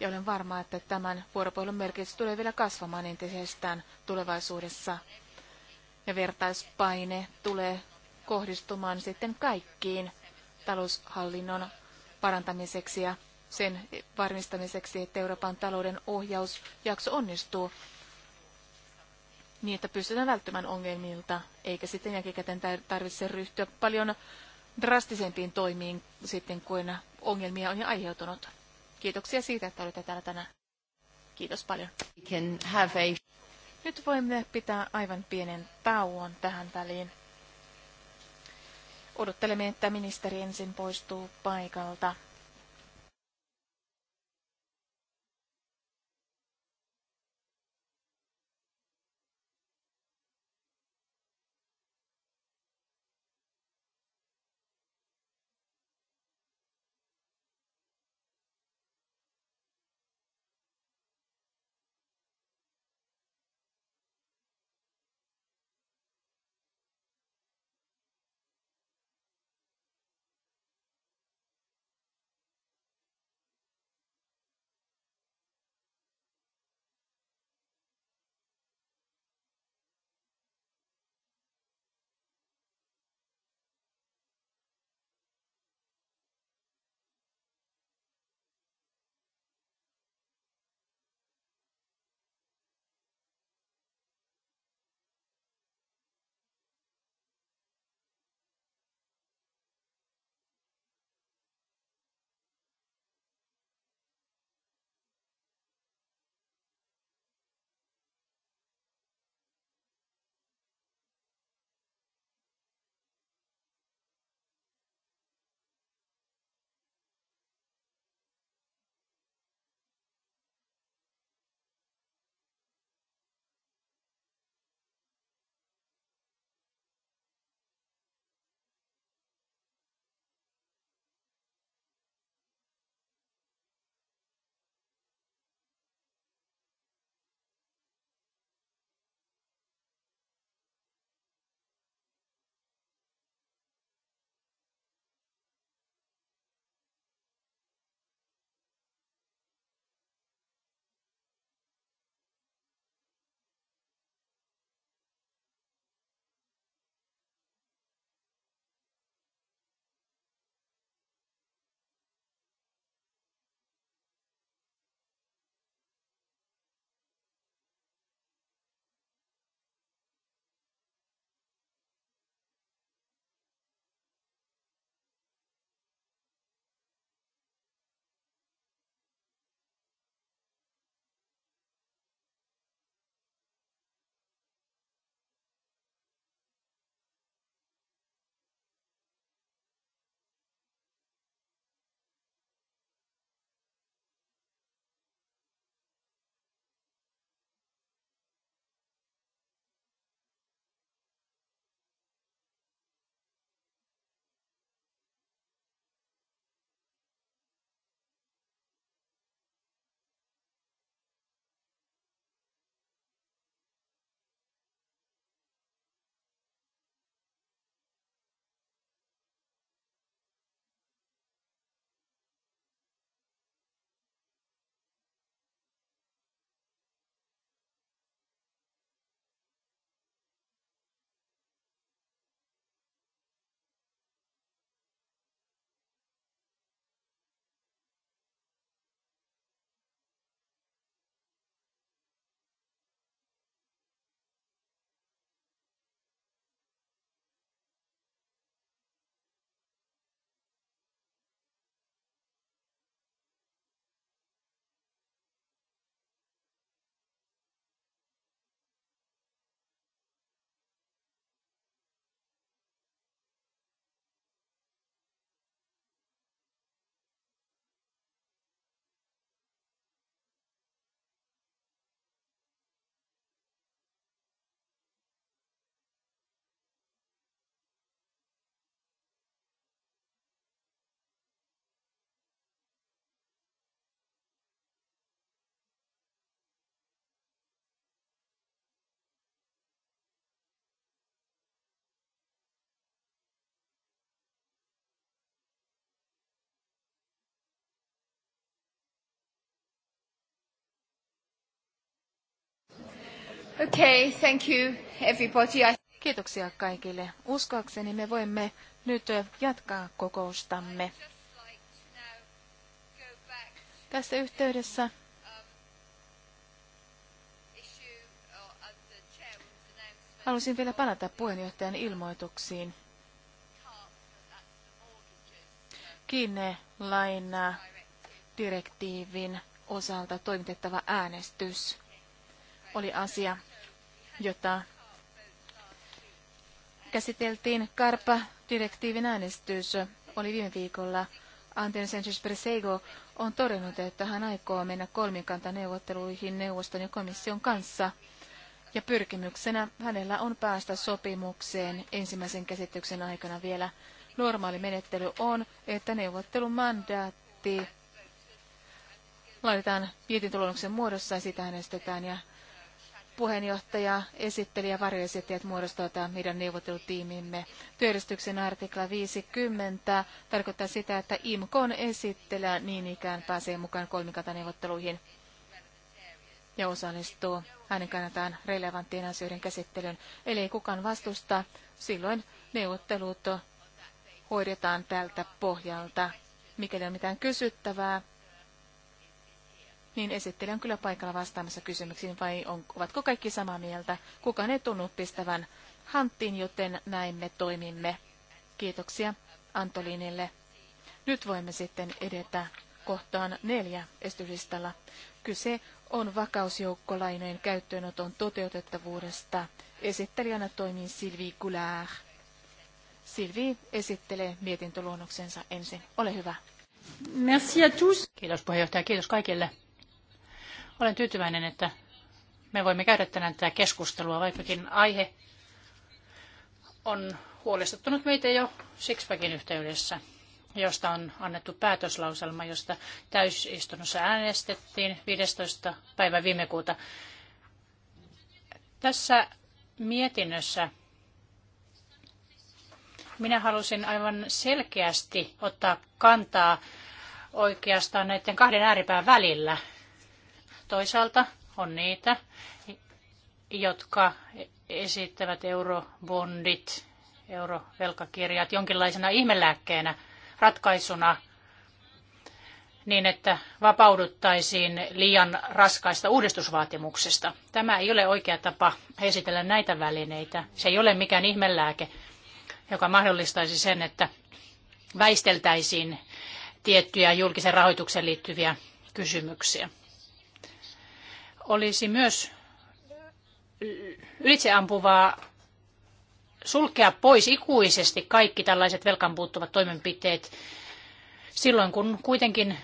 Speaker 1: Ja olen varma, että tämän vuoropuhelun merkitys tulee vielä kasvamaan entisestään tulevaisuudessa. Ja vertaispaine tulee kohdistumaan sitten kaikkiin taloushallinnon parantamiseksi ja sen varmistamiseksi, että Euroopan talouden ohjausjakso onnistuu niin, että pystytään välttämään ongelmilta, eikä sitten jälkikäteen tarvitse ryhtyä paljon drastisempiin toimiin sitten, kuin ongelmia on jo aiheutunut. Kiitoksia siitä, että olette täällä tänään. Kiitos paljon. Nyt voimme pitää aivan pienen tauon tähän väliin. Odottelemme, että ministeri ensin poistuu paikalta. Okay, thank you everybody. Kiitoksia kaikille. Uskoakseni me voimme nyt jatkaa kokoustamme. Tässä yhteydessä halusin vielä palata puheenjohtajan ilmoituksiin. Kiinnelain direktiivin osalta toimitettava äänestys oli asia, jota käsiteltiin Karpa-direktiivin äänestys, oli viime viikolla. Anten Sanchez Presego on todennut, että hän aikoo mennä kolmikantaneuvotteluihin neuvoston ja komission kanssa. Ja pyrkimyksenä hänellä on päästä sopimukseen ensimmäisen käsityksen aikana vielä. Normaali menettely on, että neuvottelumandaatti laitetaan mietintöluonnoksen muodossa ja sitä äänestetään ja puheenjohtaja, esittelijä, varjoesittäjät muodostavat meidän neuvottelutiimimme. Työjärjestyksen artikla 50 tarkoittaa sitä, että IMKon esittelijä niin ikään pääsee mukaan kolmikantaneuvotteluihin ja osallistuu. Hänen kannataan relevanttien asioiden käsittelyyn. Eli ei kukaan vastusta, silloin neuvottelut hoidetaan tältä pohjalta. Mikäli on mitään kysyttävää, niin esittelijä on kyllä paikalla vastaamassa kysymyksiin, vai on, ovatko kaikki samaa mieltä? Kukaan ei tunnu pistävän hanttiin, joten näin me toimimme. Kiitoksia Antoliinille. Nyt voimme sitten edetä kohtaan neljä estylistalla. Kyse on vakausjoukkolainojen käyttöönoton toteutettavuudesta. Esittelijänä toimii Silvi Goulard. Silvi esittelee mietintöluonnoksensa ensin. Ole hyvä.
Speaker 5: Merci à tous. Kiitos puheenjohtaja, kiitos kaikille. Olen tyytyväinen, että me voimme käydä tänään tätä keskustelua, vaikkakin aihe on huolestuttanut meitä jo Sixpackin yhteydessä, josta on annettu päätöslauselma, josta täysistunnossa äänestettiin 15. päivä viime kuuta. Tässä mietinnössä minä halusin aivan selkeästi ottaa kantaa oikeastaan näiden kahden ääripään välillä – Toisaalta on niitä, jotka esittävät eurobondit, eurovelkakirjat jonkinlaisena ihmelääkkeenä, ratkaisuna niin, että vapauduttaisiin liian raskaista uudistusvaatimuksista. Tämä ei ole oikea tapa esitellä näitä välineitä. Se ei ole mikään ihmelääke, joka mahdollistaisi sen, että väisteltäisiin tiettyjä julkisen rahoitukseen liittyviä kysymyksiä olisi myös ylitseampuvaa sulkea pois ikuisesti kaikki tällaiset velkaan puuttuvat toimenpiteet silloin, kun kuitenkin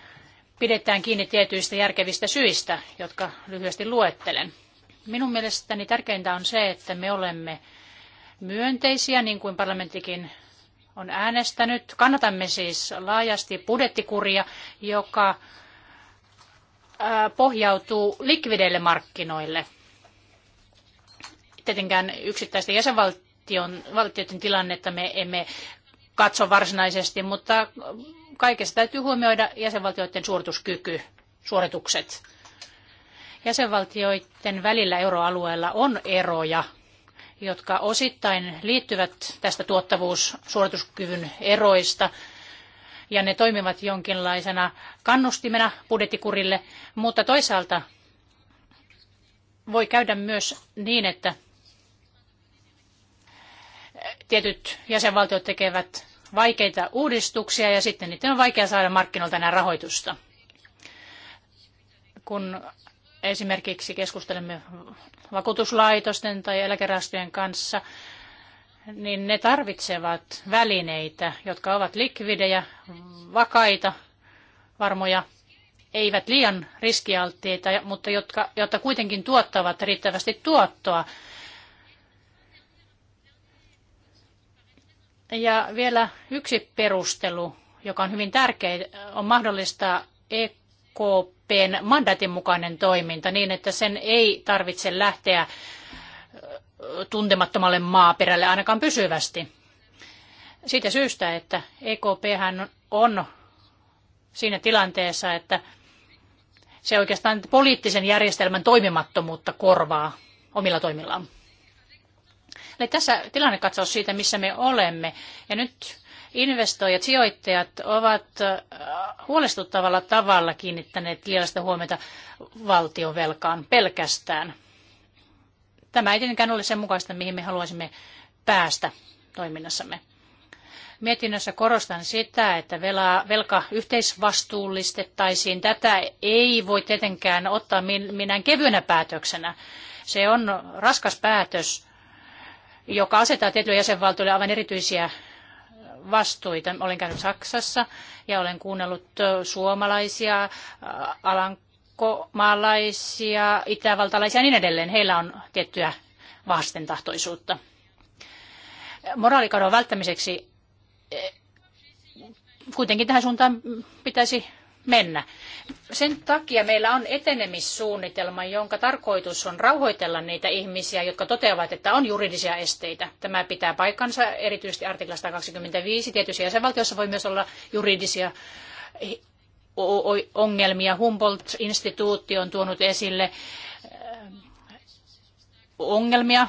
Speaker 5: pidetään kiinni tietyistä järkevistä syistä, jotka lyhyesti luettelen. Minun mielestäni tärkeintä on se, että me olemme myönteisiä, niin kuin parlamenttikin on äänestänyt. Kannatamme siis laajasti budjettikuria, joka pohjautuu likvideille markkinoille. Tietenkään yksittäisten jäsenvaltioiden tilannetta me emme katso varsinaisesti, mutta kaikessa täytyy huomioida jäsenvaltioiden suorituskyky, suoritukset. Jäsenvaltioiden välillä euroalueella on eroja, jotka osittain liittyvät tästä tuottavuussuorituskyvyn eroista – ja ne toimivat jonkinlaisena kannustimena budjettikurille, mutta toisaalta voi käydä myös niin, että tietyt jäsenvaltiot tekevät vaikeita uudistuksia ja sitten niiden on vaikea saada markkinoilta enää rahoitusta. Kun esimerkiksi keskustelemme vakuutuslaitosten tai eläkerahastojen kanssa, niin ne tarvitsevat välineitä, jotka ovat likvidejä, vakaita, varmoja, eivät liian riskialttiita, mutta jotka, jotta kuitenkin tuottavat riittävästi tuottoa. Ja vielä yksi perustelu, joka on hyvin tärkeä, on mahdollista EKPn mandaatin mukainen toiminta niin, että sen ei tarvitse lähteä tuntemattomalle maaperälle ainakaan pysyvästi. Siitä syystä, että EKP on siinä tilanteessa, että se oikeastaan poliittisen järjestelmän toimimattomuutta korvaa omilla toimillaan. Eli tässä tilannekatsaus siitä, missä me olemme. Ja nyt investoijat, sijoittajat ovat äh, huolestuttavalla tavalla kiinnittäneet liiallista huomiota valtion velkaan pelkästään. Tämä ei tietenkään ole sen mukaista, mihin me haluaisimme päästä toiminnassamme. Mietinnössä korostan sitä, että velka yhteisvastuullistettaisiin. Tätä ei voi tietenkään ottaa minään kevyenä päätöksenä. Se on raskas päätös, joka asettaa tietyille jäsenvaltioille aivan erityisiä vastuita. Olen käynyt Saksassa ja olen kuunnellut suomalaisia, alan, ulkomaalaisia, itävaltalaisia ja niin edelleen. Heillä on tiettyä vastentahtoisuutta. Moraalikadon välttämiseksi eh, kuitenkin tähän suuntaan pitäisi mennä. Sen takia meillä on etenemissuunnitelma, jonka tarkoitus on rauhoitella niitä ihmisiä, jotka toteavat, että on juridisia esteitä. Tämä pitää paikkansa erityisesti artiklasta 25. Tietyissä jäsenvaltioissa voi myös olla juridisia ongelmia. Humboldt-instituutti on tuonut esille äh, ongelmia.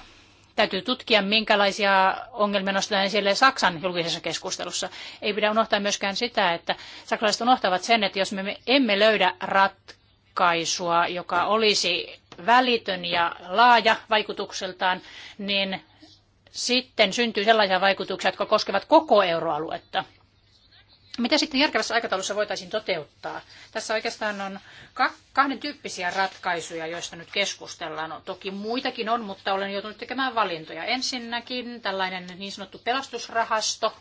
Speaker 5: Täytyy tutkia, minkälaisia ongelmia nostetaan esille Saksan julkisessa keskustelussa. Ei pidä unohtaa myöskään sitä, että saksalaiset unohtavat sen, että jos me emme löydä ratkaisua, joka olisi välitön ja laaja vaikutukseltaan, niin sitten syntyy sellaisia vaikutuksia, jotka koskevat koko euroaluetta. Mitä sitten järkevässä aikataulussa voitaisiin toteuttaa? Tässä oikeastaan on kahden tyyppisiä ratkaisuja, joista nyt keskustellaan. No, toki muitakin on, mutta olen joutunut tekemään valintoja. Ensinnäkin tällainen niin sanottu pelastusrahasto,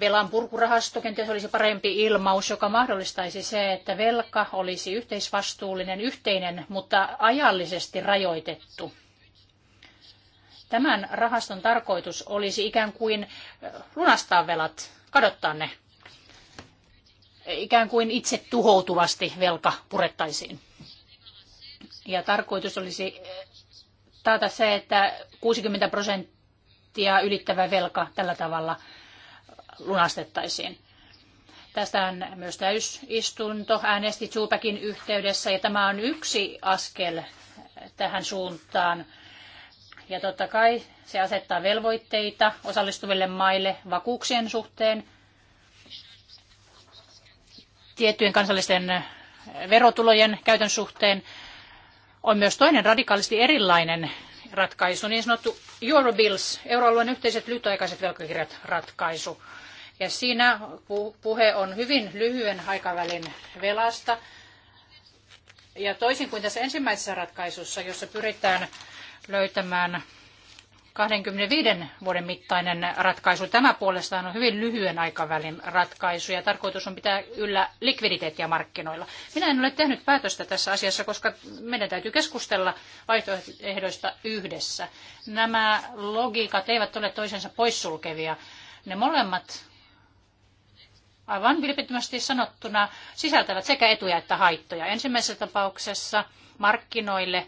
Speaker 5: velan purkurahasto, kenties olisi parempi ilmaus, joka mahdollistaisi se, että velka olisi yhteisvastuullinen, yhteinen, mutta ajallisesti rajoitettu Tämän rahaston tarkoitus olisi ikään kuin lunastaa velat, kadottaa ne. Ikään kuin itse tuhoutuvasti velka purettaisiin. Ja tarkoitus olisi taata se, että 60 prosenttia ylittävä velka tällä tavalla lunastettaisiin. Tästä on myös täysistunto äänesti Zubekin yhteydessä ja tämä on yksi askel tähän suuntaan. Ja totta kai se asettaa velvoitteita osallistuville maille vakuuksien suhteen, tiettyjen kansallisten verotulojen käytön suhteen. On myös toinen radikaalisti erilainen ratkaisu, niin sanottu Eurobills, euroalueen yhteiset lyhytaikaiset velkakirjat ratkaisu. Ja siinä puhe on hyvin lyhyen aikavälin velasta. Ja toisin kuin tässä ensimmäisessä ratkaisussa, jossa pyritään löytämään 25 vuoden mittainen ratkaisu. Tämä puolestaan on hyvin lyhyen aikavälin ratkaisu ja tarkoitus on pitää yllä likviditeettiä markkinoilla. Minä en ole tehnyt päätöstä tässä asiassa, koska meidän täytyy keskustella vaihtoehdoista yhdessä. Nämä logiikat eivät ole toisensa poissulkevia. Ne molemmat aivan vilpittömästi sanottuna sisältävät sekä etuja että haittoja. Ensimmäisessä tapauksessa markkinoille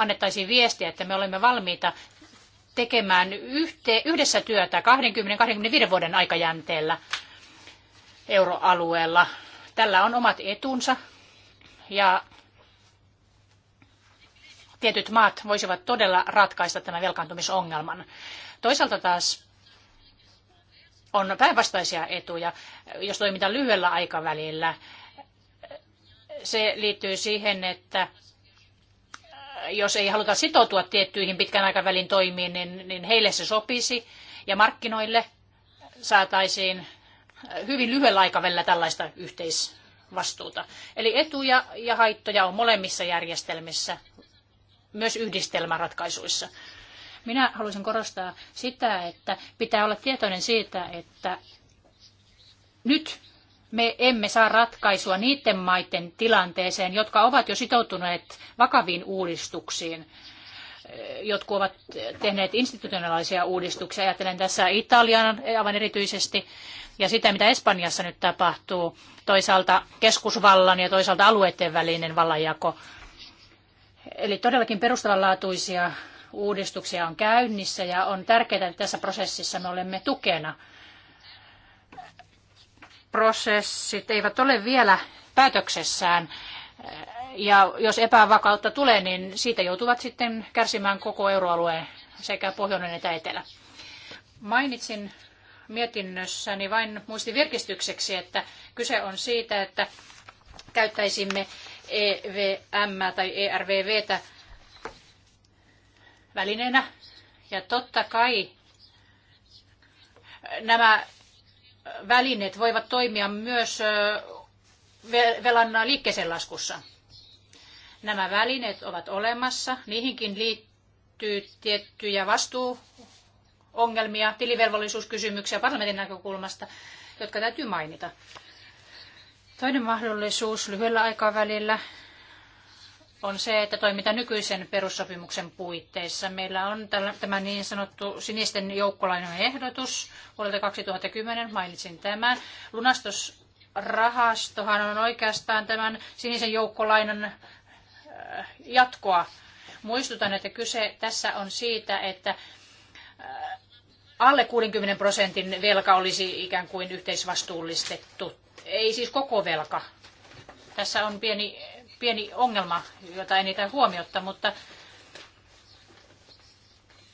Speaker 5: annettaisiin viestiä, että me olemme valmiita tekemään yhte, yhdessä työtä 20-25 vuoden aikajänteellä euroalueella. Tällä on omat etunsa ja tietyt maat voisivat todella ratkaista tämän velkaantumisongelman. Toisaalta taas on päinvastaisia etuja, jos toimitaan lyhyellä aikavälillä. Se liittyy siihen, että jos ei haluta sitoutua tiettyihin pitkän aikavälin toimiin, niin, niin heille se sopisi ja markkinoille saataisiin hyvin lyhyellä aikavälillä tällaista yhteisvastuuta. Eli etuja ja haittoja on molemmissa järjestelmissä, myös yhdistelmäratkaisuissa. Minä haluaisin korostaa sitä, että pitää olla tietoinen siitä, että nyt me emme saa ratkaisua niiden maiden tilanteeseen, jotka ovat jo sitoutuneet vakaviin uudistuksiin. Jotkut ovat tehneet institutionaalisia uudistuksia, ajattelen tässä Italian aivan erityisesti, ja sitä, mitä Espanjassa nyt tapahtuu, toisaalta keskusvallan ja toisaalta alueiden välinen vallanjako. Eli todellakin perustavanlaatuisia uudistuksia on käynnissä ja on tärkeää, että tässä prosessissa me olemme tukena prosessit eivät ole vielä päätöksessään. Ja jos epävakautta tulee, niin siitä joutuvat sitten kärsimään koko Euroalue sekä pohjoinen että etelä. Mainitsin mietinnössäni vain muistin virkistykseksi, että kyse on siitä, että käyttäisimme EVM tai ERVVtä välineenä. Ja totta kai nämä välineet voivat toimia myös velan liikkeeseen laskussa. Nämä välineet ovat olemassa. Niihinkin liittyy tiettyjä vastuuongelmia, tilivelvollisuuskysymyksiä parlamentin näkökulmasta, jotka täytyy mainita. Toinen mahdollisuus lyhyellä aikavälillä on se, että toimitaan nykyisen perussopimuksen puitteissa. Meillä on tämä niin sanottu sinisten joukkolainen ehdotus vuodelta 2010, mainitsin tämän. Lunastusrahastohan on oikeastaan tämän sinisen joukkolainan äh, jatkoa. Muistutan, että kyse tässä on siitä, että äh, alle 60 prosentin velka olisi ikään kuin yhteisvastuullistettu. Ei siis koko velka. Tässä on pieni pieni ongelma, jota ei niitä huomiota, mutta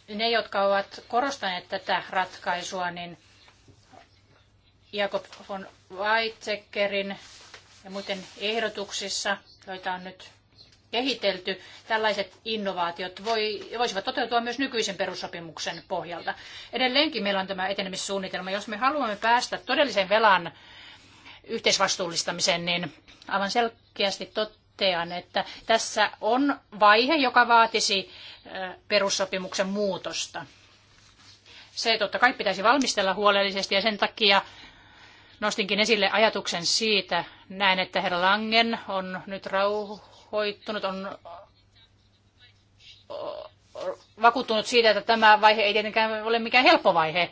Speaker 5: ne, jotka ovat korostaneet tätä ratkaisua, niin Jakob von Weizsäckerin ja muiden ehdotuksissa, joita on nyt kehitelty, tällaiset innovaatiot voi, voisivat toteutua myös nykyisen perussopimuksen pohjalta. Edelleenkin meillä on tämä etenemissuunnitelma. Jos me haluamme päästä todellisen velan yhteisvastuullistamiseen, niin aivan selkeästi tot, totean, että tässä on vaihe, joka vaatisi perussopimuksen muutosta. Se totta kai pitäisi valmistella huolellisesti ja sen takia nostinkin esille ajatuksen siitä, näen, että herra Langen on nyt rauhoittunut, on vakuuttunut siitä, että tämä vaihe ei tietenkään ole mikään helppo vaihe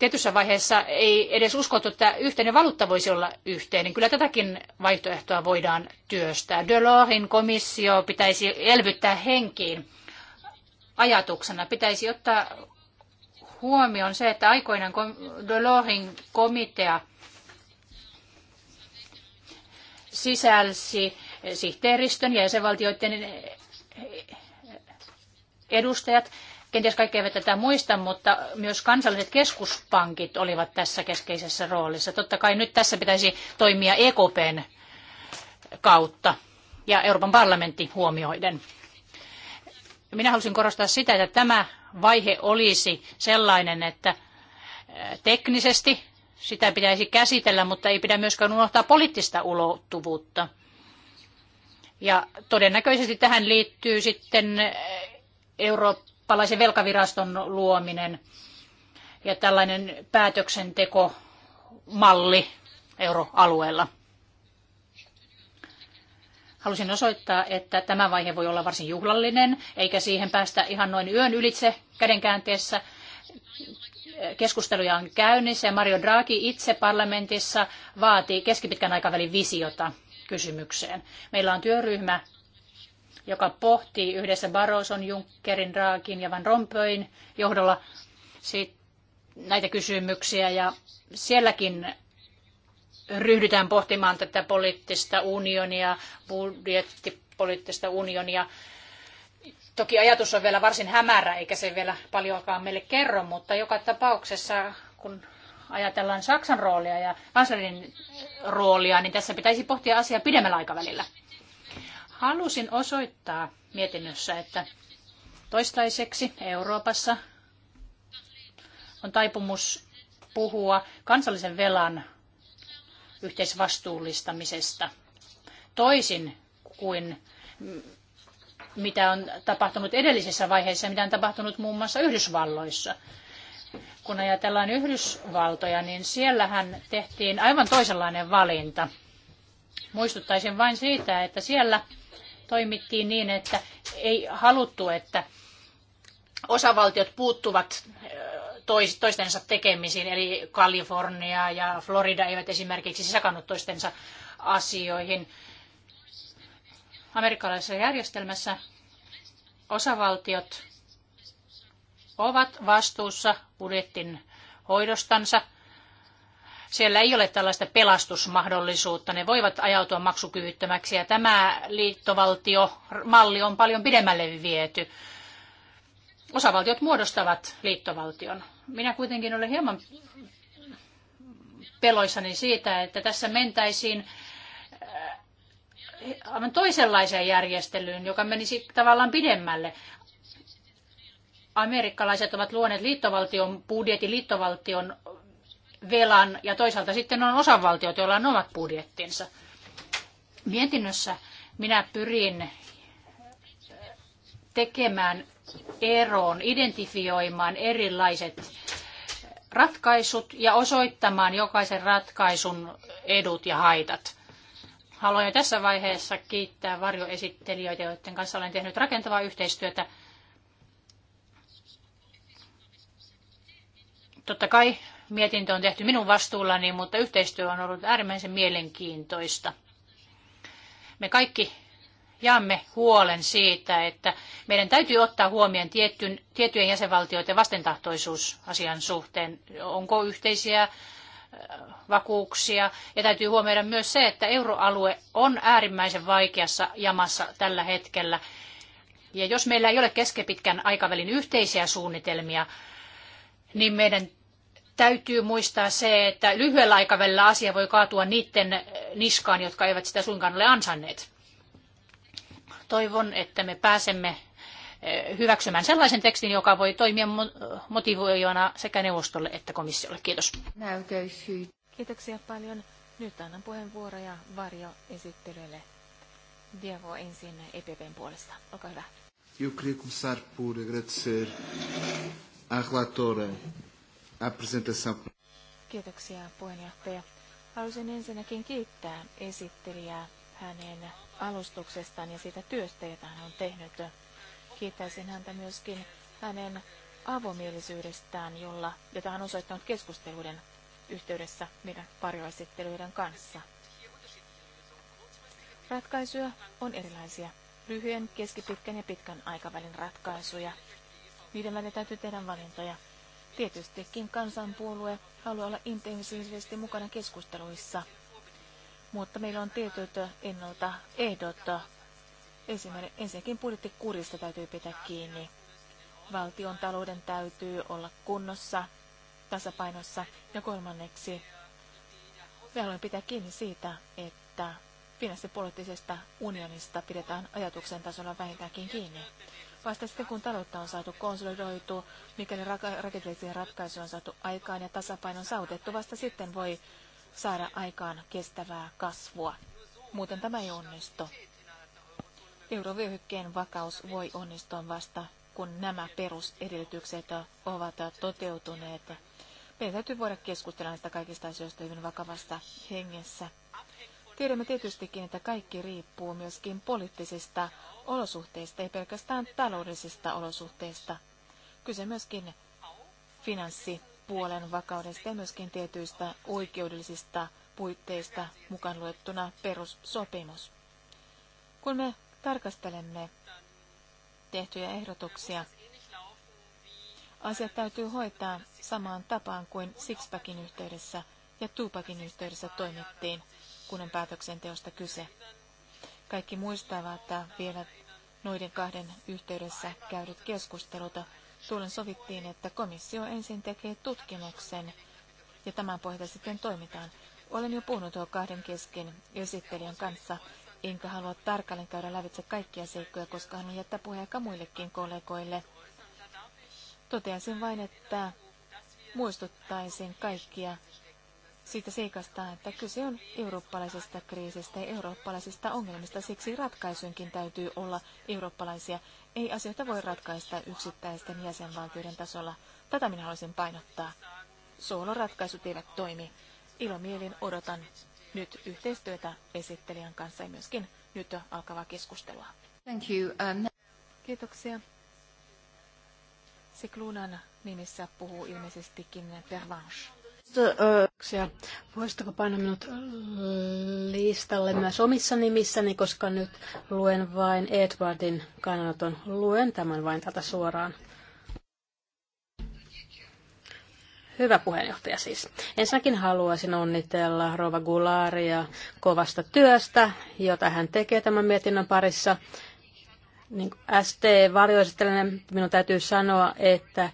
Speaker 5: tietyssä vaiheessa ei edes uskottu, että yhteinen valuutta voisi olla yhteinen. Kyllä tätäkin vaihtoehtoa voidaan työstää. Delorin komissio pitäisi elvyttää henkiin ajatuksena. Pitäisi ottaa huomioon se, että aikoinaan Delorin komitea sisälsi sihteeristön ja jäsenvaltioiden edustajat Kenties kaikki eivät tätä muista, mutta myös kansalliset keskuspankit olivat tässä keskeisessä roolissa. Totta kai nyt tässä pitäisi toimia EKPn kautta ja Euroopan parlamentti huomioiden. Minä halusin korostaa sitä, että tämä vaihe olisi sellainen, että eh, teknisesti sitä pitäisi käsitellä, mutta ei pidä myöskään unohtaa poliittista ulottuvuutta. Ja todennäköisesti tähän liittyy sitten eh, Eurooppa eurooppalaisen velkaviraston luominen ja tällainen päätöksentekomalli euroalueella. Halusin osoittaa, että tämä vaihe voi olla varsin juhlallinen, eikä siihen päästä ihan noin yön ylitse kädenkäänteessä. Keskusteluja on käynnissä ja Mario Draghi itse parlamentissa vaati keskipitkän aikavälin visiota kysymykseen. Meillä on työryhmä, joka pohtii yhdessä Barroson, Junckerin, Raakin ja Van Rompöin johdolla sit näitä kysymyksiä. Ja sielläkin ryhdytään pohtimaan tätä poliittista unionia, budjettipoliittista unionia. Toki ajatus on vielä varsin hämärä, eikä se vielä paljonkaan meille kerro, mutta joka tapauksessa, kun ajatellaan Saksan roolia ja kanslerin roolia, niin tässä pitäisi pohtia asiaa pidemmällä aikavälillä. Halusin osoittaa mietinnössä, että toistaiseksi Euroopassa on taipumus puhua kansallisen velan yhteisvastuullistamisesta toisin kuin mitä on tapahtunut edellisessä vaiheessa, mitä on tapahtunut muun muassa Yhdysvalloissa. Kun ajatellaan Yhdysvaltoja, niin siellähän tehtiin aivan toisenlainen valinta. Muistuttaisin vain siitä, että siellä toimittiin niin, että ei haluttu, että osavaltiot puuttuvat toistensa tekemisiin, eli Kalifornia ja Florida eivät esimerkiksi sisäkannut toistensa asioihin. Amerikkalaisessa järjestelmässä osavaltiot ovat vastuussa budjetin hoidostansa – siellä ei ole tällaista pelastusmahdollisuutta. Ne voivat ajautua maksukyvyttömäksi ja tämä liittovaltiomalli on paljon pidemmälle viety. Osavaltiot muodostavat liittovaltion. Minä kuitenkin olen hieman peloissani siitä, että tässä mentäisiin äh, aivan toisenlaiseen järjestelyyn, joka menisi tavallaan pidemmälle. Amerikkalaiset ovat luoneet liittovaltion budjetin, liittovaltion velan ja toisaalta sitten on osavaltiot, joilla on omat budjettinsa. Mietinnössä minä pyrin tekemään eroon, identifioimaan erilaiset ratkaisut ja osoittamaan jokaisen ratkaisun edut ja haitat. Haluan jo tässä vaiheessa kiittää varjoesittelijöitä, joiden kanssa olen tehnyt rakentavaa yhteistyötä. Totta kai mietintö on tehty minun vastuullani, mutta yhteistyö on ollut äärimmäisen mielenkiintoista. Me kaikki jaamme huolen siitä, että meidän täytyy ottaa huomioon tietyn, tiettyjen jäsenvaltioiden vastentahtoisuus asian suhteen. Onko yhteisiä vakuuksia. Ja täytyy huomioida myös se, että euroalue on äärimmäisen vaikeassa jamassa tällä hetkellä. Ja jos meillä ei ole keskipitkän aikavälin yhteisiä suunnitelmia, niin meidän täytyy muistaa se, että lyhyellä aikavälillä asia voi kaatua niiden eh, niskaan, jotka eivät sitä suinkaan ole ansanneet. Toivon, että me pääsemme eh, hyväksymään sellaisen tekstin, joka voi toimia motivoijana sekä neuvostolle että komissiolle. Kiitos.
Speaker 1: Kiitoksia paljon. Nyt annan puheenvuoroja Varjo esittelylle. Diavo ensin EPPn puolesta. Olkaa hyvä.
Speaker 2: Eu queria começar por agradecer à relatora apresentação.
Speaker 1: Kiitoksia puheenjohtaja. Haluaisin ensinnäkin kiittää esittelijää hänen alustuksestaan ja siitä työstä, jota hän on tehnyt. Kiittäisin häntä myöskin hänen avomielisyydestään, jolla, jota hän on osoittanut keskusteluiden yhteydessä meidän parjoesittelyiden kanssa. Ratkaisuja on erilaisia. Lyhyen, keskipitkän ja pitkän aikavälin ratkaisuja. Niiden välillä täytyy tehdä valintoja. Tietystikin kansanpuolue haluaa olla intensiivisesti mukana keskusteluissa, mutta meillä on tietyt ennalta ehdot. Esimerkiksi ensinnäkin budjettikurista täytyy pitää kiinni. Valtion talouden täytyy olla kunnossa, tasapainossa ja kolmanneksi me haluamme pitää kiinni siitä, että finanssipoliittisesta unionista pidetään ajatuksen tasolla vähintäänkin kiinni vasta sitten kun taloutta on saatu konsolidoitu, mikäli rakenteellisia ratkaisuja on saatu aikaan ja tasapaino saavutettu, vasta sitten voi saada aikaan kestävää kasvua. Muuten tämä ei onnistu. Eurovyöhykkeen vakaus voi onnistua vasta, kun nämä perusedellytykset ovat toteutuneet. Meidän täytyy voida keskustella näistä kaikista asioista hyvin vakavasta hengessä. Tiedämme tietystikin, että kaikki riippuu myöskin poliittisista olosuhteista, ei pelkästään taloudellisista olosuhteista. Kyse myöskin finanssipuolen vakaudesta ja myöskin tietyistä oikeudellisista puitteista mukaan luettuna perussopimus. Kun me tarkastelemme tehtyjä ehdotuksia, asiat täytyy hoitaa samaan tapaan kuin Sixpackin yhteydessä ja Tupakin yhteydessä toimittiin kun on päätöksenteosta kyse. Kaikki muistavat että vielä noiden kahden yhteydessä käydyt keskustelut. Tuolloin sovittiin, että komissio ensin tekee tutkimuksen ja tämän pohjalta sitten toimitaan. Olen jo puhunut tuo kahden kesken esittelijän kanssa, enkä halua tarkalleen käydä lävitse kaikkia seikkoja, koska hän jättää puheen muillekin kollegoille. Toteaisin vain, että muistuttaisin kaikkia siitä seikasta, että kyse on eurooppalaisesta kriisistä ja eurooppalaisista ongelmista. Siksi ratkaisujenkin täytyy olla eurooppalaisia. Ei asioita voi ratkaista yksittäisten jäsenvaltioiden tasolla. Tätä minä haluaisin painottaa. Sooloratkaisut eivät toimi. Ilomielin odotan nyt yhteistyötä esittelijän kanssa ja myöskin nyt alkavaa keskustelua.
Speaker 6: Thank you.
Speaker 3: Um...
Speaker 1: Kiitoksia. Sikluunan nimissä puhuu ilmeisestikin Pervanche.
Speaker 3: Uh, Kiitoksia. Voisitko panna minut listalle myös omissa nimissäni, koska nyt luen vain Edwardin kannanoton. Luen tämän vain tätä suoraan. Hyvä puheenjohtaja siis. Ensinnäkin haluaisin onnitella Rova Gularia kovasta työstä, jota hän tekee tämän mietinnön parissa. Niin ST-varjoesittelijänä minun täytyy sanoa, että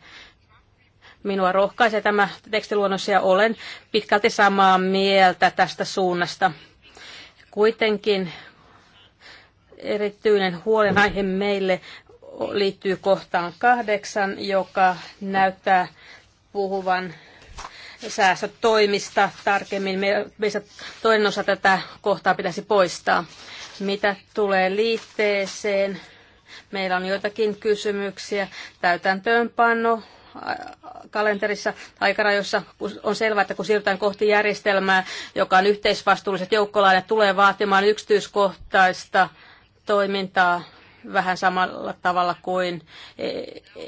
Speaker 3: Minua rohkaisee tämä tekstiluonnos ja olen pitkälti samaa mieltä tästä suunnasta. Kuitenkin erityinen huolenaihe meille liittyy kohtaan kahdeksan, joka näyttää puhuvan säästötoimista tarkemmin. Meistä toinen osa tätä kohtaa pitäisi poistaa. Mitä tulee liitteeseen? Meillä on joitakin kysymyksiä. Täytäntöönpano kalenterissa aikarajoissa on selvää, että kun siirrytään kohti järjestelmää, joka on yhteisvastuulliset joukkolainet, tulee vaatimaan yksityiskohtaista toimintaa vähän samalla tavalla kuin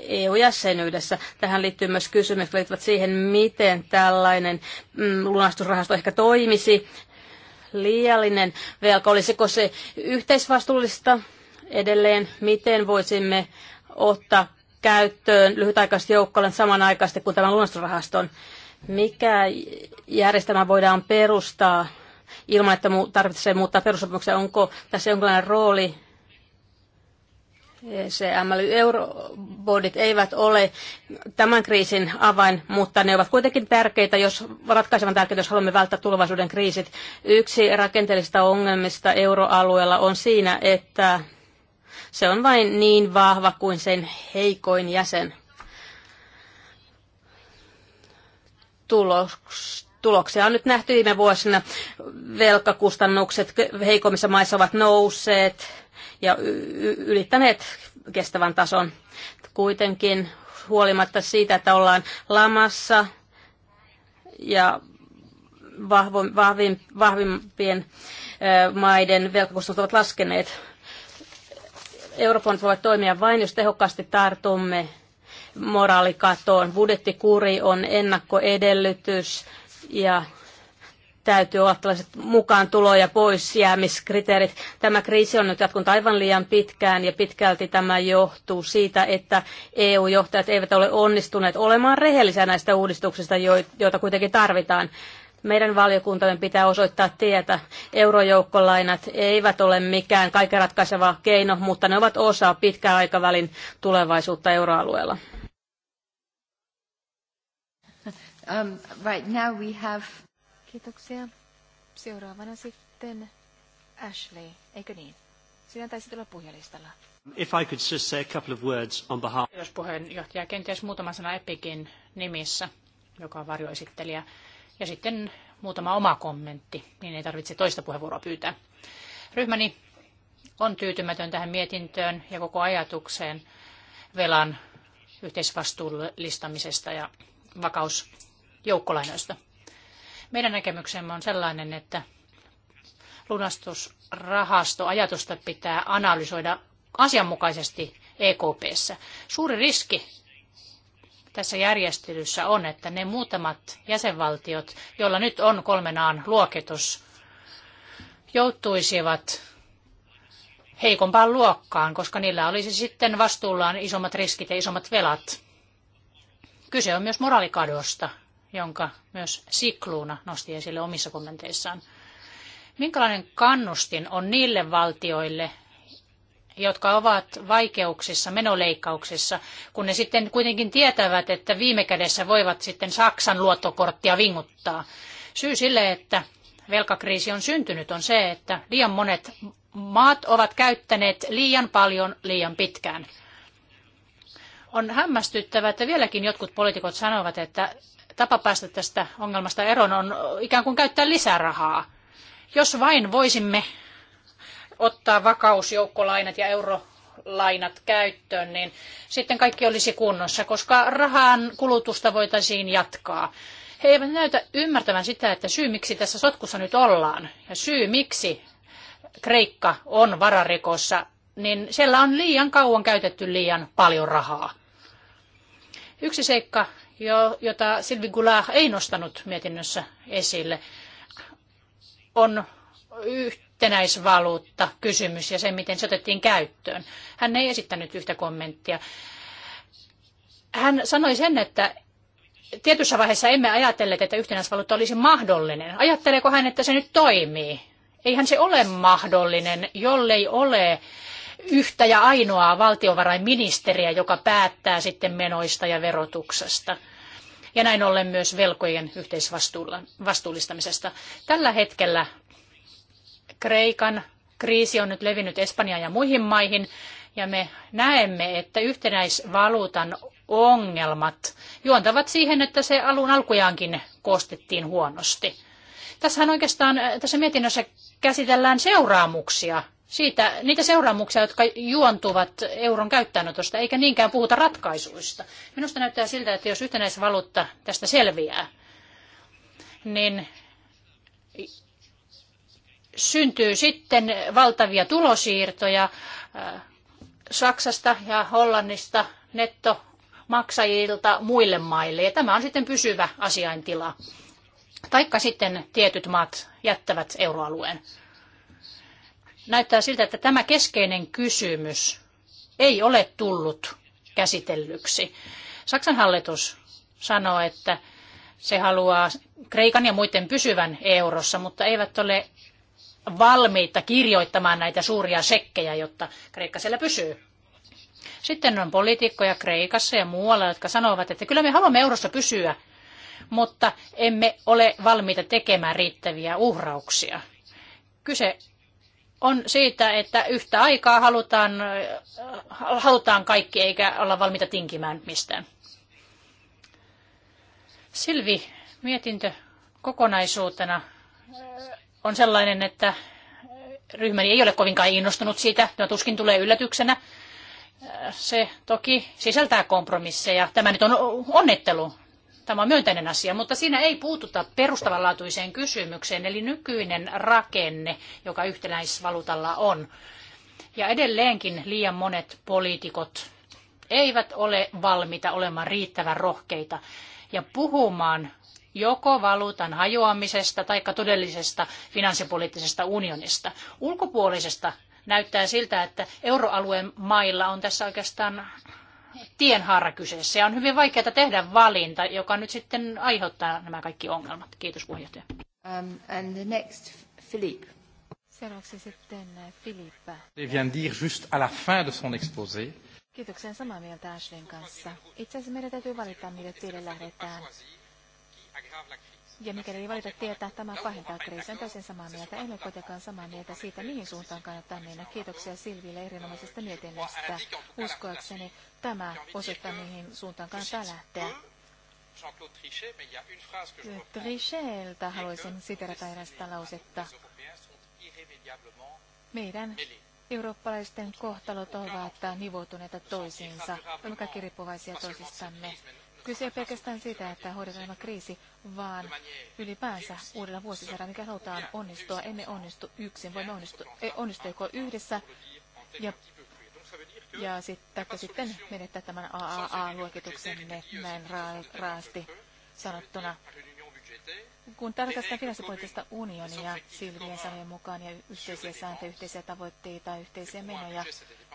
Speaker 3: EU-jäsenyydessä. Tähän liittyy myös kysymys, liittyvät siihen, miten tällainen lunastusrahasto ehkä toimisi. Liiallinen velka, olisiko se yhteisvastuullista edelleen? Miten voisimme ottaa käyttöön lyhytaikaisesti joukkoille samanaikaisesti kuin tämän lunastusrahaston. Mikä järjestelmä voidaan perustaa ilman, että tarvitsee muuttaa perusopimuksia? Onko tässä jonkinlainen rooli ECML eurobondit eivät ole tämän kriisin avain, mutta ne ovat kuitenkin tärkeitä, jos ratkaisevan tärkeitä, jos haluamme välttää tulevaisuuden kriisit. Yksi rakenteellisista ongelmista euroalueella on siinä, että se on vain niin vahva kuin sen heikoin jäsen. Tuloks, tuloksia on nyt nähty viime vuosina. Velkakustannukset heikommissa maissa ovat nousseet ja ylittäneet kestävän tason. Kuitenkin huolimatta siitä, että ollaan lamassa ja vahvin, vahvimpien maiden velkakustannukset ovat laskeneet. Euroopan voi toimia vain, jos tehokkaasti tartumme moraalikatoon. Budjettikuri on ennakkoedellytys ja täytyy olla tällaiset mukaan tulo- ja poisjäämiskriteerit. Tämä kriisi on nyt jatkunut aivan liian pitkään ja pitkälti tämä johtuu siitä, että EU-johtajat eivät ole onnistuneet olemaan rehellisiä näistä uudistuksista, joita kuitenkin tarvitaan. Meidän valiokuntamme pitää osoittaa tietä. Eurojoukkolainat eivät ole mikään kaiken ratkaiseva keino, mutta ne ovat osa pitkän aikavälin tulevaisuutta euroalueella.
Speaker 1: Um, right now we have... Kiitoksia. Seuraavana
Speaker 5: sitten Ashley, eikö niin? Sinä taisi tulla puhujalistalla.
Speaker 6: If I could just say a couple of words on behalf...
Speaker 5: Jos puheenjohtaja, kenties muutama sana Epikin nimissä, joka on varjoesittelijä. Ja sitten muutama oma kommentti, niin ei tarvitse toista puheenvuoroa pyytää. Ryhmäni on tyytymätön tähän mietintöön ja koko ajatukseen velan yhteisvastuullistamisesta ja vakausjoukkolainoista. Meidän näkemyksemme on sellainen, että lunastusrahastoajatusta pitää analysoida asianmukaisesti EKPssä. Suuri riski tässä järjestelyssä on, että ne muutamat jäsenvaltiot, joilla nyt on kolmenaan luokitus, joutuisivat heikompaan luokkaan, koska niillä olisi sitten vastuullaan isommat riskit ja isommat velat. Kyse on myös moraalikadosta, jonka myös Sikluuna nosti esille omissa kommenteissaan. Minkälainen kannustin on niille valtioille, jotka ovat vaikeuksissa, menoleikkauksissa, kun ne sitten kuitenkin tietävät, että viime kädessä voivat sitten Saksan luottokorttia vinguttaa. Syy sille, että velkakriisi on syntynyt, on se, että liian monet maat ovat käyttäneet liian paljon liian pitkään. On hämmästyttävää, että vieläkin jotkut poliitikot sanovat, että tapa päästä tästä ongelmasta eroon on ikään kuin käyttää lisää rahaa. Jos vain voisimme ottaa vakausjoukkolainat ja eurolainat käyttöön, niin sitten kaikki olisi kunnossa, koska rahan kulutusta voitaisiin jatkaa. He eivät näytä ymmärtävän sitä, että syy miksi tässä sotkussa nyt ollaan ja syy miksi Kreikka on vararikossa, niin siellä on liian kauan käytetty liian paljon rahaa. Yksi seikka, jota Silvi Goulart ei nostanut mietinnössä esille, on yhtenäisvaluutta kysymys ja se, miten se otettiin käyttöön. Hän ei esittänyt yhtä kommenttia. Hän sanoi sen, että tietyssä vaiheessa emme ajatelleet, että yhtenäisvaluutta olisi mahdollinen. Ajatteleeko hän, että se nyt toimii? Eihän se ole mahdollinen, jollei ole yhtä ja ainoaa valtiovarainministeriä, joka päättää sitten menoista ja verotuksesta. Ja näin ollen myös velkojen yhteisvastuullistamisesta. Tällä hetkellä Kreikan kriisi on nyt levinnyt Espanjaan ja muihin maihin, ja me näemme, että yhtenäisvaluutan ongelmat juontavat siihen, että se alun alkujaankin koostettiin huonosti. Tässähän oikeastaan tässä mietinnössä käsitellään seuraamuksia siitä, niitä seuraamuksia, jotka juontuvat euron käyttäenotosta, eikä niinkään puhuta ratkaisuista. Minusta näyttää siltä, että jos yhtenäisvaluutta tästä selviää, niin syntyy sitten valtavia tulosiirtoja äh, Saksasta ja Hollannista nettomaksajilta muille maille. Ja tämä on sitten pysyvä asiaintila. Taikka sitten tietyt maat jättävät euroalueen. Näyttää siltä, että tämä keskeinen kysymys ei ole tullut käsitellyksi. Saksan hallitus sanoo, että se haluaa Kreikan ja muiden pysyvän eurossa, mutta eivät ole valmiita kirjoittamaan näitä suuria sekkejä, jotta Kreikka siellä pysyy. Sitten on poliitikkoja Kreikassa ja muualla, jotka sanovat, että kyllä me haluamme eurossa pysyä, mutta emme ole valmiita tekemään riittäviä uhrauksia. Kyse on siitä, että yhtä aikaa halutaan, halutaan kaikki eikä olla valmiita tinkimään mistään. Silvi, mietintö kokonaisuutena on sellainen, että ryhmäni ei ole kovinkaan innostunut siitä. Tämä tuskin tulee yllätyksenä. Se toki sisältää kompromisseja. Tämä nyt on onnettelu. Tämä on myönteinen asia, mutta siinä ei puututa perustavanlaatuiseen kysymykseen, eli nykyinen rakenne, joka yhtenäisvaluutalla on. Ja edelleenkin liian monet poliitikot eivät ole valmiita olemaan riittävän rohkeita ja puhumaan joko valuutan hajoamisesta tai todellisesta finanssipoliittisesta unionista. Ulkopuolisesta näyttää siltä, että euroalueen mailla on tässä oikeastaan tienhaara kyseessä. Ja on hyvin vaikeaa tehdä valinta, joka nyt sitten aiheuttaa nämä kaikki ongelmat. Kiitos puheenjohtaja. Um, and the next, Philippe. Seuraavaksi sitten eh, Philippe.
Speaker 2: Et vient dire juste à la fin de son
Speaker 4: exposé.
Speaker 1: Kiitoksen samaa mieltä Ashleyn kanssa. Itse asiassa meidän täytyy valita, mille tielle lähdetään. Ja mikäli ei valita tietää, tämä pahentaa kriisiä. On täysin samaa mieltä. En ole kuitenkaan samaa mieltä siitä, mihin suuntaan kannattaa mennä. Kiitoksia Silville erinomaisesta mietinnöstä. Uskoakseni tämä osoittaa, mihin suuntaan kannattaa lähteä. Trichelta haluaisin siterata erästä lausetta. Meidän eurooppalaisten kohtalot ovat nivoutuneita toisiinsa. Olemme kaikki riippuvaisia toisistamme. Kyse ei pelkästään siitä, että hoidetaan tämä kriisi, vaan ylipäänsä uudella vuosisadalla, mikä halutaan onnistua, emme onnistu yksin, voimme onnistua, joko yhdessä ja ja sitten, sitten menettää tämän AAA-luokituksenne näin ra- raasti sanottuna. Kun tarkastetaan finanssipoliittista unionia Silvien sanojen mukaan ja yhteisiä sääntöjä, yhteisiä tavoitteita, yhteisiä menoja,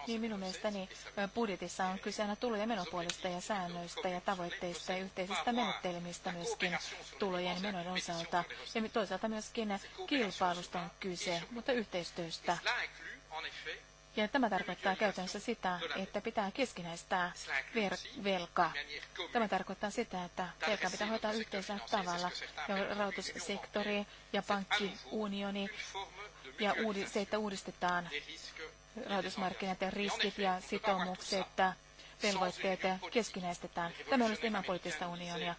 Speaker 1: niin minun mielestäni budjetissa on kyse aina tulo- ja menopuolesta ja säännöistä ja tavoitteista ja yhteisistä menettelmistä myöskin tulojen ja menon osalta. Ja toisaalta myöskin kilpailusta on kyse, mutta yhteistyöstä. Ja tämä tarkoittaa käytännössä sitä, että pitää keskinäistää ver- velkaa. Tämä tarkoittaa sitä, että velkaa pitää hoitaa yhteisellä tavalla. Ja rahoitussektori ja pankkiunioni ja uudi- se, että uudistetaan rahoitusmarkkinat ja riskit ja sitoumukset velvoitteet keskinäistetään. Tämä olisi ilman poliittista unionia.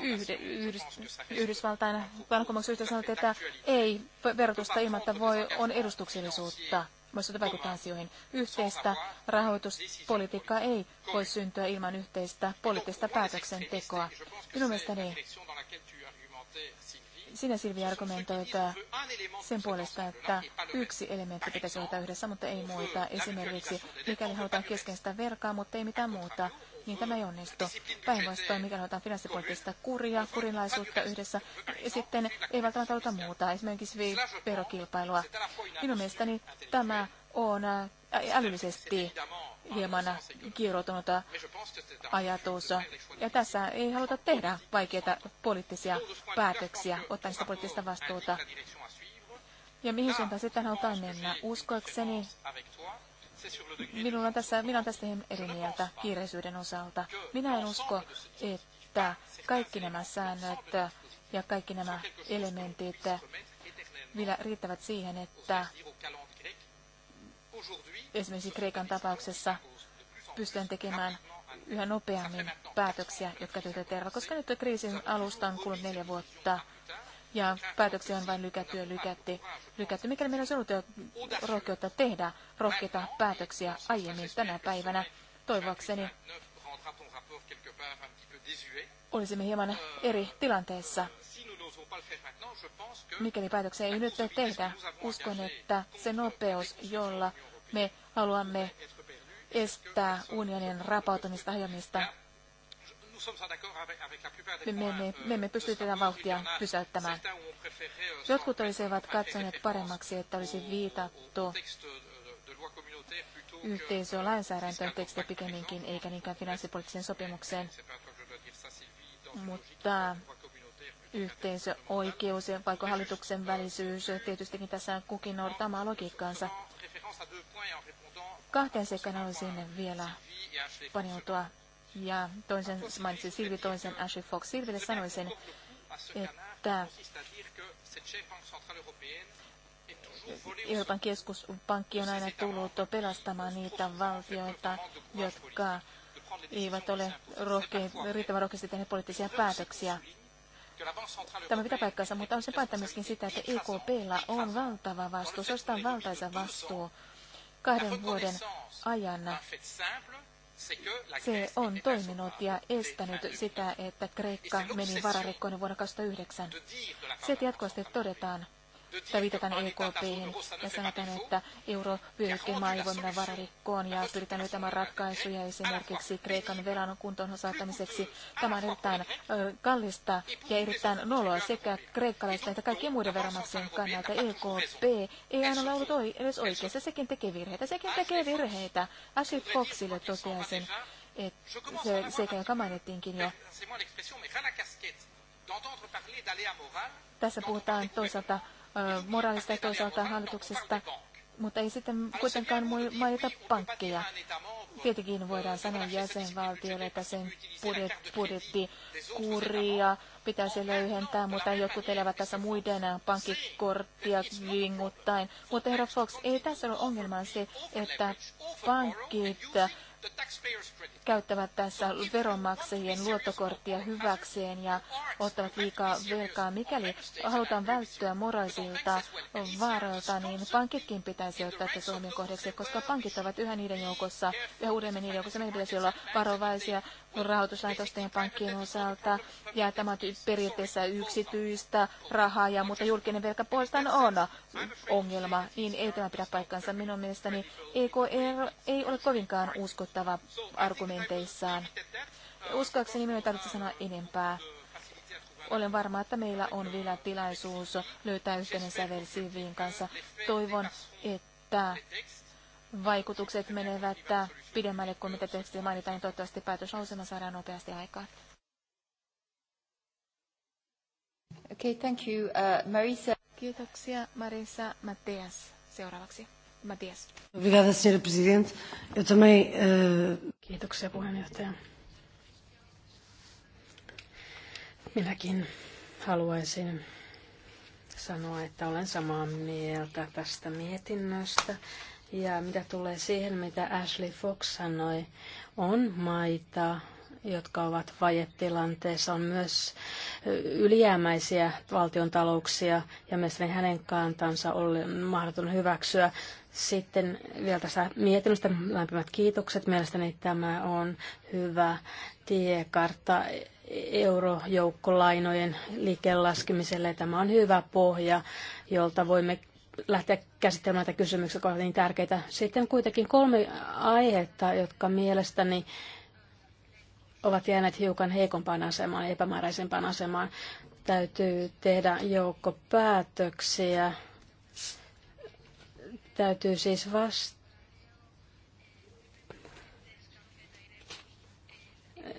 Speaker 1: Yhde, yhdys, Yhdysvaltain vallankumouksen yhteydessä että ei verotusta ilman, että voi, on edustuksellisuutta. Voisi vaikuttaa asioihin. Yhteistä rahoituspolitiikkaa ei voi syntyä ilman yhteistä poliittista päätöksentekoa. Minun mielestäni sinä Silvi argumentoit sen puolesta, että yksi elementti pitäisi olla yhdessä, mutta ei muita. Esimerkiksi mikäli halutaan keskeistä verkaa, mutta ei mitään muuta, niin tämä ei onnistu. Päinvastoin, mikäli halutaan finanssipoliittista kuria, kurinlaisuutta yhdessä, ja sitten ei välttämättä haluta muuta, esimerkiksi verokilpailua. Minun mielestäni tämä on äh, älyllisesti hieman kiiroutunut ajatus. Ja tässä ei haluta tehdä vaikeita poliittisia päätöksiä, ottaa sitä poliittista vastuuta. Ja mihin suuntaan sitten halutaan mennä? Uskoakseni minulla on tässä, minä olen tästä eri mieltä kiireisyyden osalta. Minä en usko, että kaikki nämä säännöt ja kaikki nämä elementit vielä riittävät siihen, että esimerkiksi Kreikan tapauksessa pystytään tekemään yhä nopeammin päätöksiä, jotka työtä terva, koska nyt kriisin alusta on kulunut neljä vuotta ja päätöksiä on vain lykätty ja lykätty. lykätty. Mikäli meillä on ollut jo rohkeutta tehdä rohkeita päätöksiä aiemmin tänä päivänä, Toivokseni olisimme hieman euh, eri tilanteessa Mikäli päätöksiä ei nyt tehdä, uskon, että se nopeus, jolla me haluamme estää unionin rapautumista, hajomista, me, me, me emme pysty tätä vauhtia pysäyttämään. Jotkut olisivat katsoneet paremmaksi, että olisi viitattu lainsäädäntöön tekstiä pikemminkin, eikä niinkään finanssipoliittiseen sopimukseen. Mutta oikeus ja vaikka hallituksen välisyys. Tietystikin tässä kukin noudattaa omaa logiikkaansa. Kahteen seikkaan haluaisin vielä paneutua. Ja toisen mainitsin Silvi, toisen Ashley Fox. Silville sanoisin, että Euroopan keskuspankki on aina tullut pelastamaan niitä valtioita, jotka eivät ole rohkeita riittävän rohkeasti tehneet poliittisia päätöksiä. Tämä pitää paikkansa, mutta on se paikka myöskin sitä, että EKPlla on valtava vastuu, on valtaisa vastuu kahden vuoden ajan. Se on toiminut ja estänyt sitä, että Kreikka meni vararikkoon vuonna 2009. Se jatkuvasti todetaan, tai viitataan EKP ja sanotaan, että Euro ei voi vararikkoon ja pyritään löytämään ratkaisuja esimerkiksi Kreikan velan kuntoon saattamiseksi. Tämä on erittäin kallista ja erittäin noloa sekä kreikkalaisten että kaikkien muiden veronmaksajien kannalta. EKP ei aina ollut edes oikeassa, sekin tekee virheitä, sekin tekee virheitä. Ashley Foxille toteaisin, että se, sekä joka mainittiinkin jo. Tässä puhutaan toisaalta moraalista ja toisaalta hallituksesta, mutta ei sitten kuitenkaan mainita pankkeja. Tietenkin voidaan sanoa jäsenvaltiolle, että sen budjet, budjettikuria pitäisi löyhentää, mutta jotkut elävät tässä muiden pankkikorttia vinguttaen. Mutta herra Fox, ei tässä ole ongelma se, että pankit käyttävät tässä veronmaksajien luottokorttia hyväkseen ja ottavat liikaa velkaa. Mikäli halutaan välttyä moraisilta vaaroilta, niin pankitkin pitäisi ottaa tässä Suomen kohdeksi, koska pankit ovat yhä niiden joukossa, ja uudemmin niiden joukossa meidän pitäisi olla varovaisia, rahoituslaitosten ja pankkien osalta, ja tämä on periaatteessa yksityistä rahaa, ja, mutta julkinen velka puolestaan on ongelma, niin ei tämä pidä paikkansa. Minun mielestäni EKR e ei ole kovinkaan uskottava argumenteissaan. Uskoakseni minun ei tarvitse sanoa enempää. Olen varma, että meillä on vielä tilaisuus löytää yhteinen sävel kanssa. Toivon, että vaikutukset menevät pidemmälle kuin mitä teksti mainitaan, niin toivottavasti päätöslausema saadaan nopeasti aikaan. Okay, thank you. Uh, Marisa. Kiitoksia Marisa Matias. Seuraavaksi. Matias.
Speaker 6: Obrigada, senhora presidente.
Speaker 3: Eu também... Uh... Kiitoksia puheenjohtaja. Minäkin haluaisin sanoa, että olen samaa mieltä tästä mietinnöstä. Ja mitä tulee siihen, mitä Ashley Fox sanoi, on maita, jotka ovat vajetilanteessa, on myös ylijäämäisiä valtion talouksia, ja mielestäni hänen kantansa oli mahdoton hyväksyä. Sitten vielä tässä mietinnöstä lämpimät kiitokset. Mielestäni tämä on hyvä tiekartta eurojoukkolainojen liikelaskemiselle. Tämä on hyvä pohja, jolta voimme lähteä käsittelemään näitä kysymyksiä, jotka ovat niin tärkeitä. Sitten kuitenkin kolme aihetta, jotka mielestäni ovat jääneet hiukan heikompaan asemaan epämääräisempään asemaan. Täytyy tehdä joukko päätöksiä. Täytyy siis vastata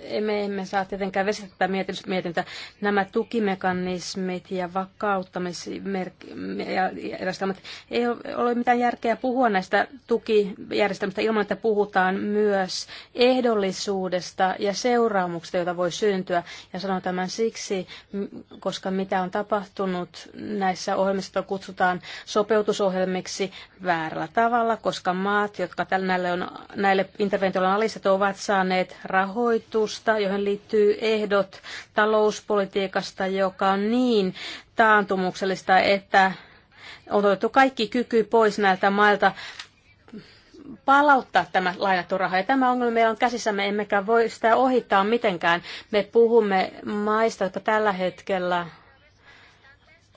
Speaker 3: emme, emme saa tietenkään vesittää mietintä. Nämä tukimekanismit ja vakauttamisjärjestelmät, ja ei ole mitään järkeä puhua näistä tukijärjestelmistä ilman, että puhutaan myös ehdollisuudesta ja seuraamuksista, joita voi syntyä. Ja sanon tämän siksi, koska mitä on tapahtunut näissä ohjelmissa, kutsutaan sopeutusohjelmiksi väärällä tavalla, koska maat, jotka näille, on, näille interventioille on alistettu, ovat saaneet rahoitusta ehdotusta, johon liittyy ehdot talouspolitiikasta, joka on niin taantumuksellista, että on otettu kaikki kyky pois näiltä mailta palauttaa tämä lainattu raha. Ja tämä ongelma meillä on käsissämme, emmekä voi sitä ohittaa mitenkään. Me puhumme maista, jotka tällä hetkellä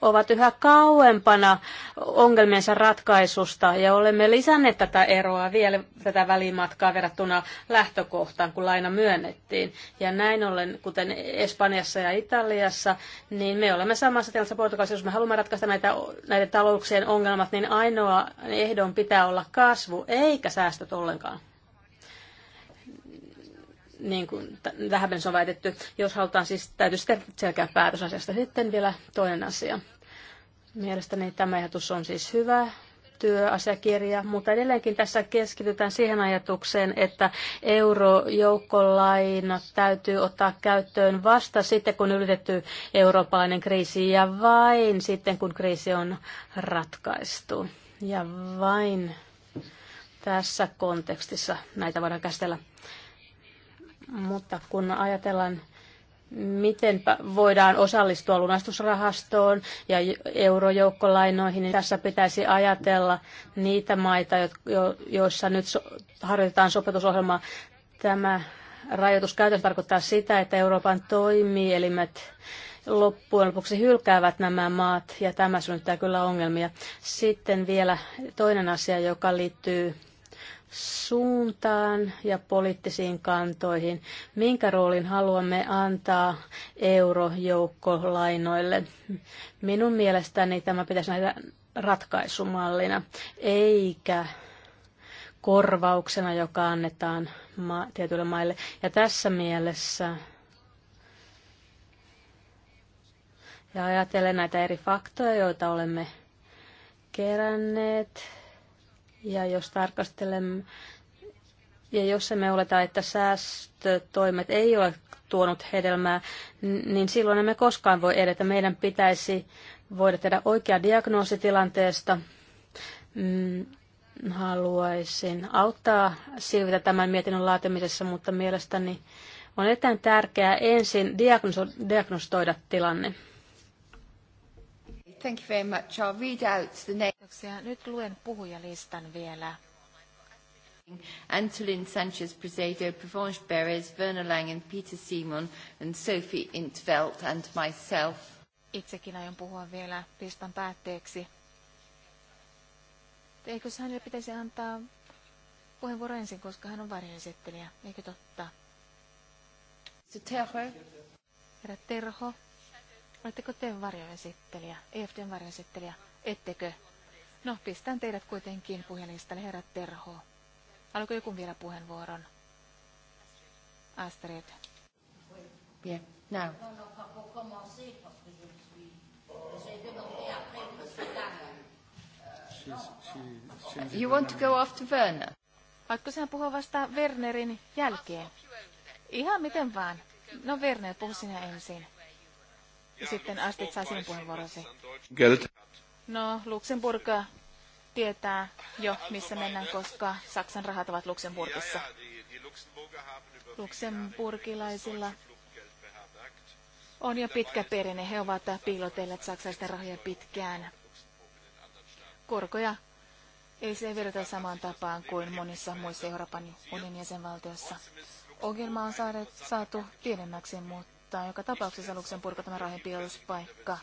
Speaker 3: ovat yhä kauempana ongelmiensa ratkaisusta ja olemme lisänneet tätä eroa vielä tätä välimatkaa verrattuna lähtökohtaan, kun laina myönnettiin. Ja näin ollen, kuten Espanjassa ja Italiassa, niin me olemme samassa tilassa, Portugalissa, jos me haluamme ratkaista näitä, näiden talouksien ongelmat, niin ainoa ehdon pitää olla kasvu, eikä säästöt ollenkaan niin kuin tähän mennessä on väitetty. Jos halutaan siis, täytyy sitten selkeä päätös asiasta. Sitten vielä toinen asia. Mielestäni tämä ajatus on siis hyvä työasiakirja, mutta edelleenkin tässä keskitytään siihen ajatukseen, että eurojoukkolainat täytyy ottaa käyttöön vasta sitten, kun ylitetty eurooppalainen kriisi ja vain sitten, kun kriisi on ratkaistu. Ja vain tässä kontekstissa näitä voidaan käsitellä. Mutta kun ajatellaan, miten voidaan osallistua lunastusrahastoon ja eurojoukkolainoihin, niin tässä pitäisi ajatella niitä maita, joissa nyt harjoitetaan sopetusohjelmaa. Tämä rajoitus käytännössä tarkoittaa sitä, että Euroopan toimielimet loppujen lopuksi hylkäävät nämä maat, ja tämä synnyttää kyllä ongelmia. Sitten vielä toinen asia, joka liittyy suuntaan ja poliittisiin kantoihin. Minkä roolin haluamme antaa eurojoukkolainoille? Minun mielestäni tämä pitäisi nähdä ratkaisumallina, eikä korvauksena, joka annetaan ma- tietyille maille. Ja tässä mielessä, ja ajatellen näitä eri faktoja, joita olemme keränneet, ja jos tarkastelemme, ja jos me oleta, että säästötoimet ei ole tuonut hedelmää, niin silloin emme koskaan voi edetä. Meidän pitäisi voida tehdä oikea diagnoosi tilanteesta. Mm, haluaisin auttaa Silvitä tämän mietinnön laatimisessa, mutta mielestäni on erittäin tärkeää ensin diagnosoida tilanne.
Speaker 1: Thank you very much. I'll read out the name. Kiitoksia. Nyt luen puhujalistan vielä. Antolin Sanchez Presedo, Provence Beres, Werner Langen, Peter Simon and Sophie Intveld and myself. Itsekin aion puhua vielä listan päätteeksi. Eikö hänelle pitäisi antaa puheenvuoro ensin, koska hän on varjoesittelijä, eikö totta? Se Terho. Herra Terho. Oletteko te varjoesittelijä, EFDn varjoesittelijä? Ettekö? No, pistän teidät kuitenkin puhelistalle, herra Terho. Haluatko joku vielä puheenvuoron? Astrid. Bien, now.
Speaker 6: You want to go after
Speaker 1: Werner? Haluatko sinä puhua vasta Wernerin jälkeen? Ihan miten vaan. No Werner, puhu sinä ensin sitten Astrid saa sinun puheenvuorosi. No, Luxemburg tietää jo, missä mennään, koska Saksan rahat ovat Luxemburgissa. Luxemburgilaisilla on jo pitkä perinne. He ovat piilotelleet saksalaisten rahoja pitkään. Korkoja ei se virta samaan tapaan kuin monissa muissa Euroopan unionin jäsenvaltioissa. Ongelma on saatu pienemmäksi, mutta ottaa joka tapauksessa Luxemburg tämä rahojenpiiruspaikka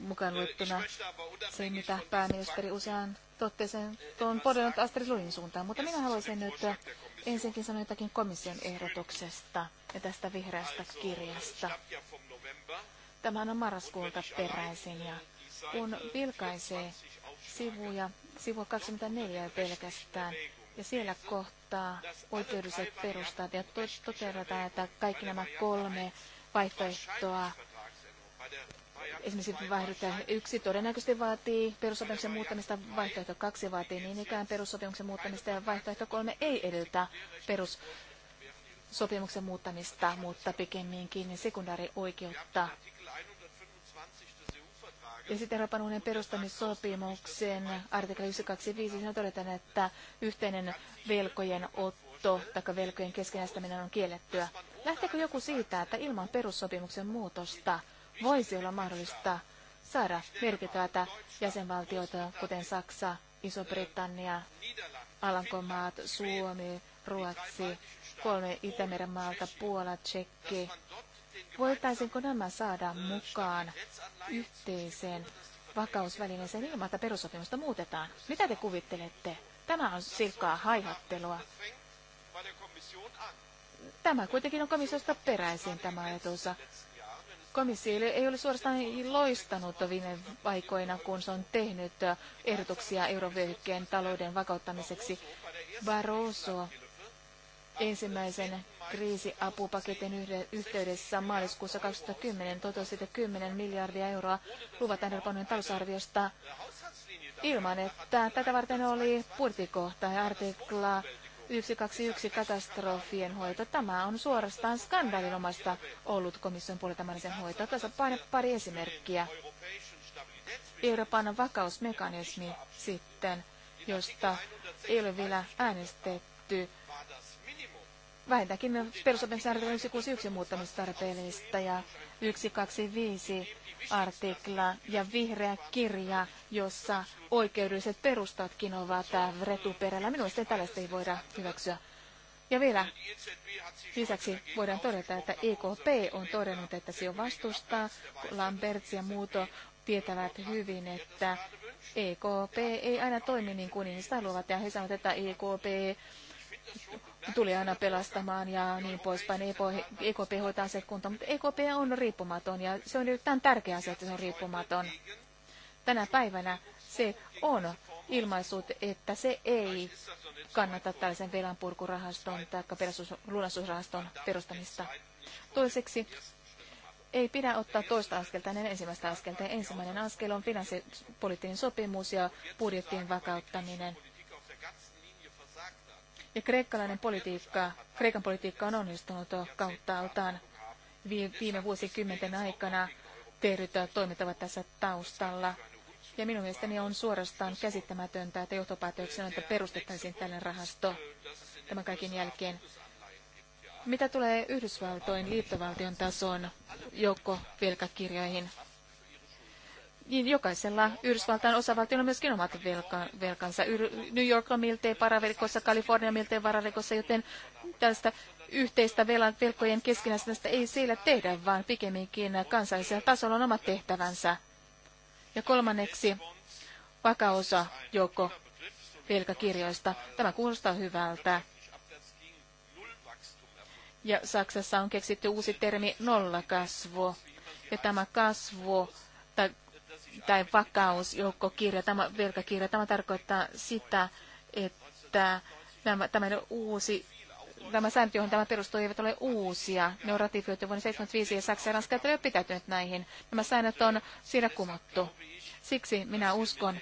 Speaker 1: mukaan luettuna se, mitä pääministeri usean totteeseen on podannut Astrid Lulin suuntaan. Mutta minä haluaisin nyt ensinkin sanoa jotakin komission ehdotuksesta ja tästä vihreästä kirjasta. Tämähän on marraskuulta peräisin ja kun vilkaisee sivuja, sivua 24 pelkästään, ja siellä kohtaa oikeudelliset perustat ja toteutetaan, että kaikki nämä kolme vaihtoehtoa Esimerkiksi vaihtoehto yksi todennäköisesti vaatii perussopimuksen muuttamista, vaihtoehto kaksi vaatii niin ikään perussopimuksen muuttamista ja vaihtoehto kolme ei edellytä perussopimuksen muuttamista, mutta pikemminkin sekundaarioikeutta ja sitten Euroopan unionin perustamissopimuksen artikla 125 siinä todetaan, että yhteinen velkojen otto tai velkojen keskinäistäminen on kiellettyä. Lähteekö joku siitä, että ilman perussopimuksen muutosta voisi olla mahdollista saada merkittävätä jäsenvaltioita, kuten Saksa, Iso-Britannia, Alankomaat, Suomi, Ruotsi, kolme Itämeren maalta, Puola, Tsekki. Voitaisinko nämä saada mukaan yhteiseen vakausvälineeseen ilman, että perussopimusta muutetaan. Mitä te kuvittelette? Tämä on silkkaa haihattelua. Tämä kuitenkin on komissiosta peräisin tämä ajatus. Komissio ei ole suorastaan loistanut viime aikoina, kun se on tehnyt ehdotuksia eurovyöhykkeen talouden vakauttamiseksi. Barroso ensimmäisen kriisiapupaketin yhteydessä maaliskuussa 2010 totesi, että 10 miljardia euroa luvataan Euroopan talousarviosta ilman, että tätä varten oli budjettikohta ja artikla 121 katastrofien hoito. Tämä on suorastaan skandaalinomaista ollut komission puoleltamallisen hoito. Tässä on pari esimerkkiä. Euroopan vakausmekanismi sitten, josta ei ole vielä äänestetty vähintäänkin perusopimuksen artikla 161 muuttamistarpeellista ja 125 artikla ja vihreä kirja, jossa oikeudelliset perustatkin ovat retuperällä. Minun mielestäni tällaista ei voida hyväksyä. Ja vielä lisäksi voidaan todeta, että EKP on todennut, että se on vastustaa. Lamberts ja muut tietävät hyvin, että EKP ei aina toimi niin kuin ihmiset haluavat. Ja he sanovat, että EKP tuli aina pelastamaan ja niin poispäin. EKP e hoitaa se kuntoon, mutta EKP on riippumaton ja se on erittäin tärkeä asia, että se on riippumaton. Tänä päivänä se on ilmaisut, että se ei kannata tällaisen velanpurkurahaston tai lunastusrahaston perustamista. Toiseksi ei pidä ottaa toista askelta ennen ensimmäistä askelta. Ensimmäinen askel on finanssipoliittinen sopimus ja budjettien vakauttaminen. Ja kreikkalainen politiikka, kreikan politiikka on onnistunut kauttaaltaan viime vuosikymmenten aikana tehdyt toimet ovat tässä taustalla. Ja minun mielestäni on suorastaan käsittämätöntä, että johtopäätöksenä, että perustettaisiin tällainen rahasto tämän kaiken jälkeen. Mitä tulee Yhdysvaltojen liittovaltion tason joukkovelkakirjoihin, niin jokaisella Yhdysvaltain osavaltiolla myöskin omat velka, velkansa. New York on miltei paraverikossa, Kalifornia miltei varaverikossa, joten tästä yhteistä velan, velkojen keskinäisestä ei siellä tehdä, vaan pikemminkin kansallisella tasolla on omat tehtävänsä. Ja kolmanneksi vakausa joko velkakirjoista. Tämä kuulostaa hyvältä. Ja Saksassa on keksitty uusi termi nollakasvu. Ja tämä kasvu tai vakausjoukkokirja, tämä velkakirja, tämä tarkoittaa sitä, että nämä, tämä uusi nämä säännöt, joihin tämä perustuu, eivät ole uusia. Ne on ratifioitu vuonna 1975 ja Saksa ja Ranska eivät ole pitäytyneet näihin. Nämä säännöt on siinä kumottu. Siksi minä uskon,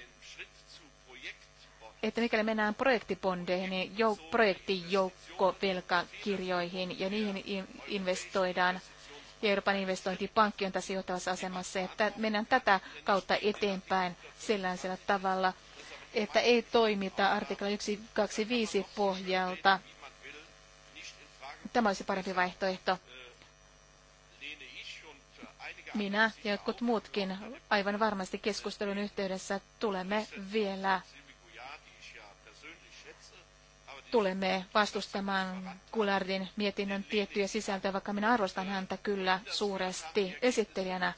Speaker 1: että mikäli mennään projektibondeihin, niin jou, projektijoukkovelkakirjoihin ja niihin investoidaan, ja Euroopan investointipankki on tässä johtavassa asemassa, että mennään tätä kautta eteenpäin sellaisella tavalla, että ei toimita artikla 125 pohjalta. Tämä olisi parempi vaihtoehto. Minä ja jotkut muutkin aivan varmasti keskustelun yhteydessä tulemme vielä tulemme vastustamaan Kulardin mietinnön tiettyjä sisältöjä, vaikka minä arvostan häntä kyllä suuresti esittelijänä.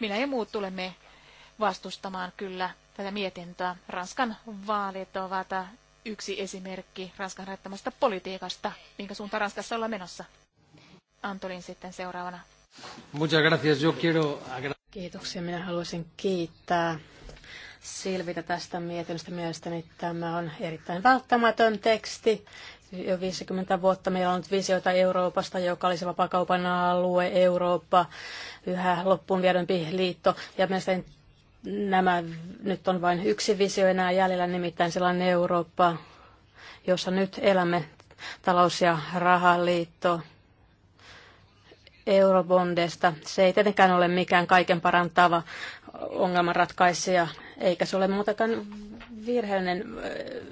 Speaker 1: Minä ja muut tulemme vastustamaan kyllä tätä mietintöä. Ranskan vaalit ovat yksi esimerkki Ranskan harjoittamasta politiikasta, minkä suuntaan Ranskassa ollaan menossa. Antolin sitten seuraavana. Kiitoksia. Minä
Speaker 3: haluaisin kiittää selvitä tästä mietinnöstä. Mielestäni tämä on erittäin välttämätön teksti. Jo 50 vuotta meillä on nyt visioita Euroopasta, joka olisi vapakaupan alue, Eurooppa, yhä loppuun viedempi liitto. Ja mielestäni nämä nyt on vain yksi visio enää jäljellä, nimittäin sellainen Eurooppa, jossa nyt elämme talous- ja rahaliitto, Eurobondesta. Se ei tietenkään ole mikään kaiken parantava ongelmanratkaisija, eikä se ole muutakaan virheellinen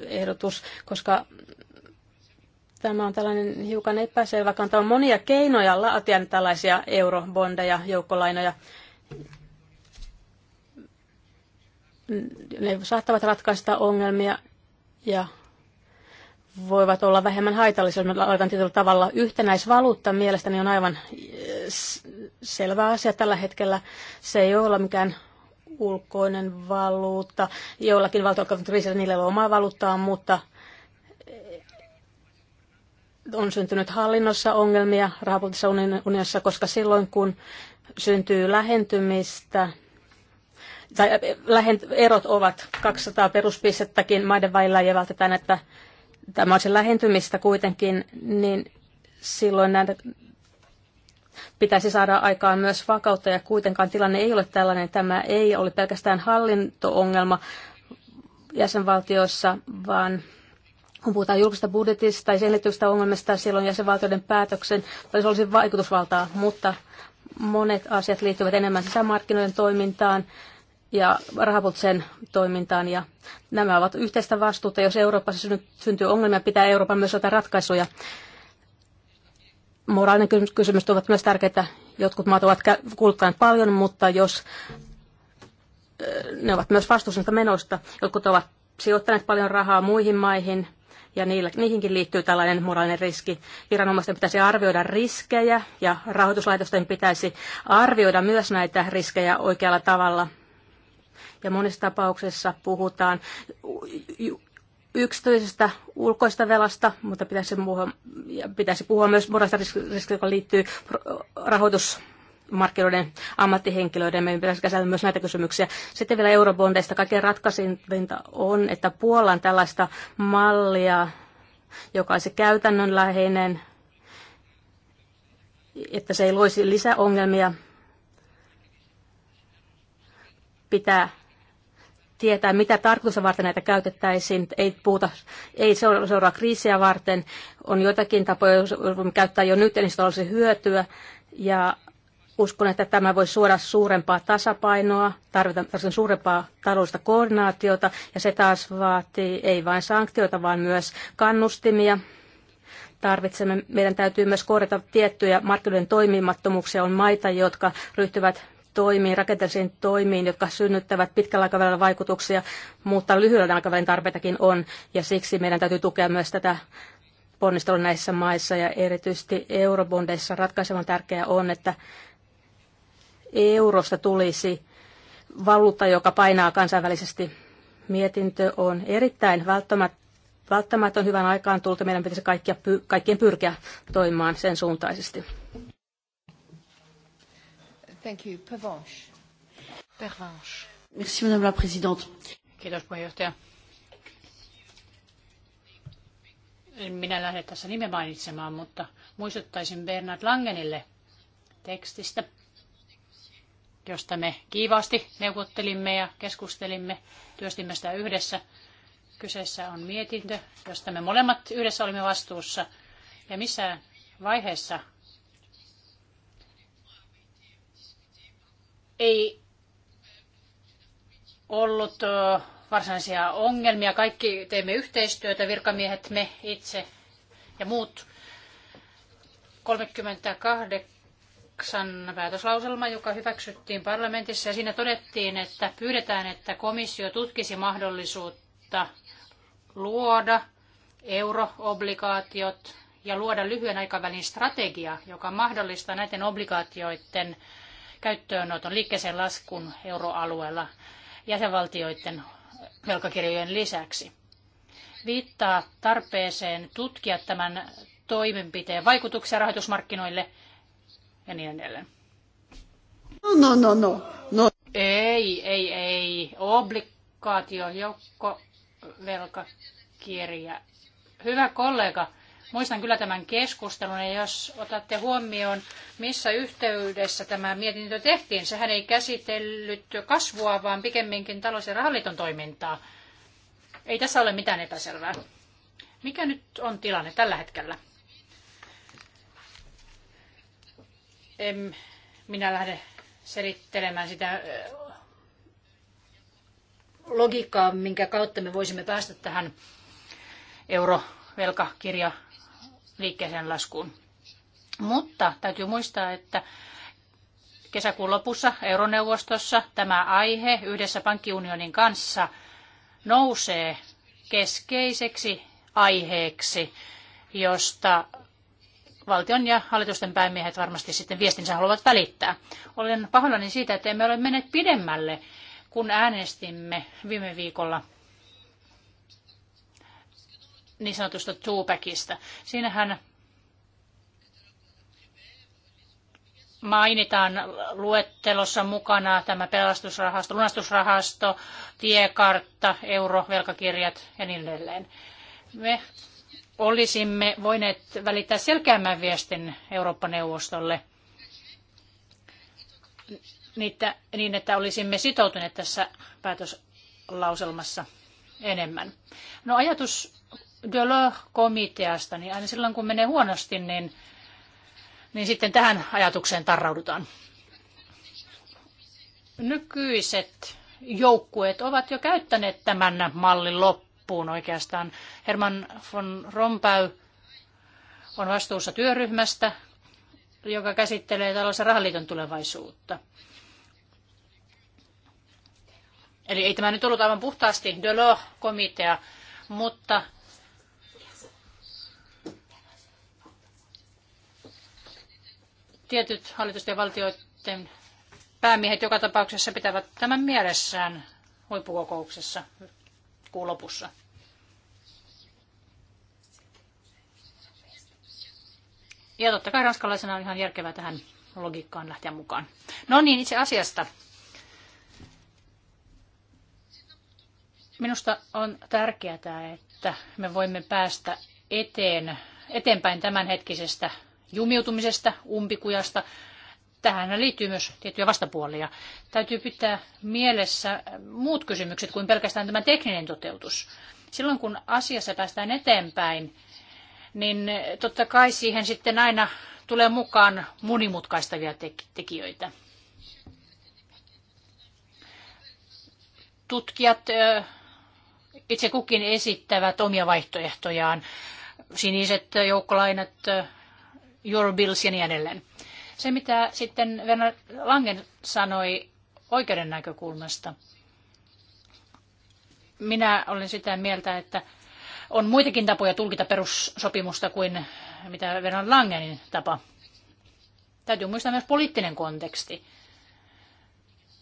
Speaker 3: ehdotus, koska tämä on tällainen hiukan epäselvä kanta. On monia keinoja laatia tällaisia eurobondeja, joukkolainoja. Ne saattavat ratkaista ongelmia ja voivat olla vähemmän haitallisia, jos me laitan tietyllä tavalla yhtenäisvaluutta. Mielestäni on aivan selvä asia tällä hetkellä. Se ei ole mikään ulkoinen valuutta. Joillakin valtioilla kriisillä niillä ei ole omaa valuuttaa, mutta on syntynyt hallinnossa ongelmia rahapoliittisessa unionissa, koska silloin kun syntyy lähentymistä, tai äh, erot ovat 200 peruspistettäkin maiden välillä ja vältetään, että tämä olisi lähentymistä kuitenkin, niin silloin näitä, Pitäisi saada aikaan myös vakautta ja kuitenkaan tilanne ei ole tällainen. Tämä ei ole pelkästään hallintoongelma jäsenvaltioissa, vaan kun puhutaan julkisesta budjetista tai siihen liittyvistä ongelmista, silloin jäsenvaltioiden päätöksen olisi, olisi vaikutusvaltaa, mutta monet asiat liittyvät enemmän sisämarkkinoiden toimintaan ja rahapuutisen toimintaan. Ja nämä ovat yhteistä vastuuta. Jos Euroopassa syntyy ongelmia, pitää Euroopan myös ottaa ratkaisuja moraalinen kysymys ovat myös tärkeitä. Jotkut maat ovat kuluttaneet paljon, mutta jos ne ovat myös vastuussa menoista, jotkut ovat sijoittaneet paljon rahaa muihin maihin, ja niillä, niihinkin liittyy tällainen moraalinen riski. Viranomaisten pitäisi arvioida riskejä ja rahoituslaitosten pitäisi arvioida myös näitä riskejä oikealla tavalla. Ja monissa tapauksissa puhutaan yksityisestä ulkoista velasta, mutta pitäisi, puhua, pitäisi puhua myös moraalista riskistä, joka liittyy rahoitus markkinoiden ammattihenkilöiden. Meidän pitäisi käsitellä myös näitä kysymyksiä. Sitten vielä eurobondeista. Kaikkein ratkaisinta on, että Puolan tällaista mallia, joka olisi käytännönläheinen, että se ei loisi lisäongelmia, pitää tietää, mitä tarkoitus varten näitä käytettäisiin. Ei, puhuta, ei seuraa kriisiä varten. On joitakin tapoja, jos käyttää jo nyt, niin olisi hyötyä. Ja uskon, että tämä voi suoda suurempaa tasapainoa, tarvitaan suurempaa taloudellista koordinaatiota, ja se taas vaatii ei vain sanktioita, vaan myös kannustimia. Tarvitsemme, meidän täytyy myös korjata tiettyjä markkinoiden toimimattomuuksia. On maita, jotka ryhtyvät toimiin, rakenteellisiin toimiin, jotka synnyttävät pitkällä aikavälillä vaikutuksia, mutta lyhyellä aikavälin tarpeitakin on, ja siksi meidän täytyy tukea myös tätä ponnistelua näissä maissa, ja erityisesti eurobondeissa ratkaisevan tärkeää on, että eurosta tulisi valuutta, joka painaa kansainvälisesti. Mietintö on erittäin välttämättä välttämätön hyvän aikaan tultu, Meidän pitäisi kaikkia, kaikkien pyrkiä toimimaan sen suuntaisesti.
Speaker 1: Thank you.
Speaker 6: Merci, Madame la Présidente.
Speaker 5: Kiitos, puheenjohtaja. En minä lähde tässä nimen mainitsemaan, mutta muistuttaisin Bernard Langenille tekstistä, josta me kiivaasti neuvottelimme ja keskustelimme, työstimme sitä yhdessä. Kyseessä on mietintö, josta me molemmat yhdessä olimme vastuussa. Ja missä vaiheessa ei ollut varsinaisia ongelmia. Kaikki teimme yhteistyötä, virkamiehet, me itse ja muut. 38 päätöslauselma, joka hyväksyttiin parlamentissa ja siinä todettiin, että pyydetään, että komissio tutkisi mahdollisuutta luoda euroobligaatiot ja luoda lyhyen aikavälin strategia, joka mahdollistaa näiden obligaatioiden käyttöönoton liikkeeseen laskun euroalueella jäsenvaltioiden velkakirjojen lisäksi. Viittaa tarpeeseen tutkia tämän toimenpiteen vaikutuksia rahoitusmarkkinoille ja niin edelleen. No, no, no, no. no. Ei, ei, ei. Obligaatio, joukko, velkakirja. Hyvä kollega, Muistan kyllä tämän keskustelun ja jos otatte huomioon, missä yhteydessä tämä mietintö tehtiin, sehän ei käsitellyt kasvua, vaan pikemminkin talous- ja rahaliiton toimintaa. Ei tässä ole mitään epäselvää. Mikä nyt on tilanne tällä hetkellä? En minä lähde selittelemään sitä logiikkaa, minkä kautta me voisimme päästä tähän eurovelkakirja liikkeeseen laskuun. Mutta täytyy muistaa, että kesäkuun lopussa euroneuvostossa tämä aihe yhdessä pankkiunionin kanssa nousee keskeiseksi aiheeksi, josta valtion ja hallitusten päämiehet varmasti sitten viestinsä haluavat välittää. Olen pahoillani siitä, että emme ole menneet pidemmälle, kun äänestimme viime viikolla niin sanotusta Tupacista. Siinähän mainitaan luettelossa mukana tämä pelastusrahasto, lunastusrahasto, tiekartta, eurovelkakirjat ja niin edelleen. Me olisimme voineet välittää selkeämmän viestin Eurooppa-neuvostolle niin, että olisimme sitoutuneet tässä päätöslauselmassa enemmän. No ajatus Delors-komiteasta, niin aina silloin kun menee huonosti, niin, niin sitten tähän ajatukseen tarraudutaan. Nykyiset joukkueet ovat jo käyttäneet tämän mallin loppuun oikeastaan. Herman von Rompäy on vastuussa työryhmästä, joka käsittelee tällaisen rahaliiton tulevaisuutta. Eli ei tämä nyt ollut aivan puhtaasti Delors-komitea, mutta tietyt hallitusten ja valtioiden päämiehet joka tapauksessa pitävät tämän mielessään huippukokouksessa kuun lopussa. Ja totta kai ranskalaisena on ihan järkevää tähän logiikkaan lähteä mukaan. No niin, itse asiasta. Minusta on tärkeää, että me voimme päästä eteen, eteenpäin tämänhetkisestä jumiutumisesta, umpikujasta. Tähän liittyy myös tiettyjä vastapuolia. Täytyy pitää mielessä muut kysymykset kuin pelkästään tämä tekninen toteutus. Silloin kun asiassa päästään eteenpäin, niin totta kai siihen sitten aina tulee mukaan monimutkaistavia tekijöitä. Tutkijat itse kukin esittävät omia vaihtoehtojaan. Siniset joukkolainat, Eurobills ja niin edelleen. Se, mitä sitten Werner Langen sanoi oikeuden näkökulmasta, minä olen sitä mieltä, että on muitakin tapoja tulkita perussopimusta kuin mitä Werner Langenin tapa. Täytyy muistaa myös poliittinen konteksti.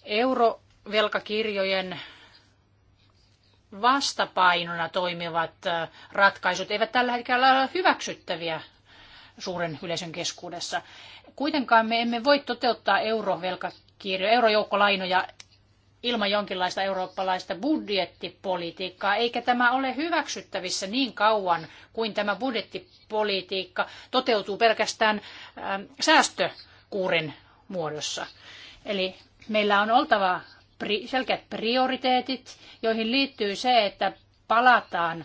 Speaker 5: Eurovelkakirjojen vastapainona toimivat äh, ratkaisut eivät tällä hetkellä ole hyväksyttäviä suuren yleisön keskuudessa. Kuitenkaan me emme voi toteuttaa eurovelkakirjoja, eurojoukkolainoja ilman jonkinlaista eurooppalaista budjettipolitiikkaa, eikä tämä ole hyväksyttävissä niin kauan kuin tämä budjettipolitiikka toteutuu pelkästään ähm, säästökuurin muodossa. Eli meillä on oltava selkeät prioriteetit, joihin liittyy se, että palataan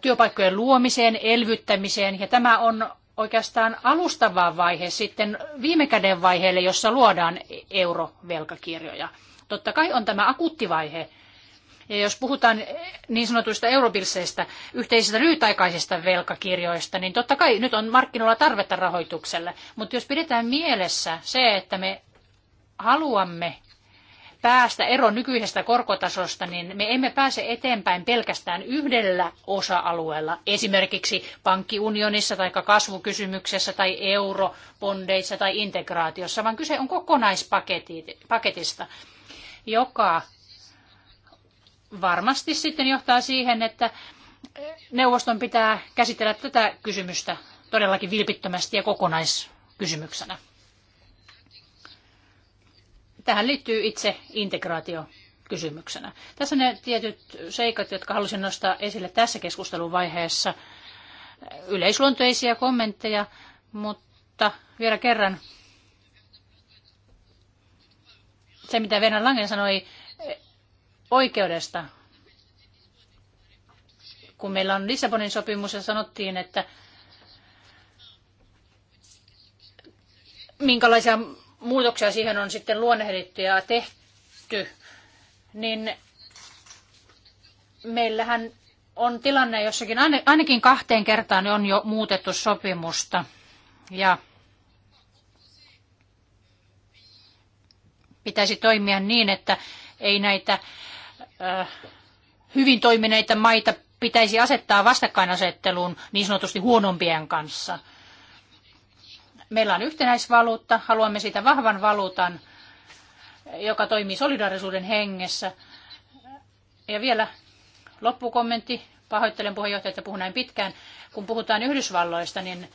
Speaker 5: työpaikkojen luomiseen, elvyttämiseen ja tämä on oikeastaan alustava vaihe sitten viime käden vaiheelle, jossa luodaan eurovelkakirjoja. Totta kai on tämä vaihe, Ja jos puhutaan niin sanotuista europilseistä, yhteisistä lyhytaikaisista velkakirjoista, niin totta kai nyt on markkinoilla tarvetta rahoitukselle. Mutta jos pidetään mielessä se, että me haluamme päästä eroon nykyisestä korkotasosta, niin me emme pääse eteenpäin pelkästään yhdellä osa-alueella, esimerkiksi pankkiunionissa tai kasvukysymyksessä tai eurobondeissa tai integraatiossa, vaan kyse on kokonaispaketista, joka varmasti sitten johtaa siihen, että neuvoston pitää käsitellä tätä kysymystä todellakin vilpittömästi ja kokonaiskysymyksenä. Tähän liittyy itse integraatio kysymyksenä. Tässä ne tietyt seikat, jotka halusin nostaa esille tässä keskustelun vaiheessa. Yleisluonteisia kommentteja, mutta vielä kerran se, mitä Venä Langen sanoi oikeudesta, kun meillä on Lissabonin sopimus ja sanottiin, että minkälaisia muutoksia siihen on sitten luonnehdittu ja tehty, niin meillähän on tilanne jossakin, ainakin kahteen kertaan on jo muutettu sopimusta. Ja pitäisi toimia niin, että ei näitä äh, hyvin toimineita maita pitäisi asettaa vastakkainasetteluun niin sanotusti huonompien kanssa – Meillä on yhtenäisvaluutta, haluamme siitä vahvan valuutan, joka toimii solidaarisuuden hengessä. Ja vielä loppukommentti. Pahoittelen puheenjohtaja, että puhun näin pitkään. Kun puhutaan Yhdysvalloista, niin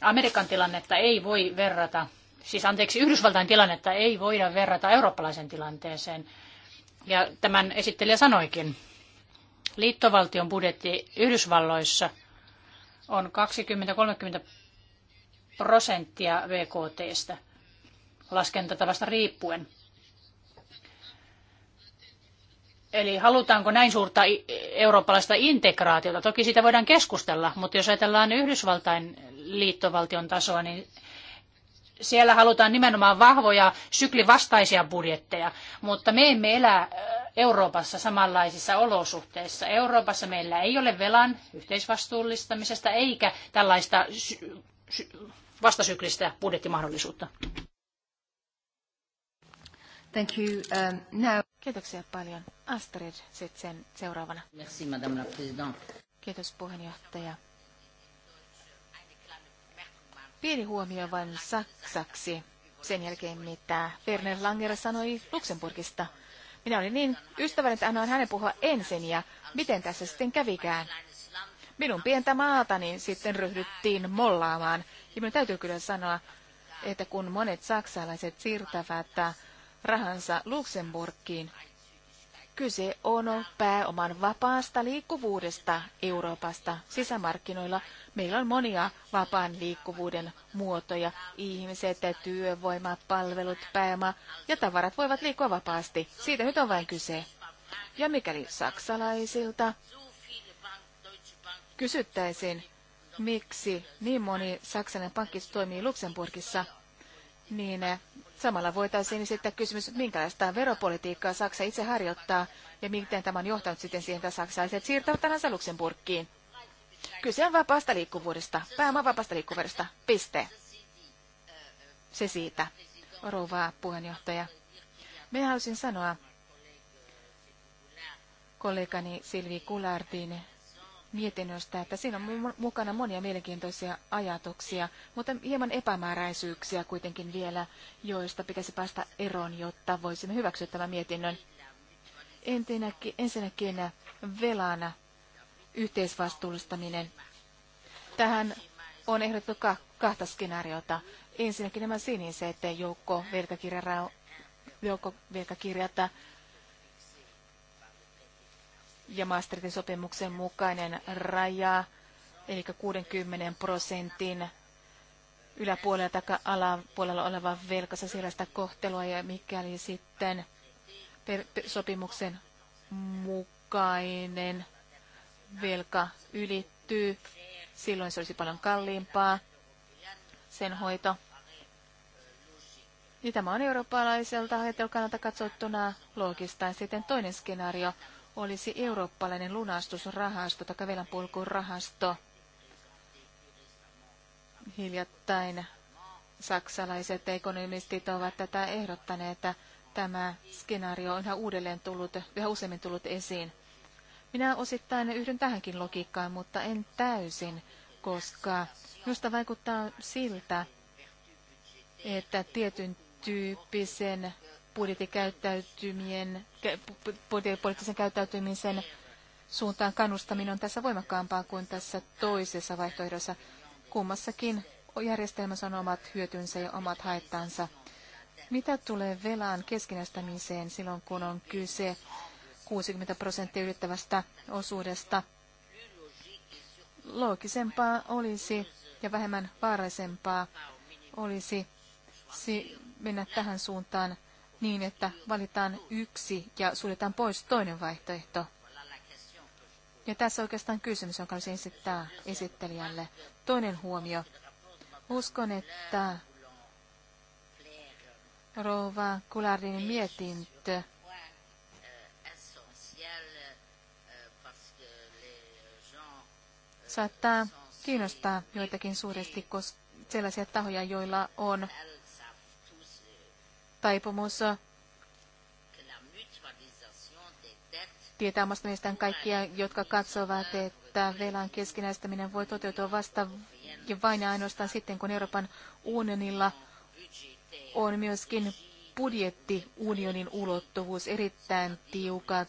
Speaker 5: Amerikan tilannetta ei voi verrata, siis anteeksi, Yhdysvaltain tilannetta ei voida verrata eurooppalaisen tilanteeseen. Ja tämän esittelijä sanoikin. Liittovaltion budjetti Yhdysvalloissa on 20-30 prosenttia VKTstä laskentatavasta riippuen. Eli halutaanko näin suurta eurooppalaista integraatiota? Toki siitä voidaan keskustella, mutta jos ajatellaan Yhdysvaltain liittovaltion tasoa, niin siellä halutaan nimenomaan vahvoja syklivastaisia budjetteja, mutta me emme elä Euroopassa samanlaisissa olosuhteissa. Euroopassa meillä ei ole velan yhteisvastuullistamisesta eikä tällaista vastasyklistä budjettimahdollisuutta.
Speaker 1: Thank you. Um, now... Kiitoksia paljon. Astrid sitten seuraavana. Merci, Madame la
Speaker 6: Présidente.
Speaker 1: Kiitos puheenjohtaja. Pieni huomio vain saksaksi sen jälkeen, mitä Werner Langer sanoi Luxemburgista. Minä olin niin ystävällinen, että annoin hänen puhua ensin ja miten tässä sitten kävikään. Minun pientä maatani sitten ryhdyttiin mollaamaan ja minun täytyy kyllä sanoa, että kun monet saksalaiset siirtävät rahansa Luxemburgiin, kyse on pääoman vapaasta liikkuvuudesta Euroopasta sisämarkkinoilla. Meillä on monia vapaan liikkuvuuden muotoja. Ihmiset, työvoima, palvelut, pääoma ja tavarat voivat liikkua vapaasti. Siitä nyt on vain kyse. Ja mikäli saksalaisilta kysyttäisiin, miksi niin moni saksalainen pankki toimii Luxemburgissa, niin eh, samalla voitaisiin esittää kysymys, minkälaista veropolitiikkaa Saksa itse harjoittaa ja miten tämä on johtanut sitten siihen, että saksalaiset siirtävät tänänsä Luxemburgiin. Kyse on vapaasta liikkuvuudesta, pääoman vapaasta liikkuvuudesta, piste. Se siitä, rouva puheenjohtaja. Me haluaisin sanoa kollegani Silvi Kulardin mietinnöstä, että siinä on mukana monia mielenkiintoisia ajatuksia, mutta hieman epämääräisyyksiä kuitenkin vielä, joista pitäisi päästä eroon, jotta voisimme hyväksyä tämän mietinnön. Ensinnäkin, ensinnäkin velan yhteisvastuullistaminen. Tähän on ehdotettu ka- kahta skenaariota. Ensinnäkin nämä siniset joukko joukko velkakirjat ja Maastrichtin sopimuksen mukainen raja, eli 60 prosentin yläpuolella tai alapuolella oleva velka sellaista kohtelua, ja mikäli sitten per, per, sopimuksen mukainen velka ylittyy, silloin se olisi paljon kalliimpaa, sen hoito. Ja niin tämä on eurooppalaiselta ajattelukannalta katsottuna loogista. Sitten toinen skenaario olisi eurooppalainen lunastusrahasto tai kävelänpolkurahasto. Hiljattain saksalaiset ekonomistit ovat tätä ehdottaneet, että tämä skenaario on yhä uudelleen tullut, yhä useammin tullut esiin. Minä osittain yhdyn tähänkin logiikkaan, mutta en täysin, koska minusta vaikuttaa siltä, että tietyn tyyppisen budjettikäyttäytymien, budjettipoliittisen käyttäytymisen suuntaan kannustaminen on tässä voimakkaampaa kuin tässä toisessa vaihtoehdossa. Kummassakin järjestelmässä on omat hyötynsä ja omat haittansa. Mitä tulee velan keskinäistämiseen silloin, kun on kyse 60 prosenttia ylittävästä osuudesta? Loogisempaa olisi ja vähemmän vaarallisempaa olisi mennä tähän suuntaan niin, että valitaan yksi ja suljetaan pois toinen vaihtoehto. Ja tässä oikeastaan kysymys, jonka olisi esittää esittelijälle. Toinen huomio. Uskon, että Rova Kulardin mietintö saattaa kiinnostaa joitakin suuresti koska sellaisia tahoja, joilla on taipumus tietää meistä kaikkia, jotka katsovat, että velan keskinäistäminen voi toteutua vasta ja vain ja ainoastaan sitten, kun Euroopan unionilla on myöskin budjettiunionin ulottuvuus, erittäin tiukat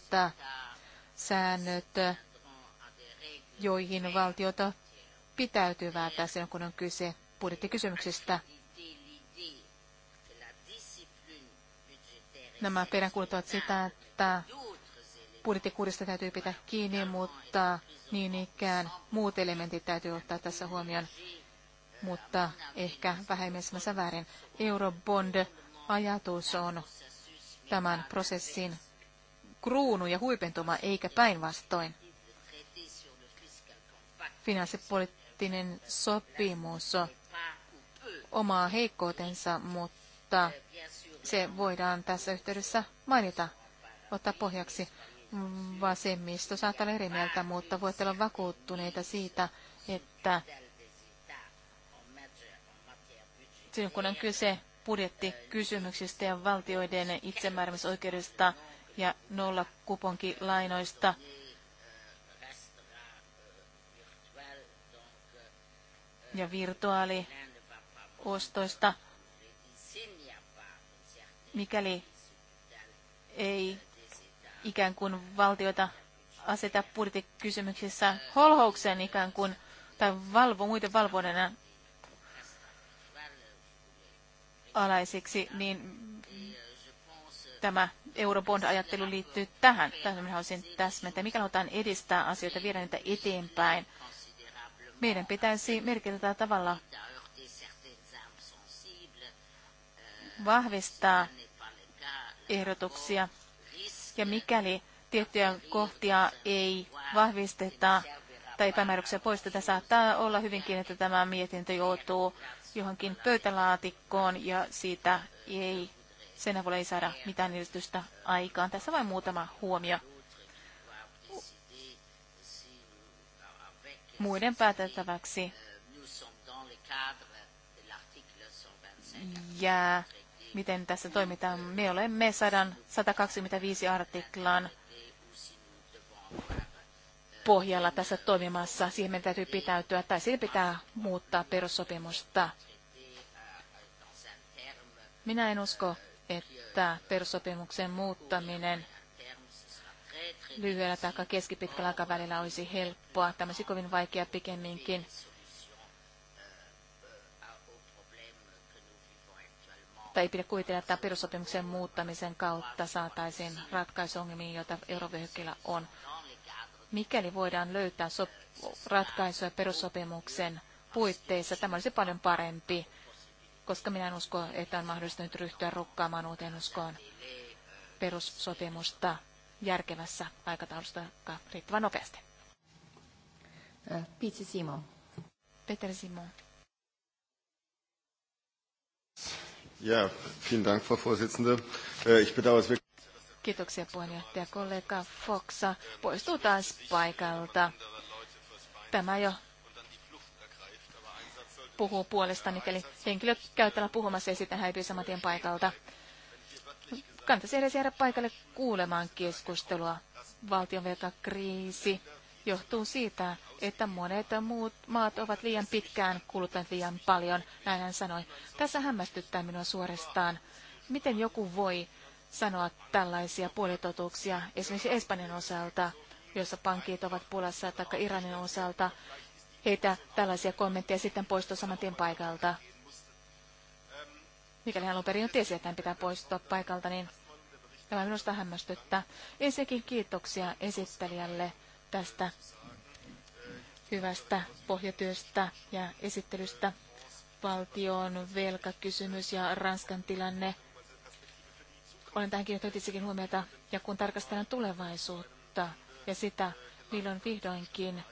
Speaker 1: säännöt, joihin valtiota pitäytyvää tässä, kun on kyse budjettikysymyksistä. Nämä peräänkuuluttavat sitä, että budjettikurista täytyy pitää kiinni, mutta niin ikään muut elementit täytyy ottaa tässä huomioon, mutta ehkä vähemmässä väärin. Eurobond-ajatus on tämän prosessin kruunu ja huipentuma, eikä päinvastoin. Finanssipoliittinen sopimus omaa heikkoutensa, mutta se voidaan tässä yhteydessä mainita, ottaa pohjaksi. Vasemmisto saattaa olla eri mieltä, mutta voitte olla vakuuttuneita siitä, että silloin kun on kyse budjettikysymyksistä ja valtioiden itsemääräämisoikeudesta ja nollakuponkilainoista, ja
Speaker 6: virtuaaliostoista mikäli
Speaker 1: ei ikään kuin valtiota aseta budjettikysymyksissä holhoukseen ikään kuin, tai valvo, muiden valvojana alaisiksi, niin tämä eurobond-ajattelu liittyy tähän. Tähän minä haluaisin täsmentää. Mikä halutaan edistää asioita, viedä niitä eteenpäin. Meidän pitäisi merkitä tavalla vahvistaa ehdotuksia. Ja mikäli tiettyjä kohtia ei vahvisteta tai epämääräyksiä poisteta, saattaa olla hyvinkin, että tämä mietintö joutuu johonkin pöytälaatikkoon ja siitä ei, sen avulla ei saada mitään edistystä aikaan. Tässä vain muutama huomio. Muiden päätettäväksi jää miten tässä toimitaan. Me olemme 125 artiklan pohjalla tässä toimimassa. Siihen meidän täytyy pitäytyä tai siihen pitää muuttaa perussopimusta. Minä en usko, että perussopimuksen muuttaminen lyhyellä tai keskipitkällä aikavälillä olisi helppoa. Tämä olisi kovin vaikea pikemminkin mutta ei pidä kuvitella, että perussopimuksen muuttamisen kautta saataisiin ratkaisuongelmiin, joita eurovyöhykkeellä on. Mikäli voidaan löytää so- ratkaisuja perussopimuksen puitteissa, tämä olisi paljon parempi, koska minä en usko, että on mahdollista nyt ryhtyä rukkaamaan uuteen uskoon perussopimusta järkevässä aikataulusta riittävän nopeasti. Pitsi Simo. Peter Simon.
Speaker 6: Ja, vielen Dank, Frau Vorsitzende. Äh, ich bedauere es
Speaker 1: wirklich. Kiitoksia puheenjohtaja. Kollega Foxa poistuu taas paikalta.
Speaker 6: Tämä jo puhuu
Speaker 1: puolestani, eli henkilö käyttävä puhumassa ja sitten häipyy saman tien paikalta. Kannattaisi edes jäädä paikalle kuulemaan keskustelua. Valtionvelkakriisi johtuu siitä, että monet muut maat ovat liian pitkään kuluttaneet liian paljon, näin hän sanoi. Tässä hämmästyttää minua suorastaan. Miten joku voi sanoa tällaisia puolitotuuksia esimerkiksi Espanjan osalta, jossa pankit ovat pulassa, tai Iranin osalta, heitä tällaisia kommentteja sitten poistua saman tien paikalta. Mikäli hän on perin tiesi, että hän pitää poistua paikalta, niin tämä minusta hämmästyttää. Ensinnäkin kiitoksia esittelijälle tästä hyvästä pohjatyöstä ja esittelystä. Valtion velkakysymys ja Ranskan tilanne. Olen tähän kiinnittänyt itsekin huomiota. Ja kun tarkastellaan tulevaisuutta ja sitä, milloin vihdoinkin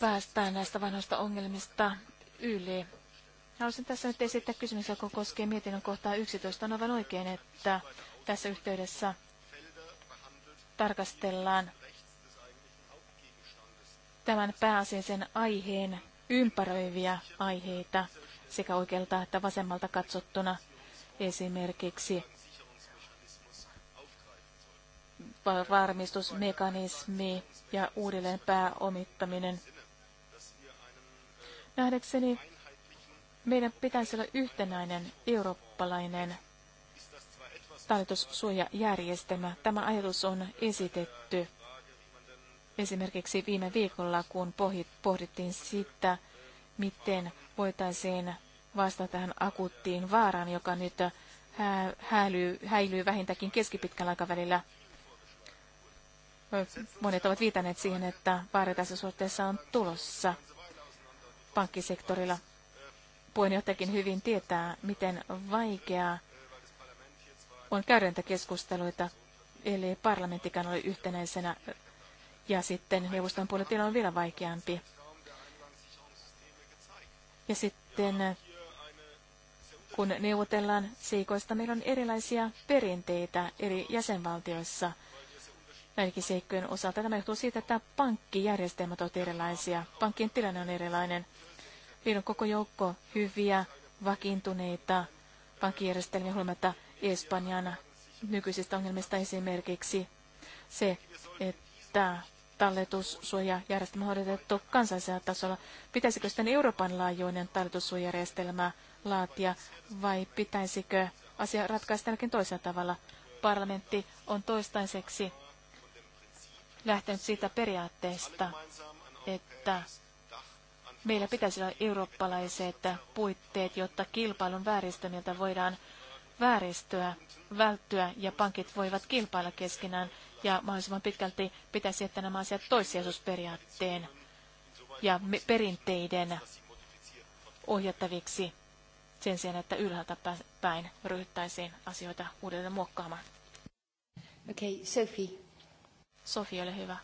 Speaker 1: päästään näistä vanhoista ongelmista yli. Haluaisin tässä nyt esittää kysymys, joka koskee mietinnön kohtaa 11. On aivan oikein, että tässä yhteydessä tarkastellaan tämän pääasiallisen aiheen ympäröiviä aiheita sekä oikealta että vasemmalta katsottuna esimerkiksi varmistusmekanismi ja uudelleen pääomittaminen. Nähdäkseni meidän pitäisi olla yhtenäinen eurooppalainen talletussuojajärjestelmä. Tämä ajatus on esitetty Esimerkiksi viime viikolla, kun pohdittiin sitä, miten voitaisiin vastata tähän akuuttiin vaaraan, joka nyt häilyy, häilyy vähintäänkin keskipitkällä aikavälillä. Monet ovat viitanneet siihen, että vaara tässä suhteessa on tulossa pankkisektorilla. Puheenjohtajakin hyvin tietää, miten vaikeaa on käydä keskusteluita, eli parlamenttikaan oli yhtenäisenä ja sitten neuvoston puolella tilanne on vielä vaikeampi. Ja sitten kun neuvotellaan seikoista, meillä on erilaisia perinteitä eri jäsenvaltioissa. Näidenkin seikkojen osalta tämä johtuu siitä, että pankkijärjestelmät ovat erilaisia. Pankkien tilanne on erilainen. Meillä on koko joukko hyviä, vakiintuneita pankkijärjestelmiä huolimatta Espanjan nykyisistä ongelmista esimerkiksi se, että talletussuojajärjestelmä hoidettu kansallisella tasolla. Pitäisikö sitten Euroopan laajuinen talletussuojajärjestelmä laatia vai pitäisikö asia ratkaista jollakin toisella tavalla? Parlamentti on toistaiseksi lähtenyt siitä periaatteesta, että meillä pitäisi olla eurooppalaiset puitteet, jotta kilpailun vääristömiltä voidaan vääristyä, välttyä ja pankit voivat kilpailla keskenään ja mahdollisimman pitkälti pitäisi jättää nämä asiat toissijaisuusperiaatteen ja perinteiden ohjattaviksi sen sijaan, että ylhäältä päin ryhdyttäisiin asioita uudelleen muokkaamaan. Okei, okay, Sophie. Sophie, ole hyvä.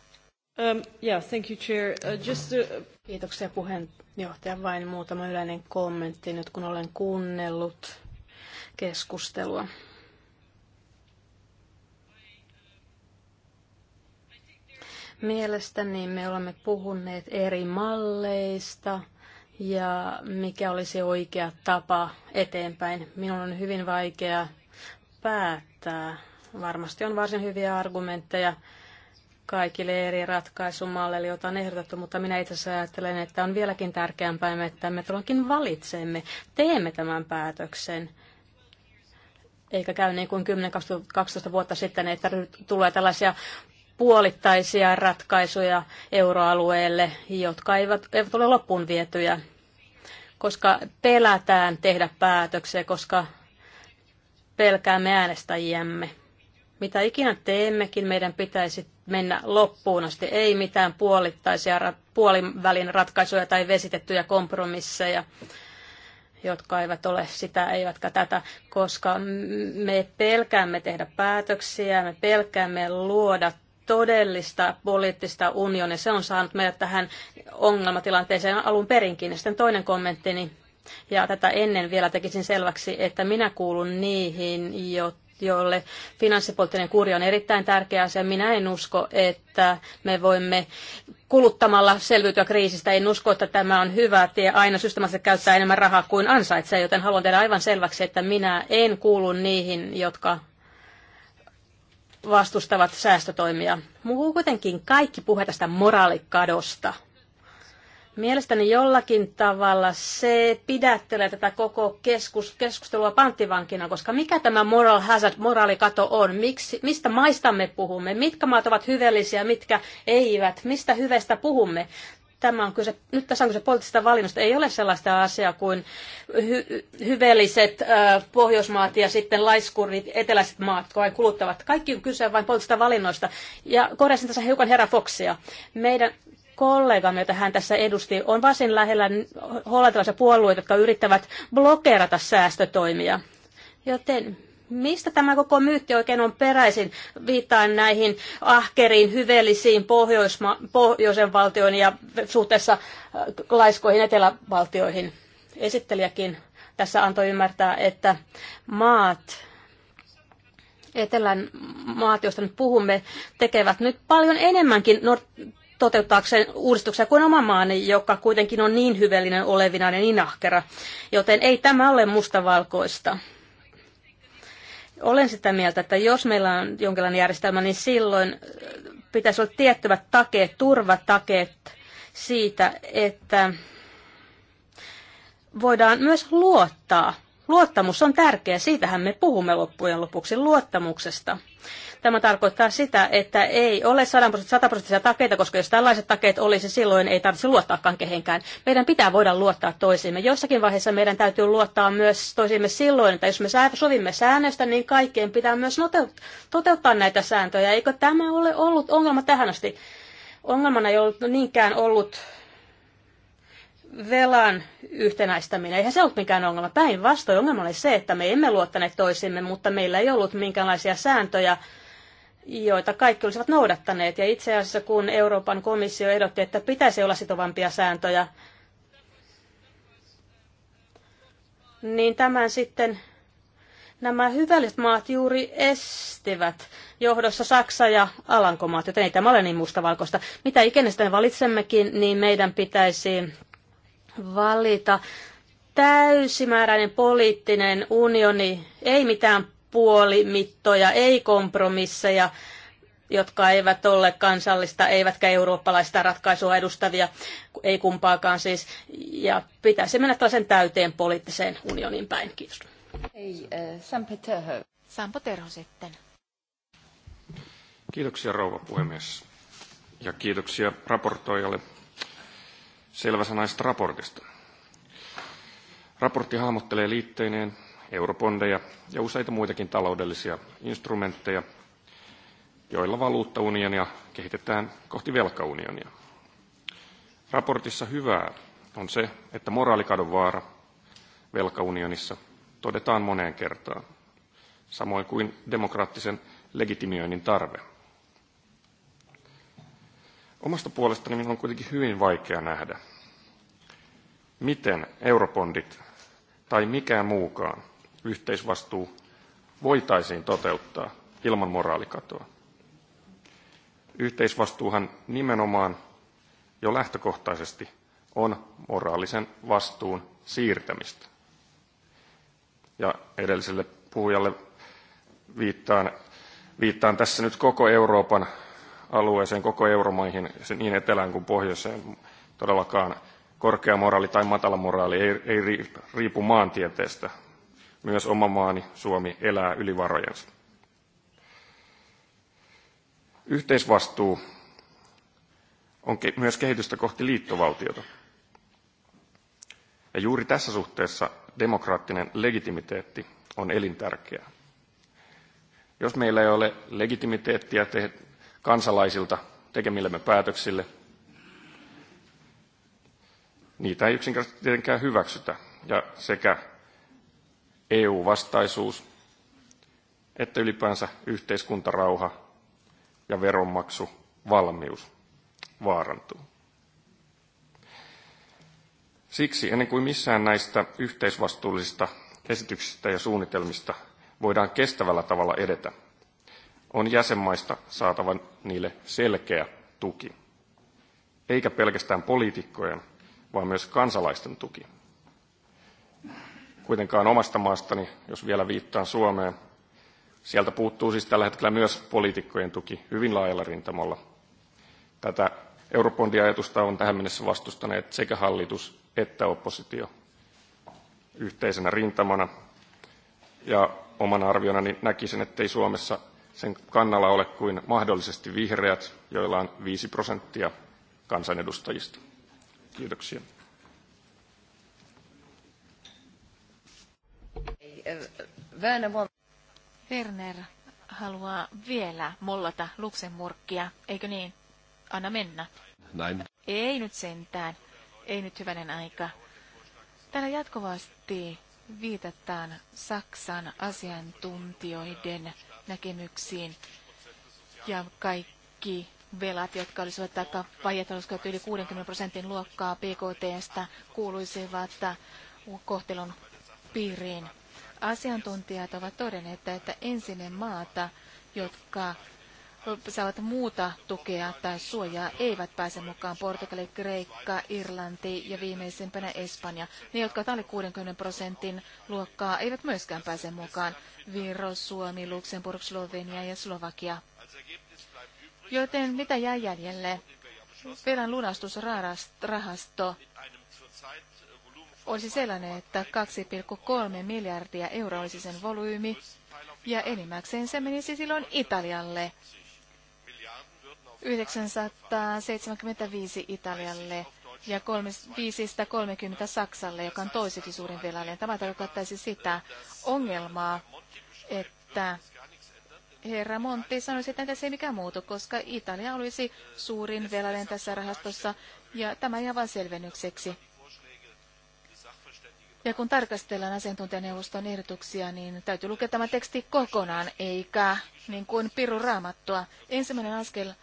Speaker 1: Um, yeah, thank you, Chair. Uh, just to... Uh, Kiitoksia puheenjohtaja. Vain
Speaker 3: muutama yleinen kommentti nyt, kun olen kuunnellut keskustelua. Mielestäni me olemme puhuneet eri malleista ja mikä olisi oikea tapa eteenpäin. Minun on hyvin vaikea päättää. Varmasti on varsin hyviä argumentteja kaikille eri ratkaisumalleille, joita on ehdotettu, mutta minä itse asiassa ajattelen, että on vieläkin tärkeämpää, että me todellakin valitsemme, teemme tämän päätöksen. Eikä käy niin kuin 10-12 vuotta sitten, että tulee tällaisia puolittaisia ratkaisuja euroalueelle, jotka eivät, eivät ole loppuun vietyjä, koska pelätään tehdä päätöksiä, koska pelkäämme äänestäjiämme. Mitä ikinä teemmekin, meidän pitäisi mennä loppuun asti. Ei mitään puolittaisia, puolivälin ratkaisuja tai vesitettyjä kompromisseja, jotka eivät ole sitä eivätkä tätä, koska me pelkäämme tehdä päätöksiä, me pelkäämme luoda todellista poliittista unionia. Se on saanut meidät tähän ongelmatilanteeseen alun perinkin. Ja sitten toinen kommenttini, ja tätä ennen vielä tekisin selväksi, että minä kuulun niihin, jotka jolle finanssipoliittinen kuri on erittäin tärkeä asia. Minä en usko, että me voimme kuluttamalla selviytyä kriisistä. En usko, että tämä on hyvä tie aina systemaattisesti käyttää enemmän rahaa kuin ansaitsee, joten haluan tehdä aivan selväksi, että minä en kuulu niihin, jotka vastustavat säästötoimia. Muu kuitenkin kaikki puhe tästä moraalikadosta. Mielestäni jollakin tavalla se pidättelee tätä koko keskus, keskustelua panttivankina, koska mikä tämä moral hazard, moraalikato on? Miksi, mistä maistamme puhumme? Mitkä maat ovat hyvällisiä, mitkä eivät? Mistä hyvestä puhumme? Tämä on kyse, nyt tässä on kyse poliittisesta valinnasta. Ei ole sellaista asiaa kuin hy- hyvelliset äh, pohjoismaat ja sitten laiskurit eteläiset maat, jotka kuluttavat. Kaikki on kyse vain poliittisista valinnoista. Ja korjasin tässä hiukan herra Foxia. Meidän kollegamme, jota hän tässä edusti, on varsin lähellä hollantilaisia puolueita, jotka yrittävät blokeerata säästötoimia. Joten Mistä tämä koko myytti oikein on peräisin? Viittaan näihin ahkeriin, hyvellisiin Pohjoisma- pohjoisen valtioihin ja suhteessa äh, laiskoihin etelävaltioihin. Esittelijäkin tässä antoi ymmärtää, että maat, etelän maat, joista nyt puhumme, tekevät nyt paljon enemmänkin toteuttaakseen uudistuksia kuin oma maani, joka kuitenkin on niin hyvellinen olevina ja niin ahkera. Joten ei tämä ole mustavalkoista olen sitä mieltä, että jos meillä on jonkinlainen järjestelmä, niin silloin äh, pitäisi olla tiettyvät takeet, turvatakeet siitä, että voidaan myös luottaa. Luottamus on tärkeä, siitähän me puhumme loppujen lopuksi luottamuksesta. Tämä tarkoittaa sitä, että ei ole 100 prosenttisia takeita, koska jos tällaiset takeet olisi, silloin ei tarvitse luottaakaan kehenkään. Meidän pitää voida luottaa toisiimme. Jossakin vaiheessa meidän täytyy luottaa myös toisiimme silloin, että jos me sovimme säännöstä, niin kaikkien pitää myös toteuttaa näitä sääntöjä. Eikö tämä ole ollut ongelma tähän asti? Ongelmana ei ollut niinkään ollut velan yhtenäistäminen. Eihän se ollut mikään ongelma. Päinvastoin ongelma oli se, että me emme luottaneet toisimme, mutta meillä ei ollut minkäänlaisia sääntöjä, joita kaikki olisivat noudattaneet. Ja itse asiassa kun Euroopan komissio ehdotti, että pitäisi olla sitovampia sääntöjä, niin tämän sitten nämä hyvälliset maat juuri estivät johdossa Saksa ja Alankomaat, joten ei tämä ole niin mustavalkoista. Mitä ikinä sitten valitsemmekin, niin meidän pitäisi valita täysimääräinen poliittinen unioni, ei mitään puolimittoja, ei kompromisseja, jotka eivät ole kansallista eivätkä eurooppalaista ratkaisua edustavia, ei kumpaakaan siis. Ja pitäisi mennä tällaisen täyteen poliittiseen unionin päin. Kiitos. Hei, äh, eh,
Speaker 1: Sampo Terho. sitten.
Speaker 4: Kiitoksia rouva puhemies. Ja kiitoksia raportoijalle selväsanaista raportista. Raportti hahmottelee liitteineen eurobondeja ja useita muitakin taloudellisia instrumentteja, joilla valuuttaunionia kehitetään kohti velkaunionia. Raportissa hyvää on se, että moraalikadon vaara velkaunionissa todetaan moneen kertaan, samoin kuin demokraattisen legitimioinnin tarve. Omasta puolestani minun on kuitenkin hyvin vaikea nähdä, miten eurobondit tai mikään muukaan yhteisvastuu voitaisiin toteuttaa ilman moraalikatoa. Yhteisvastuuhan nimenomaan jo lähtökohtaisesti on moraalisen vastuun siirtämistä. Ja edelliselle puhujalle viittaan, viittaan tässä nyt koko Euroopan alueeseen, koko euromaihin, niin etelään kuin pohjoiseen. Todellakaan korkea moraali tai matala moraali ei, ei riipu maantieteestä, myös oma maani Suomi elää yli varojensa. Yhteisvastuu on myös kehitystä kohti liittovaltiota. Ja juuri tässä suhteessa demokraattinen legitimiteetti on elintärkeää. Jos meillä ei ole legitimiteettiä te- kansalaisilta tekemillemme päätöksille, niitä ei yksinkertaisesti tietenkään hyväksytä. Ja sekä EU-vastaisuus, että ylipäänsä yhteiskuntarauha ja veronmaksu valmius vaarantuu. Siksi ennen kuin missään näistä yhteisvastuullisista esityksistä ja suunnitelmista voidaan kestävällä tavalla edetä, on jäsenmaista saatava niille selkeä tuki, eikä pelkästään poliitikkojen, vaan myös kansalaisten tuki kuitenkaan omasta maastani, jos vielä viittaan Suomeen. Sieltä puuttuu siis tällä hetkellä myös poliitikkojen tuki hyvin laajalla rintamalla. Tätä Eurobondi-ajatusta on tähän mennessä vastustaneet sekä hallitus että oppositio yhteisenä rintamana. Ja oman arvionani näkisin, ettei Suomessa sen kannalla ole kuin mahdollisesti vihreät, joilla on 5 prosenttia kansanedustajista. Kiitoksia.
Speaker 1: Werner, Werner haluaa vielä mollata Luxemburgia, eikö niin? Anna mennä. Näin. Ei nyt sentään. Ei nyt hyvänen aika. Täällä jatkuvasti viitataan Saksan asiantuntijoiden näkemyksiin ja kaikki velat, jotka olisivat taikka vajet yli 60 prosentin luokkaa PKTstä, kuuluisivat kohtelun piiriin. Asiantuntijat ovat todenneet, että ensinnä maata, jotka saavat muuta tukea tai suojaa, eivät pääse mukaan. Portugali, Kreikka, Irlanti ja viimeisimpänä Espanja. Ne, jotka ovat alle 60 prosentin luokkaa, eivät myöskään pääse mukaan. Viro, Suomi, Luxemburg, Slovenia ja Slovakia. Joten mitä jää jäljelle? Velan lunastusrahasto olisi sellainen, että 2,3 miljardia euroa olisi sen volyymi, ja enimmäkseen se menisi silloin Italialle. 975 Italialle ja 530 Saksalle, joka on toiseksi suurin velallinen. Tämä tarkoittaisi sitä ongelmaa, että herra Monti sanoi sitten, että se ei mikään muutu, koska Italia olisi suurin velallinen tässä rahastossa, ja tämä jää vain selvennykseksi. Ja kun tarkastellaan asiantuntijaneuvoston ehdotuksia, niin täytyy lukea tämä teksti kokonaan, eikä niin kuin piru raamattua. Ensimmäinen askel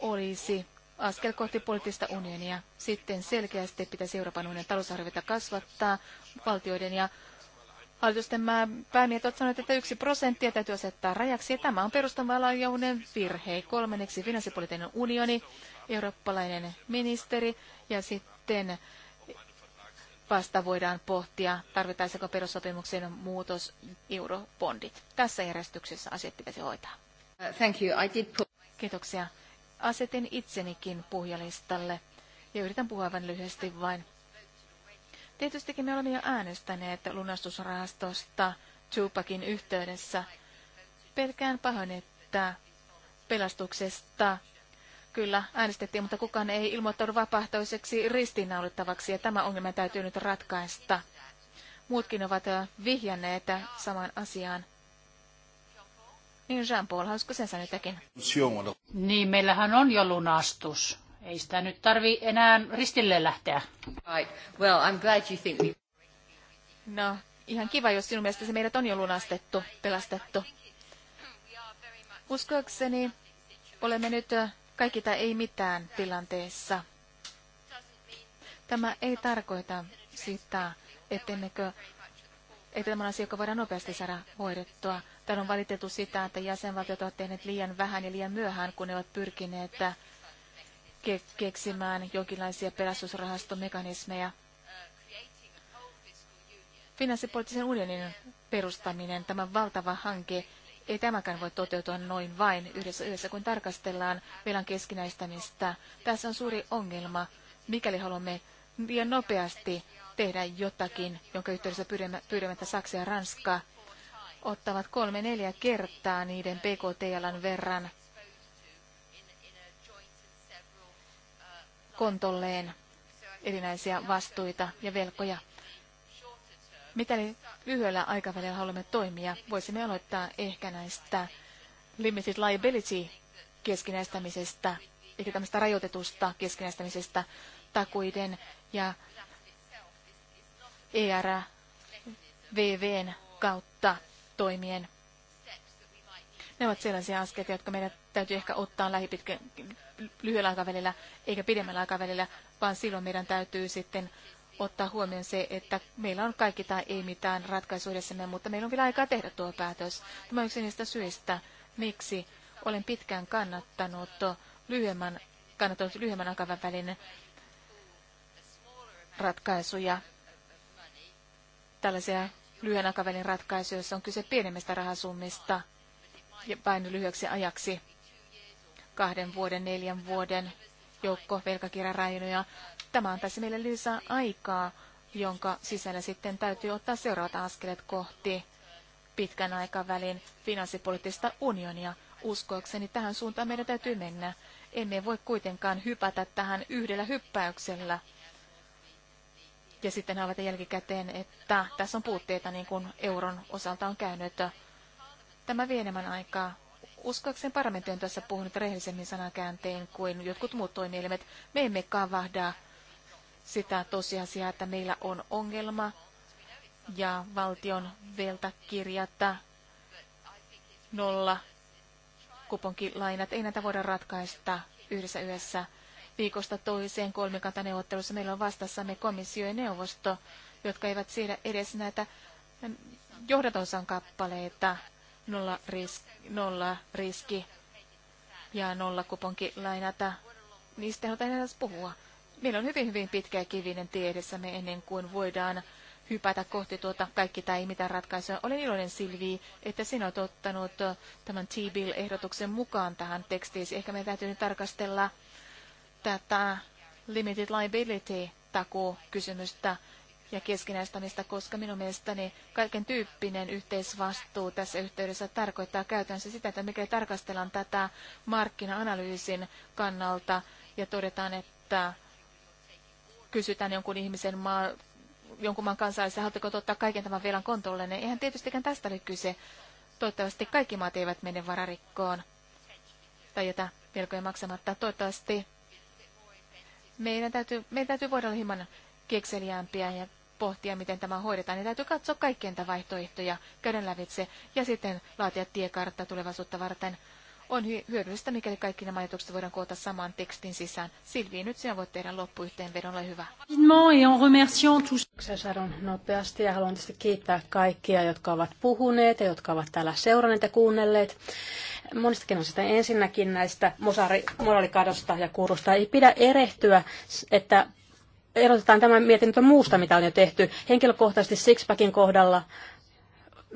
Speaker 1: olisi askel kohti poliittista unionia. Sitten selkeästi pitäisi Euroopan unionin talousarviota kasvattaa valtioiden ja Hallitusten päämiehet ovat sanoneet, että yksi prosenttia täytyy asettaa rajaksi, ja tämä on perustavanlaajuinen virhe. Kolmanneksi finanssipoliittinen unioni, eurooppalainen ministeri ja sitten vasta voidaan pohtia, tarvitaanko perussopimuksen muutos eurobondit. Tässä järjestyksessä asiat pitäisi hoitaa. Thank you. I did put... Kiitoksia. Asetin itsenikin puhujalistalle ja yritän puhua vain lyhyesti vain. Tietystikin me olemme jo äänestäneet lunastusrahastosta Tupakin yhteydessä. Pelkään pahoin, että pelastuksesta kyllä äänestettiin, mutta kukaan ei ilmoittanut vapaaehtoiseksi ristiinnaulittavaksi ja tämä ongelma täytyy nyt ratkaista. Muutkin ovat vihjanneet samaan asiaan.
Speaker 5: Niin Jean-Paul, haluaisiko sen sanoa jotakin? Niin, meillähän on jo lunastus. Ei sitä nyt tarvi enää ristille lähteä. Right. Well, I'm glad you think we... No, ihan kiva, jos sinun mielestäsi meidät on jo lunastettu, pelastettu.
Speaker 1: Uskoakseni olemme nyt kaikki tai ei mitään tilanteessa. Tämä ei tarkoita sitä, ettemmekö että tämä on asia, joka voidaan nopeasti saada hoidettua. Täällä on valitettu sitä, että jäsenvaltiot ovat tehneet liian vähän ja liian myöhään, kun ne ovat pyrkineet äh, ke- keksimään jonkinlaisia pelastusrahastomekanismeja. Finanssipoliittisen unionin perustaminen, tämä valtava hanke, ei tämäkään voi toteutua noin vain yhdessä yössä, kun tarkastellaan velan keskinäistämistä. Tässä on suuri ongelma, mikäli haluamme liian nopeasti tehdä jotakin, jonka yhteydessä pyydämme, pyydämme että Saksa ja Ranska ottavat kolme neljä kertaa niiden PKT-alan verran kontolleen erinäisiä vastuita ja velkoja. Mikäli lyhyellä aikavälillä haluamme toimia, voisimme aloittaa ehkä näistä limited liability keskinäistämisestä, eli tämmöistä rajoitetusta keskinäistämisestä takuiden ja ERVVn kautta toimien. Ne ovat sellaisia askeleita, jotka meidän täytyy ehkä ottaa lyhyellä aikavälillä eikä pidemmällä aikavälillä, vaan silloin meidän täytyy sitten ottaa huomioon se, että meillä on kaikki tai ei mitään ratkaisu edessämme, mutta meillä on vielä aikaa tehdä tuo päätös. Tämä on yksi niistä syistä, miksi olen pitkään kannattanut lyhyemmän, kannattanut lyhyemmän aikavälin ratkaisuja, tällaisia lyhyen aikavälin ratkaisuja, joissa on kyse pienemmistä rahasummista ja vain lyhyeksi ajaksi, kahden vuoden, neljän vuoden, joukko velkakirjarainoja. Tämä antaisi meille lisää aikaa, jonka sisällä sitten täytyy ottaa seuraavat askeleet kohti pitkän aikavälin finanssipoliittista unionia. Uskoakseni tähän suuntaan meidän täytyy mennä. Emme voi kuitenkaan hypätä tähän yhdellä hyppäyksellä ja sitten havaita jälkikäteen, että tässä on puutteita niin kuin euron osalta on käynyt. Tämä vie enemmän aikaa Uskoakseni parlamentti on tässä puhunut rehellisemmin sanakääntein kuin jotkut muut toimielimet. Me emme kavahda sitä tosiasiaa, että meillä on ongelma ja valtion veltakirjata nolla kuponkilainat. Ei näitä voida ratkaista yhdessä yössä viikosta toiseen kolmikantaneuvottelussa. Meillä on vastassamme komissio ja neuvosto, jotka eivät siedä edes näitä johdatonsan kappaleita nolla, riski, nolla riski ja nolla kuponki lainata. Niistä ei edes puhua. Meillä on hyvin, hyvin pitkä kivinen tie edessämme ennen kuin voidaan hypätä kohti tuota kaikki tai mitä ratkaisua. Olen iloinen Silvi, että sinä olet ottanut tämän T-Bill-ehdotuksen mukaan tähän tekstiin. Ehkä meidän täytyy nyt tarkastella tätä limited liability takuu kysymystä ja keskinäistämistä, koska minun mielestäni kaiken tyyppinen yhteisvastuu tässä yhteydessä tarkoittaa käytännössä sitä, että mikä tarkastellaan tätä markkina-analyysin kannalta ja todetaan, että kysytään jonkun ihmisen maa, jonkun maan kansalaisen, haluatteko ottaa kaiken tämän velan kontolleen. niin eihän tietystikään tästä ole kyse. Toivottavasti kaikki maat eivät mene vararikkoon tai jätä velkoja maksamatta. Toivottavasti meidän täytyy, meidän täytyy voida olla hieman kekseliämpiä ja pohtia, miten tämä hoidetaan, niin täytyy katsoa kaikkien näitä vaihtoehtoja, käydä lävitse ja sitten laatia tiekartta tulevaisuutta varten. On hyödyllistä, mikäli kaikki nämä ajatukset voidaan koota samaan tekstin sisään. Silvi, nyt sinä voit tehdä loppuyhteenvedon, ole hyvä.
Speaker 3: Sanon nopeasti ja haluan tietysti kiittää kaikkia, jotka ovat puhuneet ja jotka ovat täällä seuranneet ja kuunnelleet monistakin sitä Ensinnäkin näistä moraali, moraalikadosta ja kurusta ei pidä erehtyä, että erotetaan tämä mietintö muusta, mitä on jo tehty. Henkilökohtaisesti Sixpackin kohdalla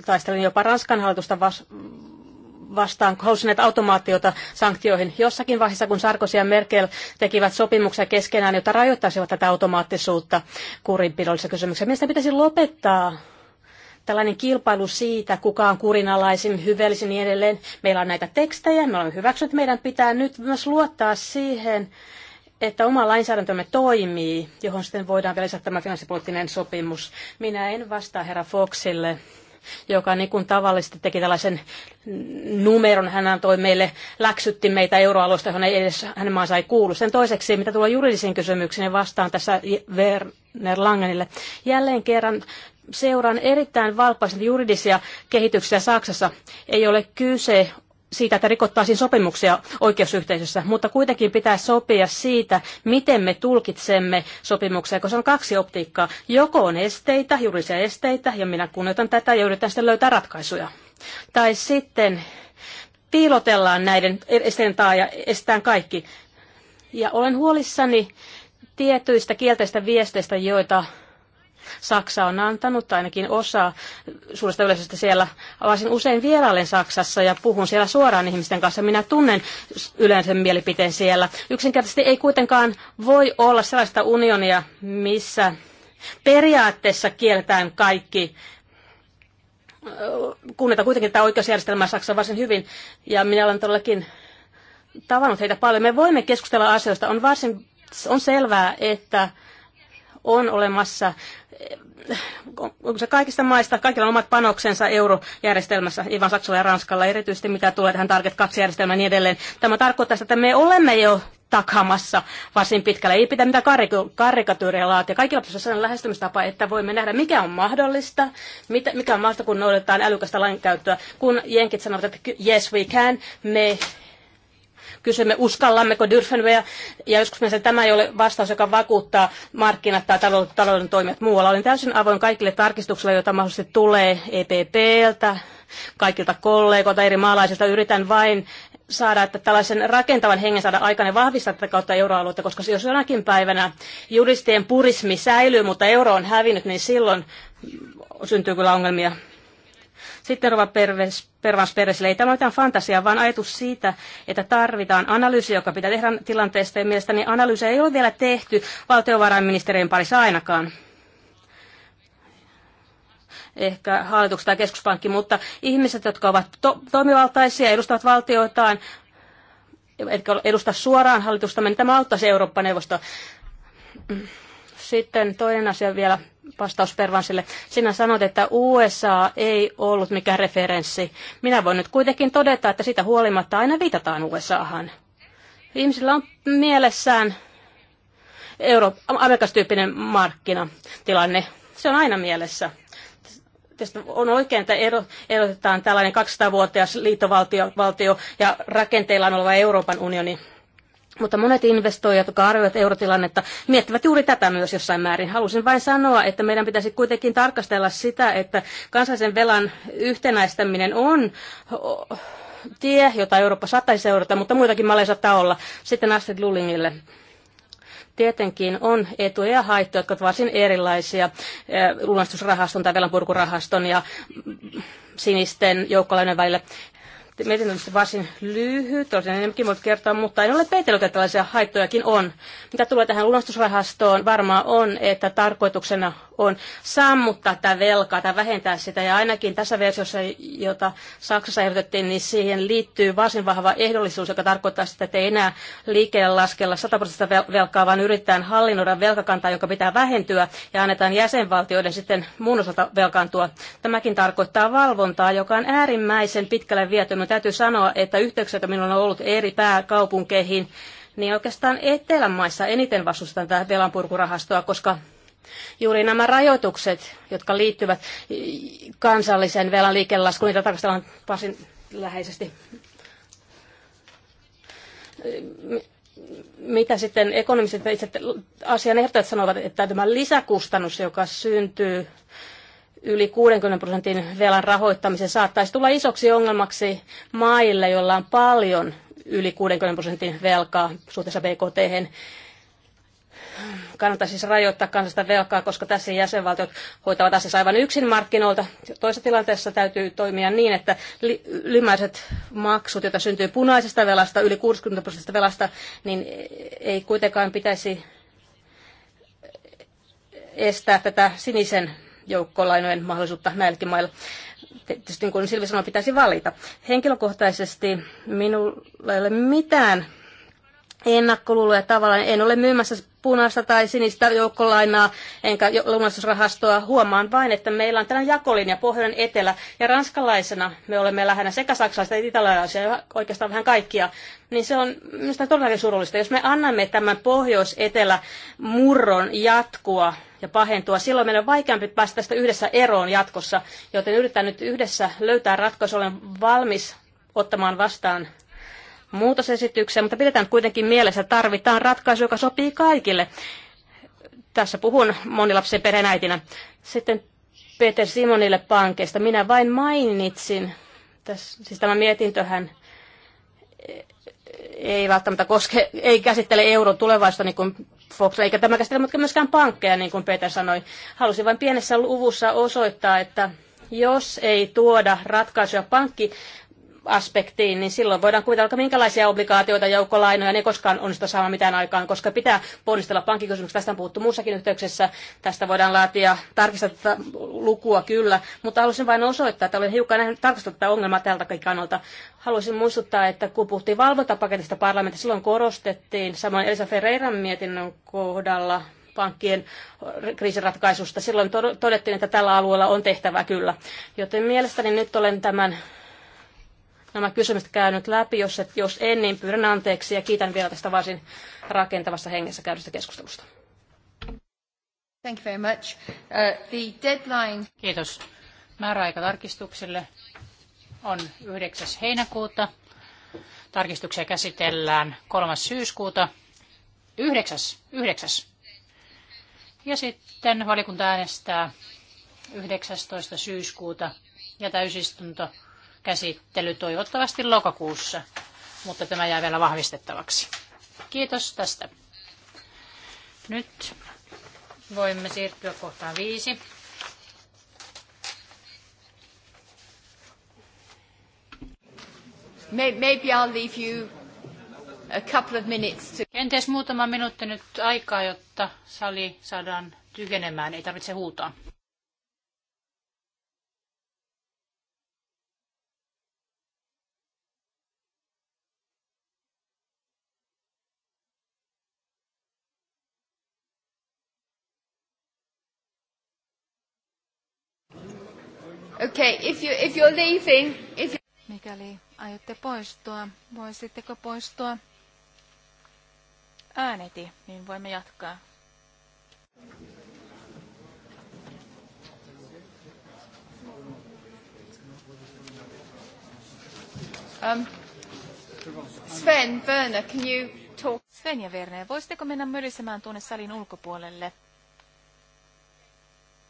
Speaker 3: taistelin jopa Ranskan hallitusta vas- vastaan, kun automaatiota sanktioihin. Jossakin vaiheessa, kun Sarkozy ja Merkel tekivät sopimuksia keskenään, jotta rajoittaisivat tätä automaattisuutta kurinpidollisessa kysymyksessä. Mielestäni pitäisi lopettaa tällainen kilpailu siitä, kuka on kurinalaisin, hyvällisin niin edelleen. Meillä on näitä tekstejä, me olemme hyväksyneet, meidän pitää nyt myös luottaa siihen, että oma lainsäädäntömme toimii, johon sitten voidaan vielä lisätä tämä finanssipoliittinen sopimus. Minä en vastaa herra Foxille, joka niin kuin tavallisesti teki tällaisen numeron. Hän antoi meille, läksytti meitä euroalueesta, johon ei edes hänen maansa ei kuulu. Sen toiseksi, mitä tulee juridisiin kysymyksiin, niin vastaan tässä Werner Langenille. Jälleen kerran seuraan erittäin valppaasti juridisia kehityksiä Saksassa. Ei ole kyse siitä, että rikottaisiin sopimuksia oikeusyhteisössä, mutta kuitenkin pitää sopia siitä, miten me tulkitsemme sopimuksia, koska on kaksi optiikkaa. Joko on esteitä, juridisia esteitä, ja minä kunnioitan tätä ja yritän sitten löytää ratkaisuja. Tai sitten piilotellaan näiden esteiden taa ja estetään kaikki. Ja olen huolissani tietyistä kielteistä viesteistä, joita Saksa on antanut, tai ainakin osa suuresta yleisöstä siellä. Varsin usein vierailen Saksassa ja puhun siellä suoraan ihmisten kanssa. Minä tunnen yleensä mielipiteen siellä. Yksinkertaisesti ei kuitenkaan voi olla sellaista unionia, missä periaatteessa kieltään kaikki kunnioitan kuitenkin tämä oikeusjärjestelmä Saksassa varsin hyvin, ja minä olen todellakin tavannut heitä paljon. Me voimme keskustella asioista. On varsin on selvää, että on olemassa, onko se kaikista maista, kaikilla on omat panoksensa eurojärjestelmässä, Ivan Saksalla ja Ranskalla erityisesti, mitä tulee tähän Target 2-järjestelmään niin edelleen. Tämä tarkoittaa sitä, että me olemme jo takamassa varsin pitkälle. Ei pitää mitään karikatyyriä laatia. Kaikilla pitäisi sellainen lähestymistapa, että voimme nähdä, mikä on mahdollista, mitä mikä on mahdollista, kun noudatetaan älykästä lainkäyttöä. Kun jenkit sanovat, että yes we can, me kysymme, uskallammeko dyrfenveä, ja joskus mielestäni tämä ei ole vastaus, joka vakuuttaa markkinat tai talouden, talouden toimijat muualla. Olen täysin avoin kaikille tarkistuksille, joita mahdollisesti tulee EPPltä, kaikilta kollegoilta, eri maalaisilta. Yritän vain saada, että tällaisen rakentavan hengen saada aikana ja vahvistaa tätä kautta euroaluetta, koska jos jonakin päivänä juristien purismi säilyy, mutta euro on hävinnyt, niin silloin syntyy kyllä ongelmia sitten Rova Pervans Peresille ei tämä mitään fantasiaa, vaan ajatus siitä, että tarvitaan analyysi, joka pitää tehdä tilanteesta. Ja mielestäni analyysi ei ole vielä tehty valtiovarainministeriön parissa ainakaan ehkä hallitukset tai keskuspankki, mutta ihmiset, jotka ovat to- toimivaltaisia, edustavat valtioitaan, etkä edusta suoraan hallitusta, niin tämä auttaisi Eurooppa-neuvosto. Sitten toinen asia vielä vastaus Pervansille. Sinä sanoit, että USA ei ollut mikään referenssi. Minä voin nyt kuitenkin todeta, että sitä huolimatta aina viitataan USAhan. Ihmisillä on mielessään Euro- tyyppinen markkinatilanne. Se on aina mielessä tietysti on oikein, että erotetaan tällainen 200-vuotias liittovaltio valtio, ja rakenteillaan oleva Euroopan unioni. Mutta monet investoijat, jotka arvioivat eurotilannetta, miettivät juuri tätä myös jossain määrin. Halusin vain sanoa, että meidän pitäisi kuitenkin tarkastella sitä, että kansallisen velan yhtenäistäminen on tie, jota Eurooppa saattaisi seurata, mutta muitakin malleja saattaa olla. Sitten Astrid Lullingille. Tietenkin on etuja ja haittoja, jotka ovat varsin erilaisia eh, lunastusrahaston tai velanpurkurahaston ja sinisten joukkolainen välillä mietintö on varsin lyhyt, tosin enemmänkin voi kertoa, mutta en ole peitellyt, että tällaisia haittojakin on. Mitä tulee tähän lunastusrahastoon, varmaan on, että tarkoituksena on sammuttaa tätä velkaa tai vähentää sitä. Ja ainakin tässä versiossa, jota Saksassa ehdotettiin, niin siihen liittyy varsin vahva ehdollisuus, joka tarkoittaa sitä, että ei enää liikkeelle laskella 100 prosenttia velkaa, vaan yritetään hallinnoida velkakantaa, joka pitää vähentyä, ja annetaan jäsenvaltioiden sitten muun osalta velkaantua. Tämäkin tarkoittaa valvontaa, joka on äärimmäisen pitkälle viety. Minun täytyy sanoa, että yhteyksiä, joita minulla on ollut eri pääkaupunkeihin, niin oikeastaan Etelänmaissa eniten vastustan tätä velanpurkurahastoa, koska Juuri nämä rajoitukset, jotka liittyvät kansalliseen velan liikelaskuun, niitä tarkastellaan varsin läheisesti. Mitä sitten ekonomiset itse asian ehdottajat sanovat, että tämä lisäkustannus, joka syntyy yli 60 prosentin velan rahoittamisen saattaisi tulla isoksi ongelmaksi maille, joilla on paljon yli 60 prosentin velkaa suhteessa BKT kannattaisi siis rajoittaa kansallista velkaa, koska tässä jäsenvaltiot hoitavat asiassa aivan yksin markkinoilta. Toisessa tilanteessa täytyy toimia niin, että ylimääräiset maksut, joita syntyy punaisesta velasta, yli 60 prosentista velasta, niin ei kuitenkaan pitäisi estää tätä sinisen joukkolainojen mahdollisuutta näillekin maille. Tietysti niin kuin Silvi sanoi, pitäisi valita. Henkilökohtaisesti minulla ei ole mitään ennakkoluuloja tavallaan. En ole myymässä punaista tai sinistä joukkolainaa, enkä lunastusrahastoa. Huomaan vain, että meillä on tällainen jakolinja pohjoinen etelä, ja ranskalaisena me olemme lähinnä sekä saksalaisia että italialaisia, ja oikeastaan vähän kaikkia, niin se on minusta todella surullista. Jos me annamme tämän pohjois-etelä murron jatkua ja pahentua, silloin meidän on vaikeampi päästä tästä yhdessä eroon jatkossa, joten yritän nyt yhdessä löytää ratkaisu, olen valmis ottamaan vastaan muutosesityksiä, mutta pidetään kuitenkin mielessä, että tarvitaan ratkaisu, joka sopii kaikille. Tässä puhun monilapsen perheenäitinä. Sitten Peter Simonille pankeista. Minä vain mainitsin, tässä, siis tämä mietintöhän ei välttämättä koske, ei käsittele euron tulevaisuutta niin kuin Fox, eikä tämä käsittele mutta myöskään pankkeja, niin kuin Peter sanoi. Halusin vain pienessä luvussa osoittaa, että jos ei tuoda ratkaisuja pankki, aspektiin, niin silloin voidaan kuvitella, että minkälaisia obligaatioita, joukkolainoja, ne koskaan onnistu saamaan mitään aikaan, koska pitää ponnistella pankkikysymyksiä. Tästä on puhuttu muussakin yhteyksessä, tästä voidaan laatia, tarkistaa lukua kyllä, mutta halusin vain osoittaa, että olen hiukan nähnyt tarkastaa tätä ongelmaa tältä kannalta. Haluaisin muistuttaa, että kun puhuttiin valvontapaketista parlamentissa, silloin korostettiin, samoin Elisa Ferreiran mietinnön kohdalla, pankkien kriisiratkaisusta. Silloin todettiin, että tällä alueella on tehtävä kyllä. Joten mielestäni nyt olen tämän nämä kysymykset käynyt läpi. Jos, et, jos en, niin pyydän anteeksi ja kiitän vielä tästä varsin rakentavassa hengessä käydystä keskustelusta.
Speaker 5: Thank you very much. Uh, the deadline... Kiitos. Määräaika tarkistuksille on 9. heinäkuuta. Tarkistuksia käsitellään 3. syyskuuta. 9. 9. Ja sitten valiokunta äänestää 19. syyskuuta ja täysistunto käsittely toivottavasti lokakuussa, mutta tämä jää vielä vahvistettavaksi. Kiitos tästä. Nyt voimme siirtyä kohtaan viisi. Maybe I'll leave you a couple of minutes to... Kenties muutama minuutti nyt aikaa, jotta sali saadaan tyhjenemään. Ei tarvitse huutaa.
Speaker 1: Okay, if you, if you're leaving, if you... Mikäli aiotte poistua, voisitteko poistua ääneti, niin voimme jatkaa.
Speaker 6: Um, Sven, Werner, can you
Speaker 1: talk? Sven ja Werner, voisitteko mennä mörisemään tuonne salin ulkopuolelle?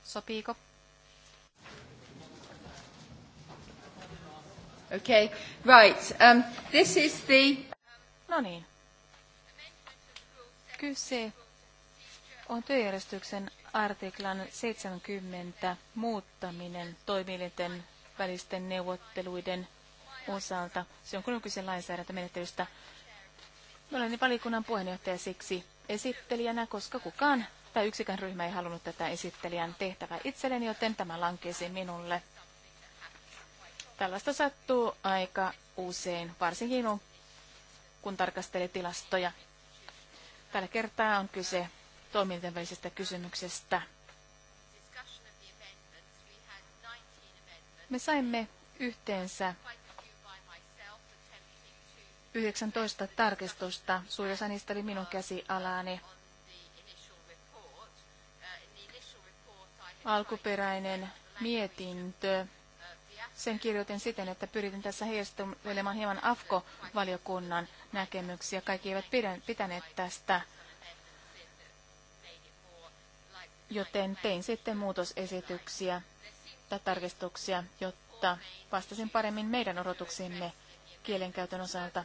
Speaker 1: Sopiiko? Okay, right. Um, this is the... No niin. Kyse on työjärjestyksen artiklan 70 muuttaminen toimielinten välisten neuvotteluiden osalta. Se on kolmikyseen lainsäädäntömenettelystä. Me olen valikunnan puheenjohtaja siksi esittelijänä, koska kukaan tai yksikään ryhmä ei halunnut tätä esittelijän tehtävää itselleen, joten tämä lankesi minulle. Tällaista sattuu aika usein, varsinkin kun tarkastelee tilastoja. Tällä kertaa on kyse toimintojen välisestä kysymyksestä. Me saimme yhteensä 19 tarkistusta. Suuri osa niistä oli minun käsialani. Alkuperäinen mietintö sen kirjoitin siten, että pyritin tässä heijastelemaan hieman AFKO-valiokunnan näkemyksiä. Kaikki eivät pitäneet tästä, joten tein sitten muutosesityksiä tai tarkistuksia, jotta vastasin paremmin meidän odotuksiimme kielenkäytön osalta.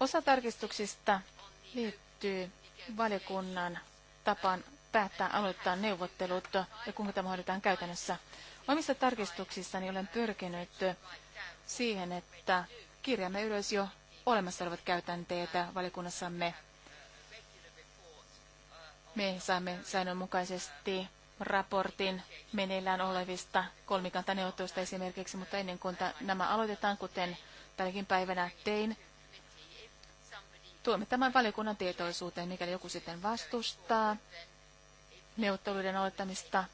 Speaker 1: Osa tarkistuksista liittyy valiokunnan tapaan päättää aloittaa neuvottelut ja kuinka tämä hoidetaan käytännössä. Omissa tarkistuksissani olen pyrkinyt siihen, että kirjaamme ylös jo olemassa olevat käytänteitä valikunnassamme. Me saamme säännönmukaisesti raportin meneillään olevista kolmikantaneuvotteluista esimerkiksi, mutta ennen kuin nämä aloitetaan, kuten tälläkin päivänä tein, tuomme tämän valiokunnan tietoisuuteen, mikäli joku sitten vastustaa neuvotteluiden aloittamista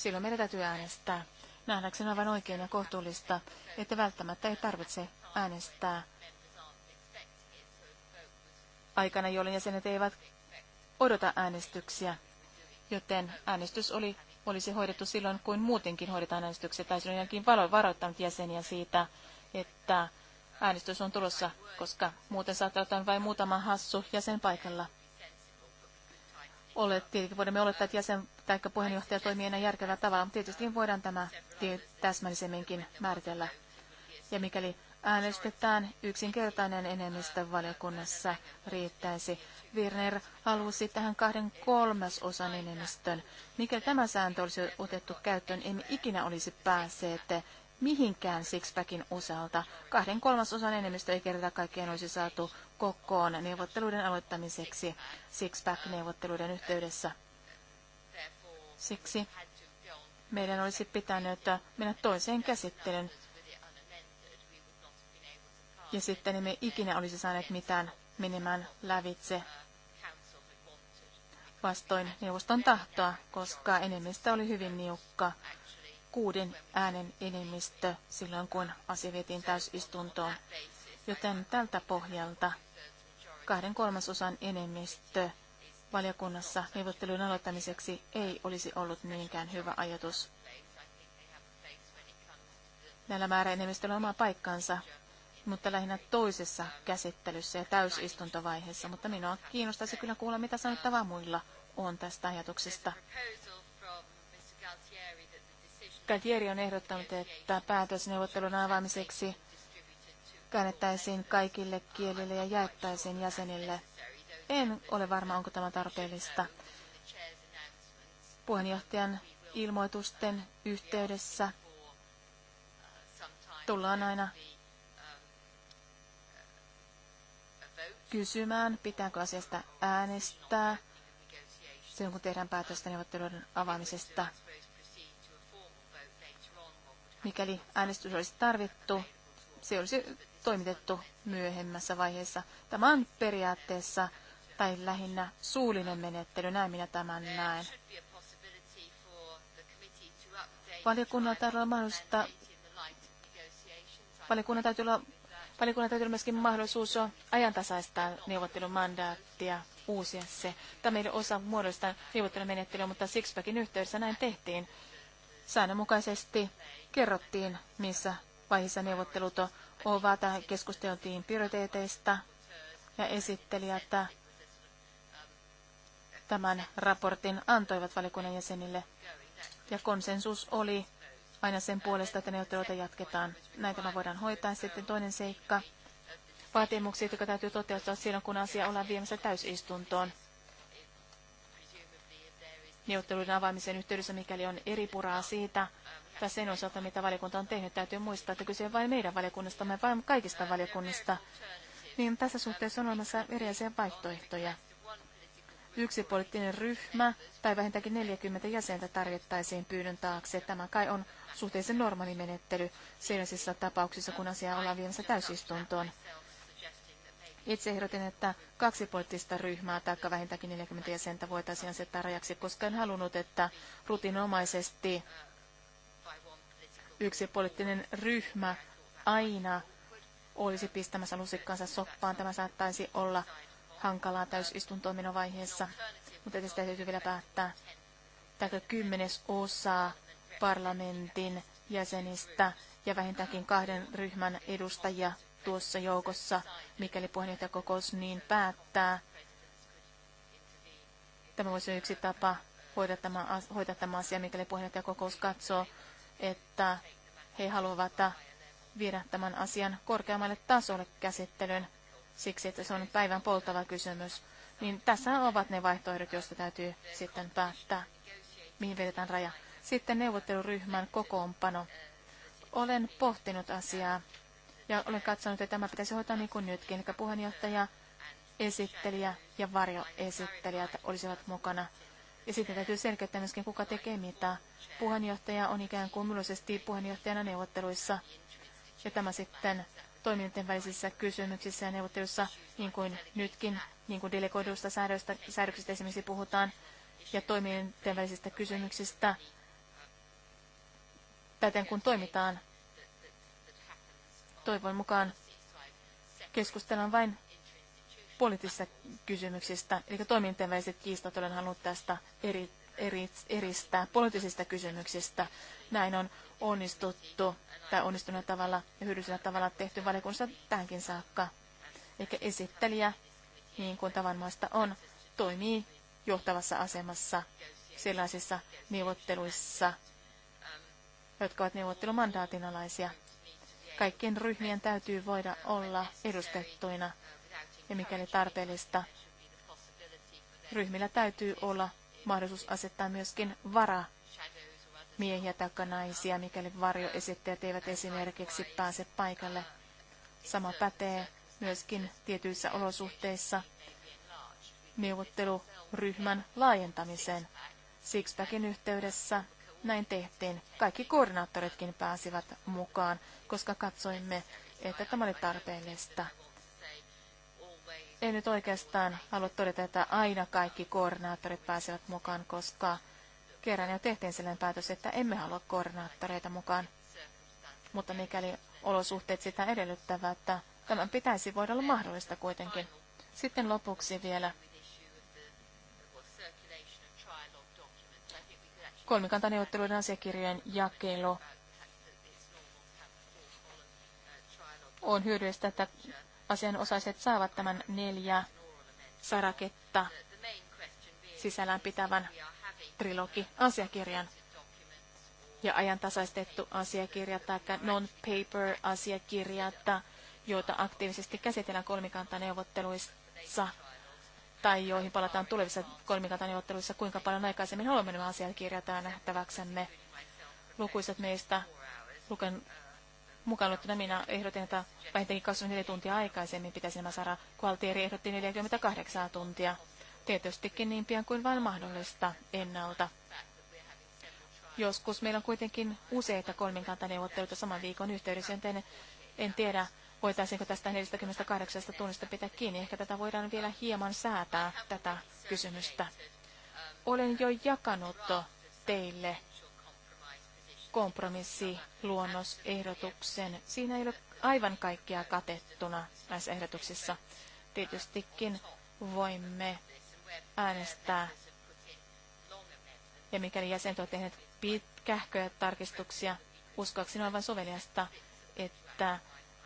Speaker 1: Silloin meidän täytyy äänestää. Nähdäkseni on aivan oikein ja kohtuullista, että välttämättä ei tarvitse äänestää aikana, jolloin jäsenet eivät odota äänestyksiä, joten äänestys oli, olisi hoidettu silloin, kuin muutenkin hoidetaan äänestyksiä, tai silloin jokin valo varoittanut jäseniä siitä, että äänestys on tulossa, koska muuten saattaa olla vain muutama hassu jäsen paikalla olet, tietenkin voimme olettaa, että jäsen tai puheenjohtaja toimii enää järkevällä tavalla, mutta tietysti voidaan tämä täsmällisemminkin määritellä. Ja mikäli äänestetään, yksinkertainen enemmistö valiokunnassa riittäisi. Virner halusi tähän kahden kolmasosan enemmistön. Mikäli tämä sääntö olisi otettu käyttöön, emme ikinä olisi päässeet mihinkään Sixpackin osalta. Kahden kolmasosan enemmistö ei kerta kaikkiaan olisi saatu kokoon neuvotteluiden aloittamiseksi Sixpack-neuvotteluiden yhteydessä. Siksi meidän olisi pitänyt mennä toiseen käsittelyyn. Ja sitten emme ikinä olisi saaneet mitään menemään lävitse vastoin neuvoston tahtoa, koska enemmistö oli hyvin niukka kuuden äänen enemmistö silloin, kun asia vietiin täysistuntoon. Joten tältä pohjalta kahden kolmasosan enemmistö valiokunnassa neuvottelun aloittamiseksi ei olisi ollut niinkään hyvä ajatus. Näillä määräenemmistöillä on oma paikkansa, mutta lähinnä toisessa käsittelyssä ja täysistuntovaiheessa, mutta minua kiinnostaisi kyllä kuulla, mitä sanottavaa muilla on tästä ajatuksesta. Galtieri on ehdottanut, että päätösneuvottelun avaamiseksi käännettäisiin kaikille kielille ja jaettaisiin jäsenille. En ole varma, onko tämä tarpeellista. Puheenjohtajan ilmoitusten yhteydessä tullaan aina kysymään, pitääkö asiasta äänestää silloin, kun tehdään päätöstä neuvottelujen avaamisesta mikäli äänestys olisi tarvittu. Se olisi toimitettu myöhemmässä vaiheessa. Tämä on periaatteessa tai lähinnä suullinen menettely, näin minä tämän näen. Valiokunnan täytyy olla mahdollista, valiokunnan täytyy olla, valiokunnan täytyy olla myöskin mahdollisuus ajantasaistaa neuvottelun mandaattia, uusia se. Tämä ei ole osa muodollista neuvottelumenettelyä, mutta Sixpackin yhteydessä näin tehtiin. Säännönmukaisesti kerrottiin, missä vaiheessa neuvottelut ovat. Keskusteltiin prioriteeteista ja esittelijät tämän raportin antoivat valikunnan jäsenille. Ja konsensus oli aina sen puolesta, että neuvotteluita jatketaan. Näitä me voidaan hoitaa. Sitten toinen seikka. Vaatimukset, jotka täytyy toteuttaa silloin, kun asia ollaan viemässä täysistuntoon. Neuvotteluiden avaamisen yhteydessä, mikäli on eri puraa siitä, tai sen osalta, mitä valiokunta on tehnyt. Täytyy muistaa, että kyse on vain meidän me vain kaikista valiokunnista. Niin tässä suhteessa on olemassa erilaisia vaihtoehtoja. Yksi poliittinen ryhmä tai vähintäänkin 40 jäsentä tarjottaisiin pyynnön taakse. Tämä kai on suhteellisen normaali menettely sellaisissa tapauksissa, kun asiaa ollaan viemässä täysistuntoon. Itse ehdotin, että kaksi poliittista ryhmää tai vähintäänkin 40 jäsentä voitaisiin asettaa rajaksi, koska en halunnut, että rutinomaisesti yksi poliittinen ryhmä aina olisi pistämässä lusikkansa soppaan. Tämä saattaisi olla hankalaa täysistuntoon vaiheessa, mutta tästä täytyy vielä päättää. Tääkö kymmenes osa parlamentin jäsenistä ja vähintäänkin kahden ryhmän edustajia tuossa joukossa, mikäli puheenjohtajakokous niin päättää. Tämä voisi olla yksi tapa hoitaa tämä, hoitaa tämä asia, mikäli puheenjohtajakokous katsoo, että he haluavat viedä tämän asian korkeammalle tasolle käsittelyyn siksi, että se on päivän poltava kysymys. Niin tässä ovat ne vaihtoehdot, joista täytyy sitten päättää, mihin vedetään raja. Sitten neuvotteluryhmän kokoonpano. Olen pohtinut asiaa ja olen katsonut, että tämä pitäisi hoitaa niin kuin nytkin, eli puheenjohtaja, esittelijä ja varjoesittelijät olisivat mukana ja sitten täytyy selkeyttää myöskin, kuka tekee mitä. Puheenjohtaja on ikään kuin mullisesti puheenjohtajana neuvotteluissa. Ja tämä sitten toimijoiden välisissä kysymyksissä ja neuvotteluissa, niin kuin nytkin, niin kuin delegoidusta säädöksistä esimerkiksi puhutaan, ja toimijoiden välisistä kysymyksistä, täten kun toimitaan. Toivon mukaan keskustellaan vain poliittisista kysymyksistä, eli toimintien väliset kiistat olen halunnut tästä eri, eri, eristää poliittisista kysymyksistä. Näin on onnistuttu tai onnistuneella tavalla ja hyödyllisellä tavalla tehty valiokunnassa tämänkin saakka. Eli esittelijä, niin kuin tavanmaista on, toimii johtavassa asemassa sellaisissa neuvotteluissa, jotka ovat neuvottelumandaatin alaisia. Kaikkien ryhmien täytyy voida olla edustettuina ja mikäli tarpeellista, ryhmillä täytyy olla mahdollisuus asettaa myöskin vara miehiä tai naisia, mikäli varjoesittäjät eivät esimerkiksi pääse paikalle. Sama pätee myöskin tietyissä olosuhteissa neuvotteluryhmän laajentamiseen. Sixpackin yhteydessä näin tehtiin. Kaikki koordinaattoritkin pääsivät mukaan, koska katsoimme, että tämä oli tarpeellista en nyt oikeastaan halua todeta, että aina kaikki koordinaattorit pääsevät mukaan, koska kerran jo tehtiin sellainen päätös, että emme halua koordinaattoreita mukaan. Mutta mikäli olosuhteet sitä edellyttävät, että tämän pitäisi voida olla mahdollista kuitenkin. Sitten lopuksi vielä kolmikantaneuvotteluiden asiakirjojen jakelu. On hyödyllistä, että asianosaiset saavat tämän neljä saraketta sisällään pitävän trilogi-asiakirjan. Ja ajantasaistettu asiakirja tai non-paper-asiakirjat, joita aktiivisesti käsitellään kolmikantaneuvotteluissa tai joihin palataan tulevissa kolmikantaneuvotteluissa, kuinka paljon aikaisemmin haluamme nämä asiakirjat nähtäväksemme. Lukuisat meistä luken mukaan luettuna minä ehdotin, että vähintäänkin 24 tuntia aikaisemmin pitäisi nämä saada. Kualtieri ehdotti 48 tuntia. Tietystikin niin pian kuin vain mahdollista ennalta. Joskus meillä on kuitenkin useita kolminkantaneuvotteluita saman viikon yhteydessä, joten en tiedä, voitaisiinko tästä 48 tunnista pitää kiinni. Ehkä tätä voidaan vielä hieman säätää, tätä kysymystä. Olen jo jakanut teille kompromissiluonnosehdotuksen. Siinä ei ole aivan kaikkea katettuna näissä ehdotuksissa. Tietystikin voimme äänestää. Ja mikäli jäsenet ovat tehneet pitkähköjä tarkistuksia, uskoakseni olevan aivan soveliasta, että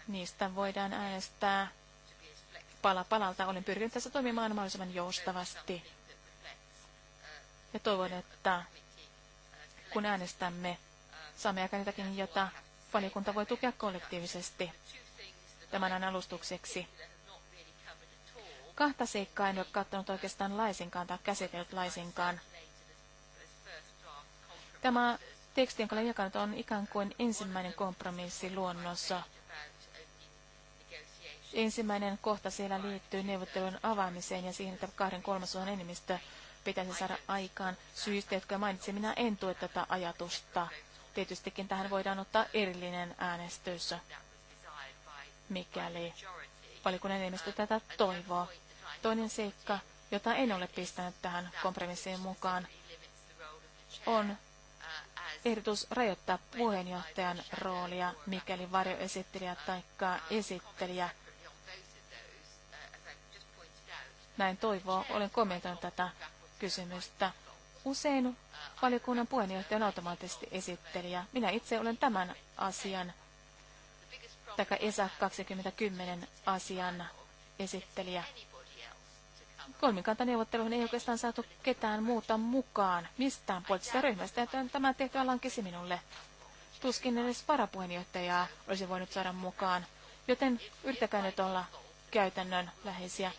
Speaker 1: niistä voidaan äänestää pala palalta. Olen pyrkinyt tässä toimimaan mahdollisimman joustavasti. Ja toivon, että kun äänestämme saamme jakaa niitäkin, jota valiokunta voi tukea kollektiivisesti tämän alustukseksi. Kahta seikkaa en ole katsonut oikeastaan laisinkaan tai käsitellyt laisinkaan. Tämä teksti, jonka olen jakanut, on ikään kuin ensimmäinen kompromissi luonnossa. Ensimmäinen kohta siellä liittyy neuvottelujen avaamiseen ja siihen, että kahden kolmasosan enemmistö pitäisi saada aikaan syistä, jotka mainitsin. Minä en tue tätä ajatusta. Tietystikin tähän voidaan ottaa erillinen äänestys, mikäli valikunnan enemmistö tätä toivoo. Toinen seikka, jota en ole pistänyt tähän kompromissiin mukaan, on ehdotus rajoittaa puheenjohtajan roolia, mikäli varjoesittelijä tai esittelijä näin toivoo. Olen kommentoinut tätä kysymystä. Usein valiokunnan puheenjohtaja on automaattisesti esittelijä. Minä itse olen tämän asian, tai ESA 2010 asian esittelijä. Kolmikantaneuvotteluihin ei oikeastaan saatu ketään muuta mukaan mistään poliittisesta ryhmästä, että tämä tehtävä lankesi minulle. Tuskin edes varapuheenjohtajaa olisi voinut saada mukaan, joten yrittäkää nyt olla käytännön läheisiä.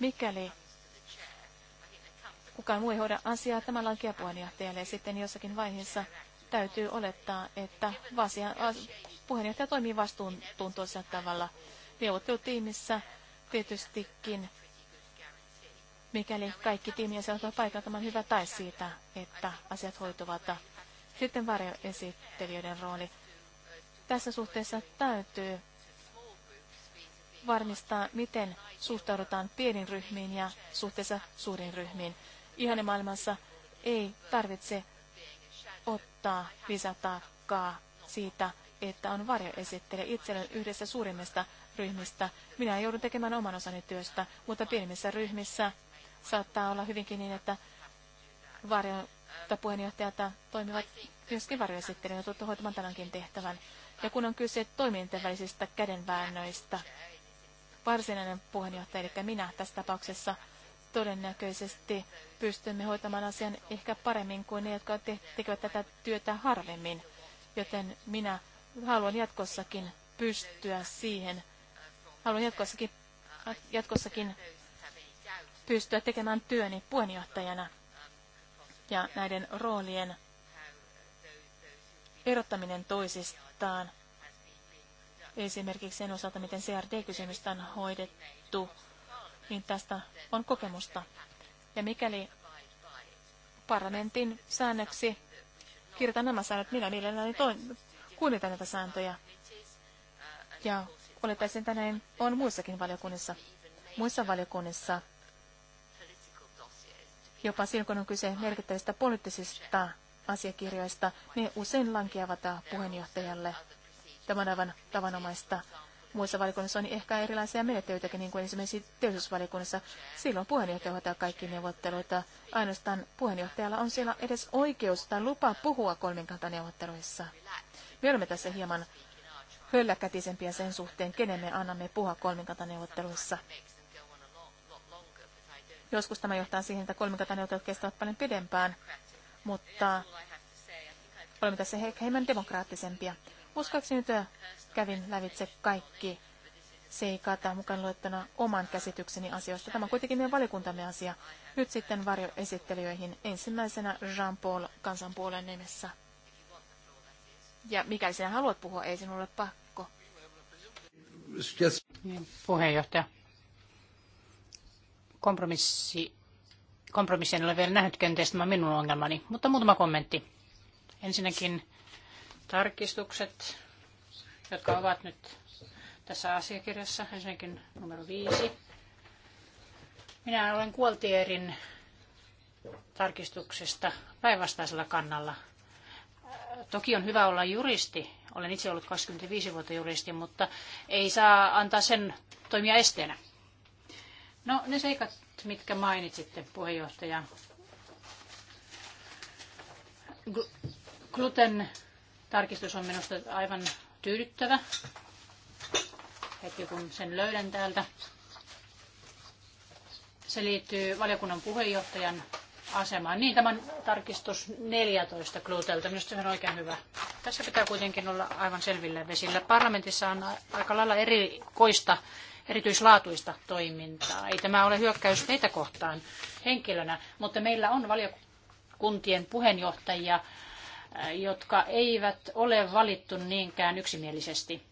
Speaker 1: Mikäli Kukaan muu ei hoida asiaa tämän lain kiapuheenjohtajalle. Ja sitten jossakin vaiheessa täytyy olettaa, että vasia, puheenjohtaja toimii vastuuntuntoisella tavalla neuvottelutiimissä tietystikin. Mikäli kaikki tiimien seuraa paikalla, tämä on hyvä tai siitä, että asiat hoituvat. Sitten varjoesittelijöiden rooli. Tässä suhteessa täytyy varmistaa, miten suhtaudutaan pienin ryhmiin ja suhteessa suurin ryhmiin maailmassa ei tarvitse ottaa lisätaakkaa siitä, että on varjoesittelijä itselleen yhdessä suurimmista ryhmistä. Minä joudun tekemään oman osani työstä, mutta pienemmissä ryhmissä saattaa olla hyvinkin niin, että varjo tai puheenjohtajat toimivat myöskin on tuttu hoitamaan tämänkin tehtävän. Ja kun on kyse toimintien välisistä kädenväännöistä, varsinainen puheenjohtaja, eli minä tässä tapauksessa, todennäköisesti pystymme hoitamaan asian ehkä paremmin kuin ne, jotka te- tekevät tätä työtä harvemmin. Joten minä haluan jatkossakin pystyä siihen, haluan jatkossakin, jatkossakin pystyä tekemään työni puheenjohtajana ja näiden roolien erottaminen toisistaan. Esimerkiksi sen osalta, miten CRD-kysymystä on hoidettu niin tästä on kokemusta. Ja mikäli parlamentin säännöksi kirjoitan nämä säännöt, minä mielelläni toin, kuulitan näitä sääntöjä. Ja olettaisin tänään on muissakin valiokunnissa. Muissa valiokunnissa, jopa silloin kun on kyse merkittävistä poliittisista asiakirjoista, ne usein lankeavat puheenjohtajalle. Tämä on aivan tavanomaista muissa valikunnissa on ehkä erilaisia menettelyitäkin, niin kuin esimerkiksi teollisuusvalikunnassa. Silloin puheenjohtaja hoitaa kaikki neuvotteluita. Ainoastaan puheenjohtajalla on siellä edes oikeus tai lupa puhua neuvotteluissa. Me olemme tässä hieman hölläkätisempiä sen suhteen, kenen me annamme puhua neuvotteluissa. Joskus tämä johtaa siihen, että neuvottelut kestävät paljon pidempään, mutta olemme tässä hieman demokraattisempia. Uskoakseni nyt äh, kävin lävitse kaikki seikat äh, mukaan luettuna oman käsitykseni asioista. Tämä on kuitenkin meidän valikuntamme asia. Nyt sitten varjoesittelijöihin ensimmäisenä Jean-Paul kansanpuolen nimessä. Ja mikäli sinä haluat puhua, ei sinulle pakko.
Speaker 5: Niin, puheenjohtaja. Kompromissi, kompromissi en ole vielä nähnyt, kenties tämä minun ongelmani, mutta muutama kommentti. Ensinnäkin tarkistukset, jotka ovat nyt tässä asiakirjassa, ensinnäkin numero viisi. Minä olen Kuoltierin tarkistuksesta päinvastaisella kannalla. Toki on hyvä olla juristi. Olen itse ollut 25 vuotta juristi, mutta ei saa antaa sen toimia esteenä. No ne seikat, mitkä mainitsitte, puheenjohtaja. Gluten Tarkistus on minusta aivan tyydyttävä. heti kun sen löydän täältä. Se liittyy valiokunnan puheenjohtajan asemaan. Niin, tämän tarkistus 14 Kluutelta. Minusta se on oikein hyvä. Tässä pitää kuitenkin olla aivan selvillä vesillä. Parlamentissa on aika lailla erikoista, erityislaatuista toimintaa. Ei tämä ole hyökkäys teitä kohtaan henkilönä, mutta meillä on valiokuntien puheenjohtajia jotka eivät ole valittu niinkään yksimielisesti.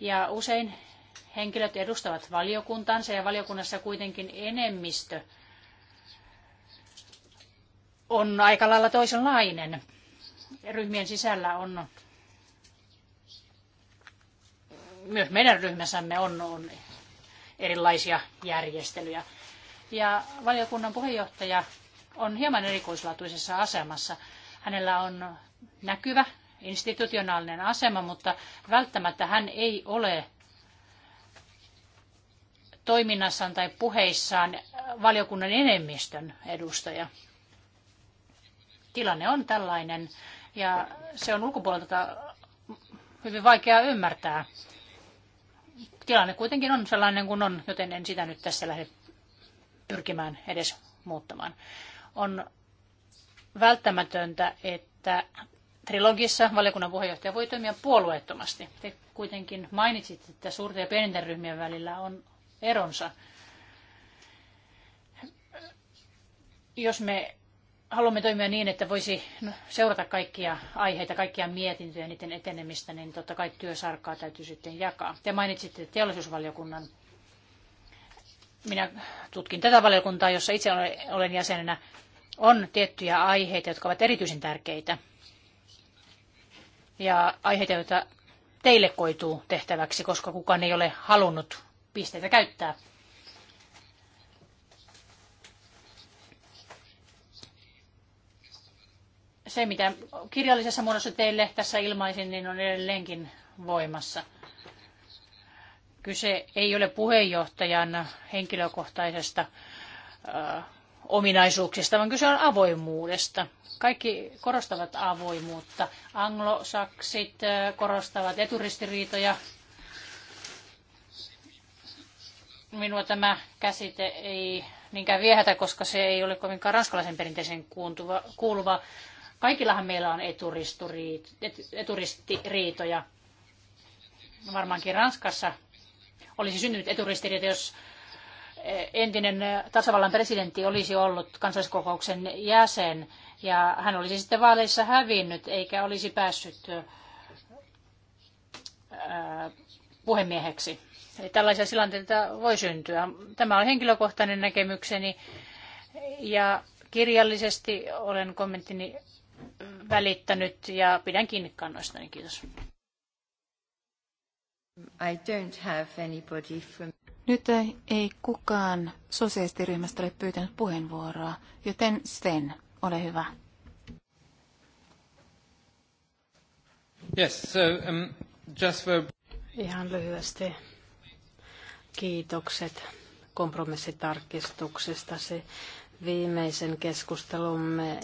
Speaker 5: Ja usein henkilöt edustavat valiokuntansa ja valiokunnassa kuitenkin enemmistö on aika lailla toisenlainen. Ryhmien sisällä on, myös meidän ryhmässämme on, on erilaisia järjestelyjä. Ja valiokunnan puheenjohtaja on hieman erikoislaatuisessa asemassa. Hänellä on näkyvä institutionaalinen asema, mutta välttämättä hän ei ole toiminnassaan tai puheissaan valiokunnan enemmistön edustaja. Tilanne on tällainen ja se on ulkopuolelta hyvin vaikea ymmärtää. Tilanne kuitenkin on sellainen kuin on, joten en sitä nyt tässä lähde pyrkimään edes muuttamaan. On välttämätöntä, että että trilogissa valiokunnan puheenjohtaja voi toimia puolueettomasti. Te kuitenkin mainitsitte, että suurten ja pienten ryhmien välillä on eronsa. Jos me haluamme toimia niin, että voisi seurata kaikkia aiheita, kaikkia mietintöjä ja niiden etenemistä, niin totta kai työsarkaa täytyy sitten jakaa. Te mainitsitte teollisuusvaliokunnan. Minä tutkin tätä valiokuntaa, jossa itse olen jäsenenä on tiettyjä aiheita, jotka ovat erityisen tärkeitä. Ja aiheita, joita teille koituu tehtäväksi, koska kukaan ei ole halunnut pisteitä käyttää. Se, mitä kirjallisessa muodossa teille tässä ilmaisin, niin on edelleenkin voimassa. Kyse ei ole puheenjohtajan henkilökohtaisesta ominaisuuksista, vaan kyse on avoimuudesta. Kaikki korostavat avoimuutta. Anglosaksit korostavat eturistiriitoja. Minua tämä käsite ei niinkään viehätä, koska se ei ole kovinkaan ranskalaisen perinteisen kuuluva. Kaikillahan meillä on eturistiriitoja. Varmaankin Ranskassa olisi syntynyt eturistiriita, jos entinen tasavallan presidentti olisi ollut kansalliskokouksen jäsen ja hän olisi sitten vaaleissa hävinnyt eikä olisi päässyt puhemieheksi. Eli tällaisia tilanteita voi syntyä. Tämä on henkilökohtainen näkemykseni ja kirjallisesti olen kommenttini välittänyt ja pidän kiinni kannoistani. Kiitos. I don't have anybody from...
Speaker 1: Nyt ei kukaan sosiaalistiryhmästä ole pyytänyt puheenvuoroa, joten Sven, ole hyvä.
Speaker 2: Yes, so, um, just for...
Speaker 1: Ihan lyhyesti.
Speaker 3: Kiitokset kompromissitarkistuksesta. Se viimeisen keskustelumme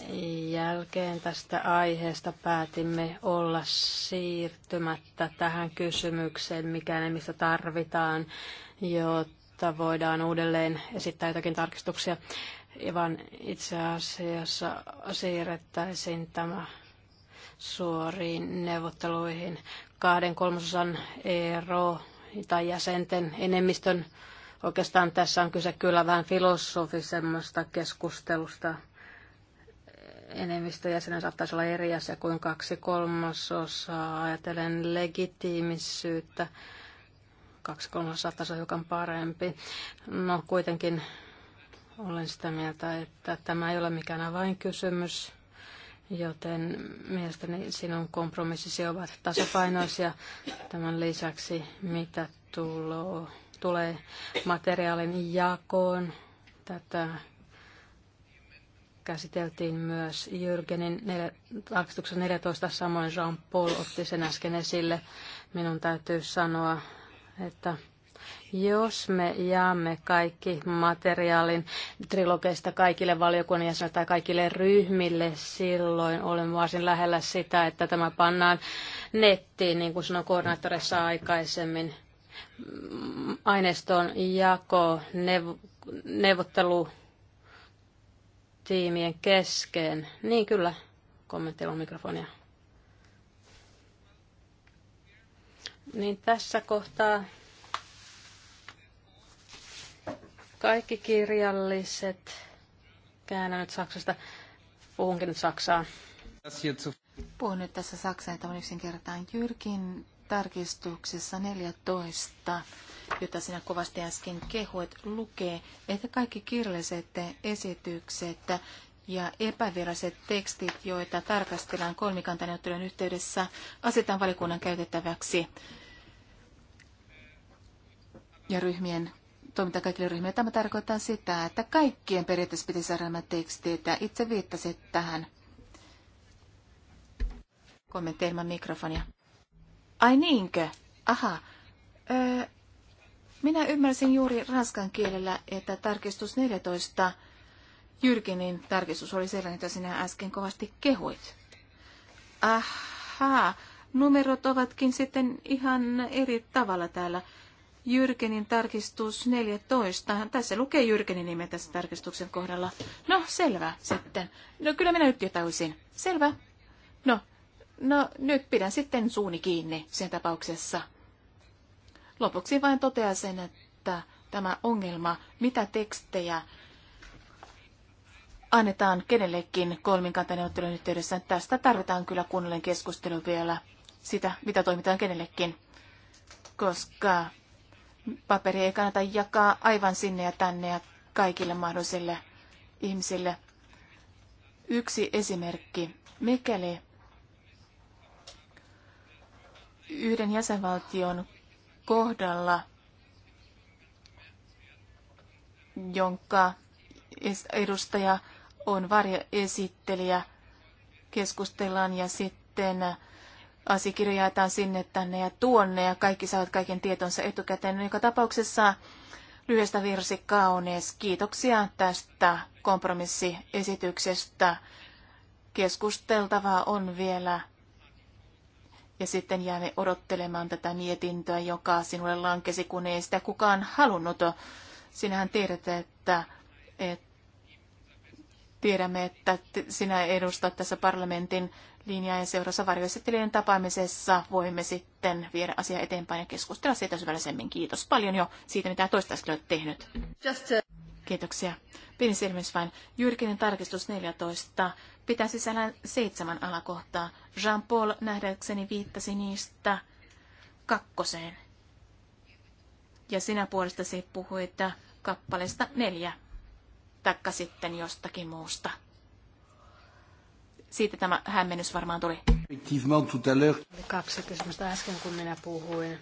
Speaker 3: jälkeen tästä aiheesta päätimme olla siirtymättä tähän kysymykseen, mikä ne mistä tarvitaan, jotta voidaan uudelleen esittää jotakin tarkistuksia, vaan itse asiassa siirrettäisiin tämä suoriin neuvotteluihin. Kahden kolmasosan ero tai jäsenten enemmistön Oikeastaan tässä on kyse kyllä vähän filosofisemmasta keskustelusta. Enemmistö jäsenen saattaisi olla eri asia kuin kaksi kolmasosaa. Ajatellen legitiimisyyttä. Kaksi kolmasosaa saattaisi olla hiukan parempi. No kuitenkin olen sitä mieltä, että tämä ei ole mikään avainkysymys, joten mielestäni sinun kompromissisi ovat tasapainoisia. Tämän lisäksi, mitä tulo tulee materiaalin jakoon. Tätä käsiteltiin myös Jürgenin tarkistuksen 14, samoin Jean-Paul otti sen äsken esille. Minun täytyy sanoa, että jos me jaamme kaikki materiaalin trilogeista kaikille valiokunnan jäsenille tai kaikille ryhmille, silloin olen varsin lähellä sitä, että tämä pannaan nettiin, niin kuin sanoin koordinaattorissa aikaisemmin aineiston jako neuvottelutiimien kesken. Niin kyllä, on mikrofonia. Niin tässä kohtaa kaikki kirjalliset
Speaker 1: käännän nyt Saksasta. Puhunkin nyt Saksaa. Puhun nyt tässä Saksaa, että on yksinkertaan Jyrkin tarkistuksessa 14, jota sinä kovasti äsken kehuet, lukee, että kaikki kirjalliset esitykset ja epäviralliset tekstit, joita tarkastellaan kolmikantaneuvottelujen yhteydessä, asetetaan valikunnan käytettäväksi ja ryhmien toiminta kaikille ryhmille. Tämä tarkoittaa sitä, että kaikkien periaatteessa pitäisi saada nämä tekstit, ja itse viittasit tähän kommentteilman mikrofonia. Ai niinkö? Aha. Öö, minä ymmärsin juuri ranskan kielellä, että tarkistus 14, Jyrkinin tarkistus oli sellainen, jota sinä äsken kovasti kehuit. Aha, numerot ovatkin sitten ihan eri tavalla täällä. Jyrkenin tarkistus 14. Tässä lukee Jyrkenin nimen tässä tarkistuksen kohdalla. No, selvä sitten. No, kyllä minä nyt jotain Selvä. No, No nyt pidän sitten suuni kiinni sen tapauksessa. Lopuksi vain toteaa sen, että tämä ongelma, mitä tekstejä annetaan kenellekin kolminkantaneuvottelun yhteydessä. Tästä tarvitaan kyllä kunnollinen keskustelu vielä sitä, mitä toimitaan kenellekin, koska paperi ei kannata jakaa aivan sinne ja tänne ja kaikille mahdollisille ihmisille. Yksi esimerkki. Mikäli yhden jäsenvaltion kohdalla, jonka edustaja on varjoesittelijä, keskustellaan ja sitten asiakirja jaetaan sinne, tänne ja tuonne ja kaikki saavat kaiken tietonsa etukäteen. Joka tapauksessa lyhyestä virsi kaunees. Kiitoksia tästä kompromissiesityksestä. Keskusteltavaa on vielä ja sitten jäämme odottelemaan tätä mietintöä, joka sinulle lankesi, kun ei sitä kukaan halunnut. Sinähän tiedät, että, että tiedämme, että sinä edustat tässä parlamentin linjaa ja seurassa varjoesittelijän tapaamisessa voimme sitten viedä asia eteenpäin ja keskustella siitä syvällisemmin. Kiitos paljon jo siitä, mitä toistaiseksi olet tehnyt. Just uh, Kiitoksia. Pieni selvennys vain. Jyrkinen tarkistus 14 pitää sisällään seitsemän alakohtaa. Jean-Paul nähdäkseni viittasi niistä kakkoseen. Ja sinä puolestasi puhuit kappaleesta neljä, takka sitten jostakin muusta. Siitä tämä hämmennys varmaan tuli. Oli kaksi kysymystä äsken, kun minä puhuin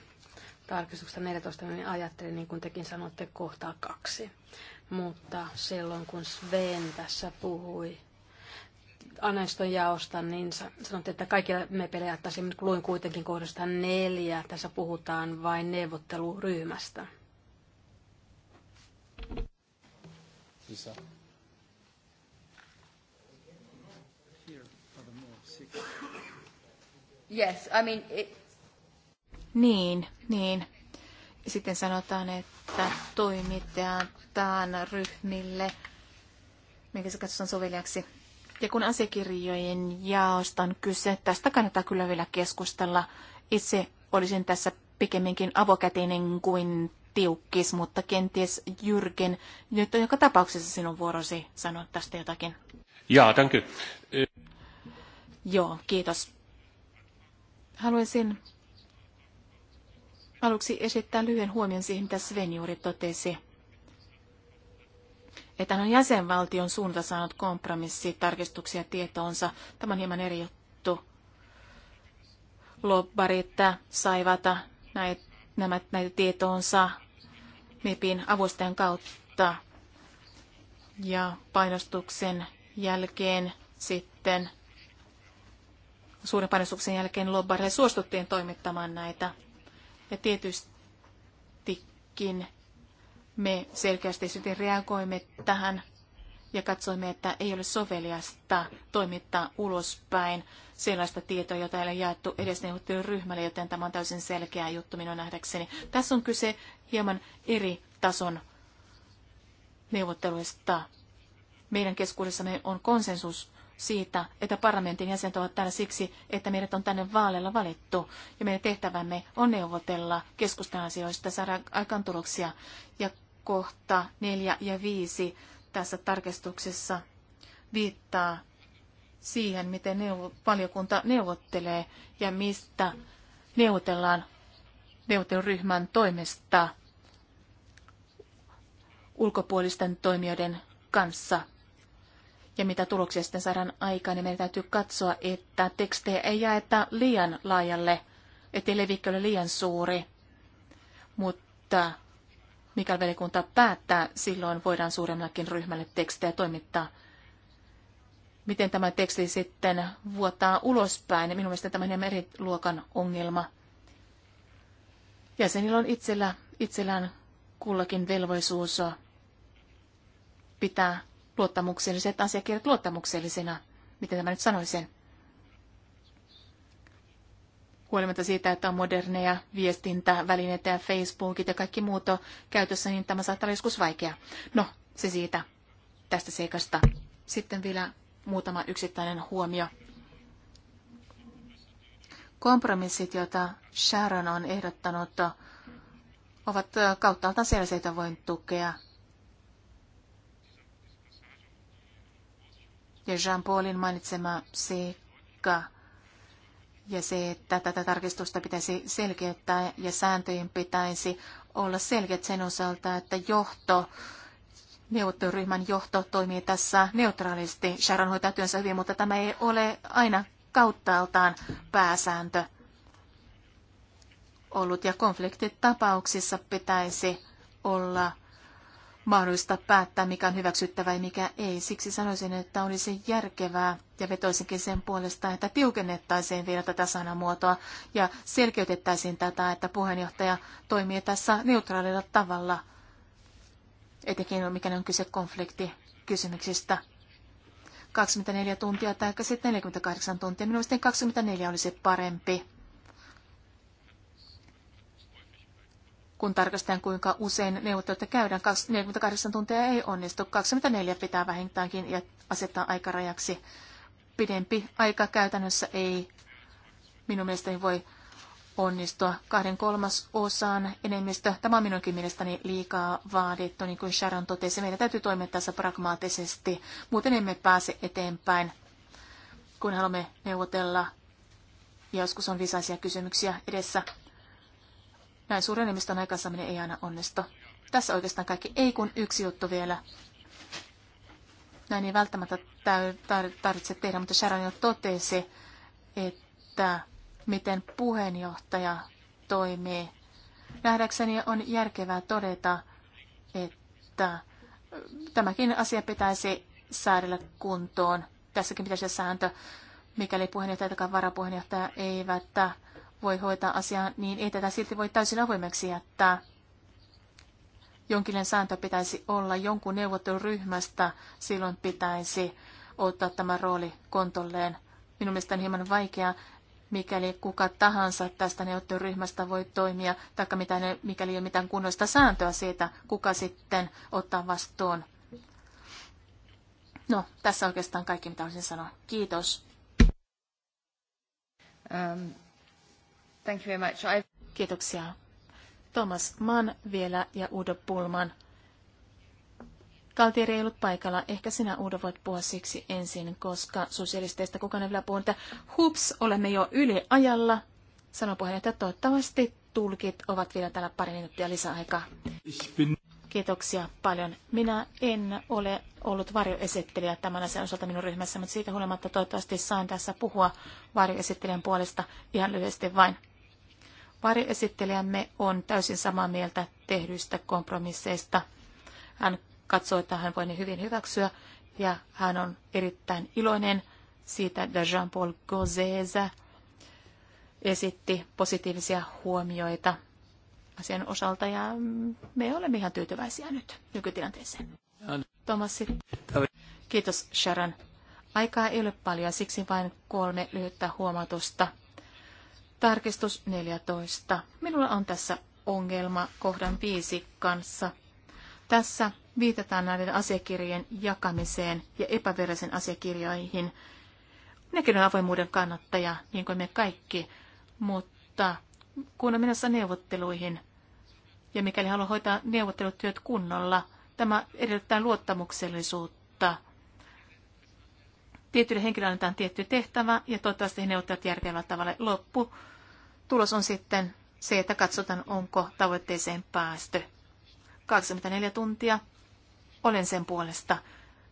Speaker 1: tarkistuksesta 14, niin
Speaker 3: ajattelin, niin kuin tekin sanoitte, kohtaa kaksi. Mutta silloin, kun Sven tässä puhui aineiston jaosta, niin sanottiin, että kaikille me periaatteessa luin kuitenkin kohdasta neljä. Tässä puhutaan vain neuvotteluryhmästä.
Speaker 4: Lisa.
Speaker 1: Yes, I mean it... Niin, niin. Sitten sanotaan, että toimitetaan ryhmille, mikä se katsotaan soveliaksi ja kun asiakirjojen jaosta on kyse, tästä kannattaa kyllä vielä keskustella. Itse olisin tässä pikemminkin avokätinen kuin tiukkis, mutta kenties Jyrgen, nyt on joka tapauksessa sinun vuorosi sanoa tästä jotakin. Jaa, danke. Joo, kiitos. Haluaisin aluksi esittää lyhyen huomion siihen, mitä Sven juuri totesi että hän on jäsenvaltion suunta saanut tarkistuksia tietoonsa. Tämä on hieman eri juttu. Lobbarit saivat näitä, nämä, näitä tietoonsa mipin avustajan kautta ja painostuksen jälkeen sitten suuren painostuksen jälkeen lobbarille suostuttiin toimittamaan näitä. Ja tietystikin me selkeästi sitten reagoimme tähän ja katsoimme, että ei ole soveliasta toimittaa ulospäin sellaista tietoa, jota ei ole jaettu edes neuvotteluryhmälle, joten tämä on täysin selkeä juttu minun nähdäkseni. Tässä on kyse hieman eri tason neuvotteluista. Meidän keskuudessamme on konsensus siitä, että parlamentin jäsenet ovat täällä siksi, että meidät on tänne vaaleilla valittu. Ja meidän tehtävämme on neuvotella, keskustella asioista, saada aikaan tuloksia. Ja kohta 4 ja 5 tässä tarkistuksessa viittaa siihen, miten neuvo- valiokunta neuvottelee ja mistä neuvotellaan neuvotteluryhmän toimesta ulkopuolisten toimijoiden kanssa. Ja mitä tuloksia sitten saadaan aikaan, niin meidän täytyy katsoa, että tekstejä ei jaeta liian laajalle, ettei levikki ole liian suuri. Mutta Mikäli velikunta päättää, silloin voidaan suuremmallekin ryhmälle tekstejä toimittaa. Miten tämä teksti sitten vuotaa ulospäin? Minun mielestä tämä on eri luokan ongelma. Jäsenillä on itsellä, itsellään kullakin velvoisuus pitää luottamukselliset asiakirjat luottamuksellisena. Miten tämä nyt sanoisin? huolimatta siitä, että on moderneja viestintävälineitä ja Facebookit ja kaikki muut on käytössä, niin tämä saattaa olla joskus vaikea. No, se siitä tästä seikasta. Sitten vielä muutama yksittäinen huomio. Kompromissit, joita Sharon on ehdottanut, ovat kauttaaltaan sellaisia, joita voin tukea. Ja Jean-Paulin mainitsema seikka ja se, että tätä tarkistusta pitäisi selkeyttää ja sääntöjen pitäisi olla selkeät sen osalta, että johto, neuvotteluryhmän johto toimii tässä neutraalisti. Sharon hoitaa työnsä hyvin, mutta tämä ei ole aina kauttaaltaan pääsääntö ollut ja konfliktitapauksissa pitäisi olla mahdollista päättää, mikä on hyväksyttävä ja mikä ei. Siksi sanoisin, että olisi järkevää ja vetoisinkin sen puolesta, että tiukennettaisiin vielä tätä sanamuotoa ja selkeytettäisiin tätä, että puheenjohtaja toimii tässä neutraalilla tavalla, etenkin mikä on kyse konfliktikysymyksistä. 24 tuntia tai sitten 48 tuntia. Minusta 24 olisi parempi. kun tarkastetaan kuinka usein neuvotteluita käydään. 48 tuntia ei onnistu, 24 pitää vähintäänkin ja asettaa aikarajaksi. Pidempi aika käytännössä ei minun mielestäni voi onnistua. Kahden kolmas osaan enemmistö, tämä on minunkin mielestäni liikaa vaadittu, niin kuin Sharon totesi. Meidän täytyy toimia tässä pragmaattisesti, muuten emme pääse eteenpäin, kun haluamme neuvotella. Joskus on visaisia kysymyksiä edessä. Näin suuren enemmistön aikaansaaminen ei aina onnistu. Tässä oikeastaan kaikki ei kun yksi juttu vielä. Näin ei välttämättä tarvitse tehdä, mutta Sharon jo totesi, että miten puheenjohtaja toimii. Nähdäkseni on järkevää todeta, että tämäkin asia pitäisi säädellä kuntoon. Tässäkin pitäisi sääntö, mikäli puheenjohtaja tai varapuheenjohtaja eivät voi hoitaa asiaa, niin ei tätä silti voi täysin avoimeksi jättää. Jonkinlainen sääntö pitäisi olla jonkun neuvotteluryhmästä, silloin pitäisi ottaa tämä rooli kontolleen. Minun mielestäni on hieman vaikea, mikäli kuka tahansa tästä neuvotteluryhmästä voi toimia, taikka mitään, mikäli ei ole mitään kunnoista sääntöä siitä, kuka sitten ottaa vastuun. No, tässä oikeastaan kaikki, mitä olisin sanoa. Kiitos. Um, Thank you very much. I... Kiitoksia. Thomas Mann vielä ja Udo Pullman. Kaltieri ei ollut paikalla. Ehkä sinä, Udo, voit puhua siksi ensin, koska sosialisteista kukaan ei vielä puhunut. Hups, olemme jo yli ajalla. Sano puheenjohtaja, toivottavasti tulkit ovat vielä täällä pari minuuttia lisäaikaa. Kiitoksia paljon. Minä en ole ollut varjoesittelijä tämän asian osalta minun ryhmässä, mutta siitä huolimatta toivottavasti saan tässä puhua varjoesittelijän puolesta ihan lyhyesti vain. Varjoesittelijämme on täysin samaa mieltä tehdyistä kompromisseista. Hän katsoo, että hän voi ne hyvin hyväksyä ja hän on erittäin iloinen siitä, että Jean-Paul Gauzese esitti positiivisia huomioita asian osalta ja me olemme ihan tyytyväisiä nyt nykytilanteeseen. Thomas, kiitos Sharon. Aikaa ei ole paljon, siksi vain kolme lyhyttä huomautusta. Tarkistus 14. Minulla on tässä ongelma kohdan 5 kanssa. Tässä viitataan näiden asiakirjojen jakamiseen ja epävirallisen asiakirjoihin. Minäkin olen avoimuuden kannattaja, niin kuin me kaikki, mutta kun on menossa neuvotteluihin, ja mikäli haluaa hoitaa neuvottelutyöt kunnolla, tämä edellyttää luottamuksellisuutta. Tietyille henkilöille annetaan tietty tehtävä, ja toivottavasti he neuvottelut järkevällä tavalla. Loppu Tulos on sitten se, että katsotaan, onko tavoitteeseen päästy. 24 tuntia olen sen puolesta.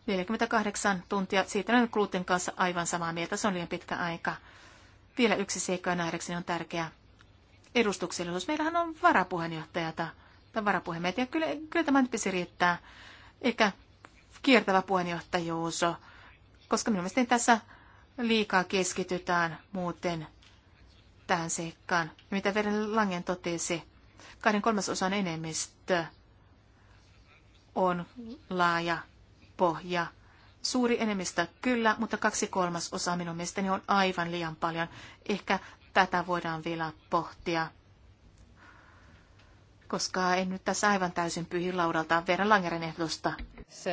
Speaker 1: 48 tuntia, siitä olen gluten kanssa aivan samaa mieltä, se on liian pitkä aika. Vielä yksi seikka nähdäkseni on tärkeä. Edustuksellisuus. Meillähän on varapuheenjohtajata tai varapuhemiehet, ja kyllä, kyllä tämä nyt riittää. Eikä kiertävä puheenjohtajuus, koska minun mielestäni tässä liikaa keskitytään muuten tähän seikkaan. Mitä Veren Langen totesi, kahden kolmasosan enemmistö on laaja pohja. Suuri enemmistö kyllä, mutta kaksi kolmasosaa minun mielestäni on aivan liian paljon. Ehkä tätä voidaan vielä pohtia koska en nyt tässä aivan täysin pyhi laudalta Veera langeren ehdosta. So.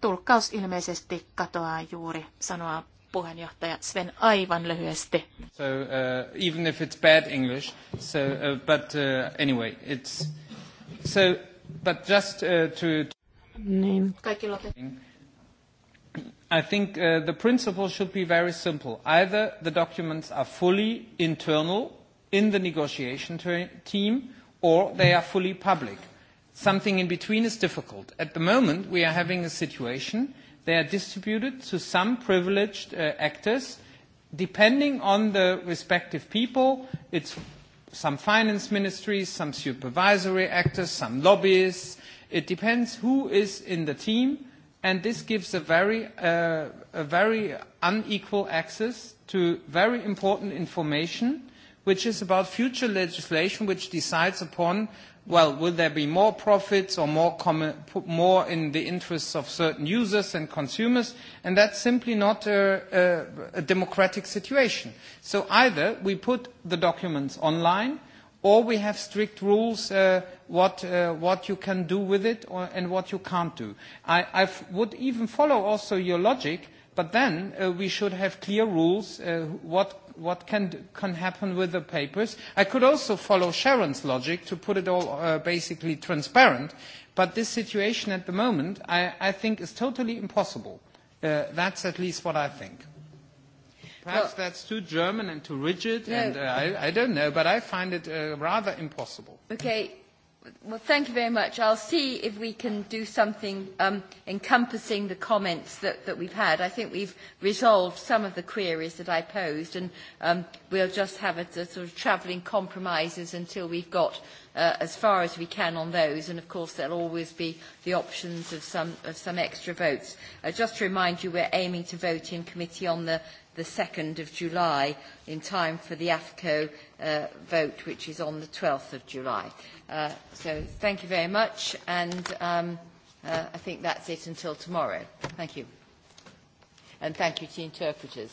Speaker 1: Tulkkaus ilmeisesti katoaa juuri, sanoa puheenjohtaja Sven aivan lyhyesti.
Speaker 2: So, uh, even if it's bad English, so, uh, but uh, anyway, it's, so, but just uh, to...
Speaker 1: Niin. Kaikki lopetetaan.
Speaker 2: I think uh, the principle should be very simple. Either the documents are fully internal in the negotiation team, or they are fully public. Something in between is difficult. At the moment, we are having a situation They are distributed to some privileged uh, actors. Depending on the respective people, it's some finance ministries, some supervisory actors, some lobbyists. It depends who is in the team, and this gives a very, uh, a very unequal access to very important information, which is about future legislation which decides upon well, will there be more profits or more, common, more in the interests of certain users and consumers? And that's simply not a, a, a democratic situation. So either we put the documents online or we have strict rules uh, what, uh, what you can do with it or, and what you can't do. I I've, would even follow also your logic But then uh, we should have clear rules uh, what, what can, can happen with the papers. I could also follow Sharon's logic to put it all uh, basically transparent, but this situation at the moment I, I think is totally impossible. Uh, that's at least what I think. Perhaps well, that's too German and too rigid, no. and uh, I, I don't know, but I find it uh, rather impossible.
Speaker 6: Okay, Well, thank you very much. I'll see if we can do something um, encompassing the comments that, that we've had. I think we've resolved some of the queries that I posed, and um, we'll just have a, a sort of travelling compromises until we've got uh, as far as we can on those. And of course, there'll always be the options of some, of some extra votes. Uh, just to remind you, we're aiming to vote in committee on the the 2nd of July in time for the AFCO uh, vote, which is on the 12th of July. Uh, so thank you very much, and um, uh, I think that's it until tomorrow. Thank you. And thank you to interpreters.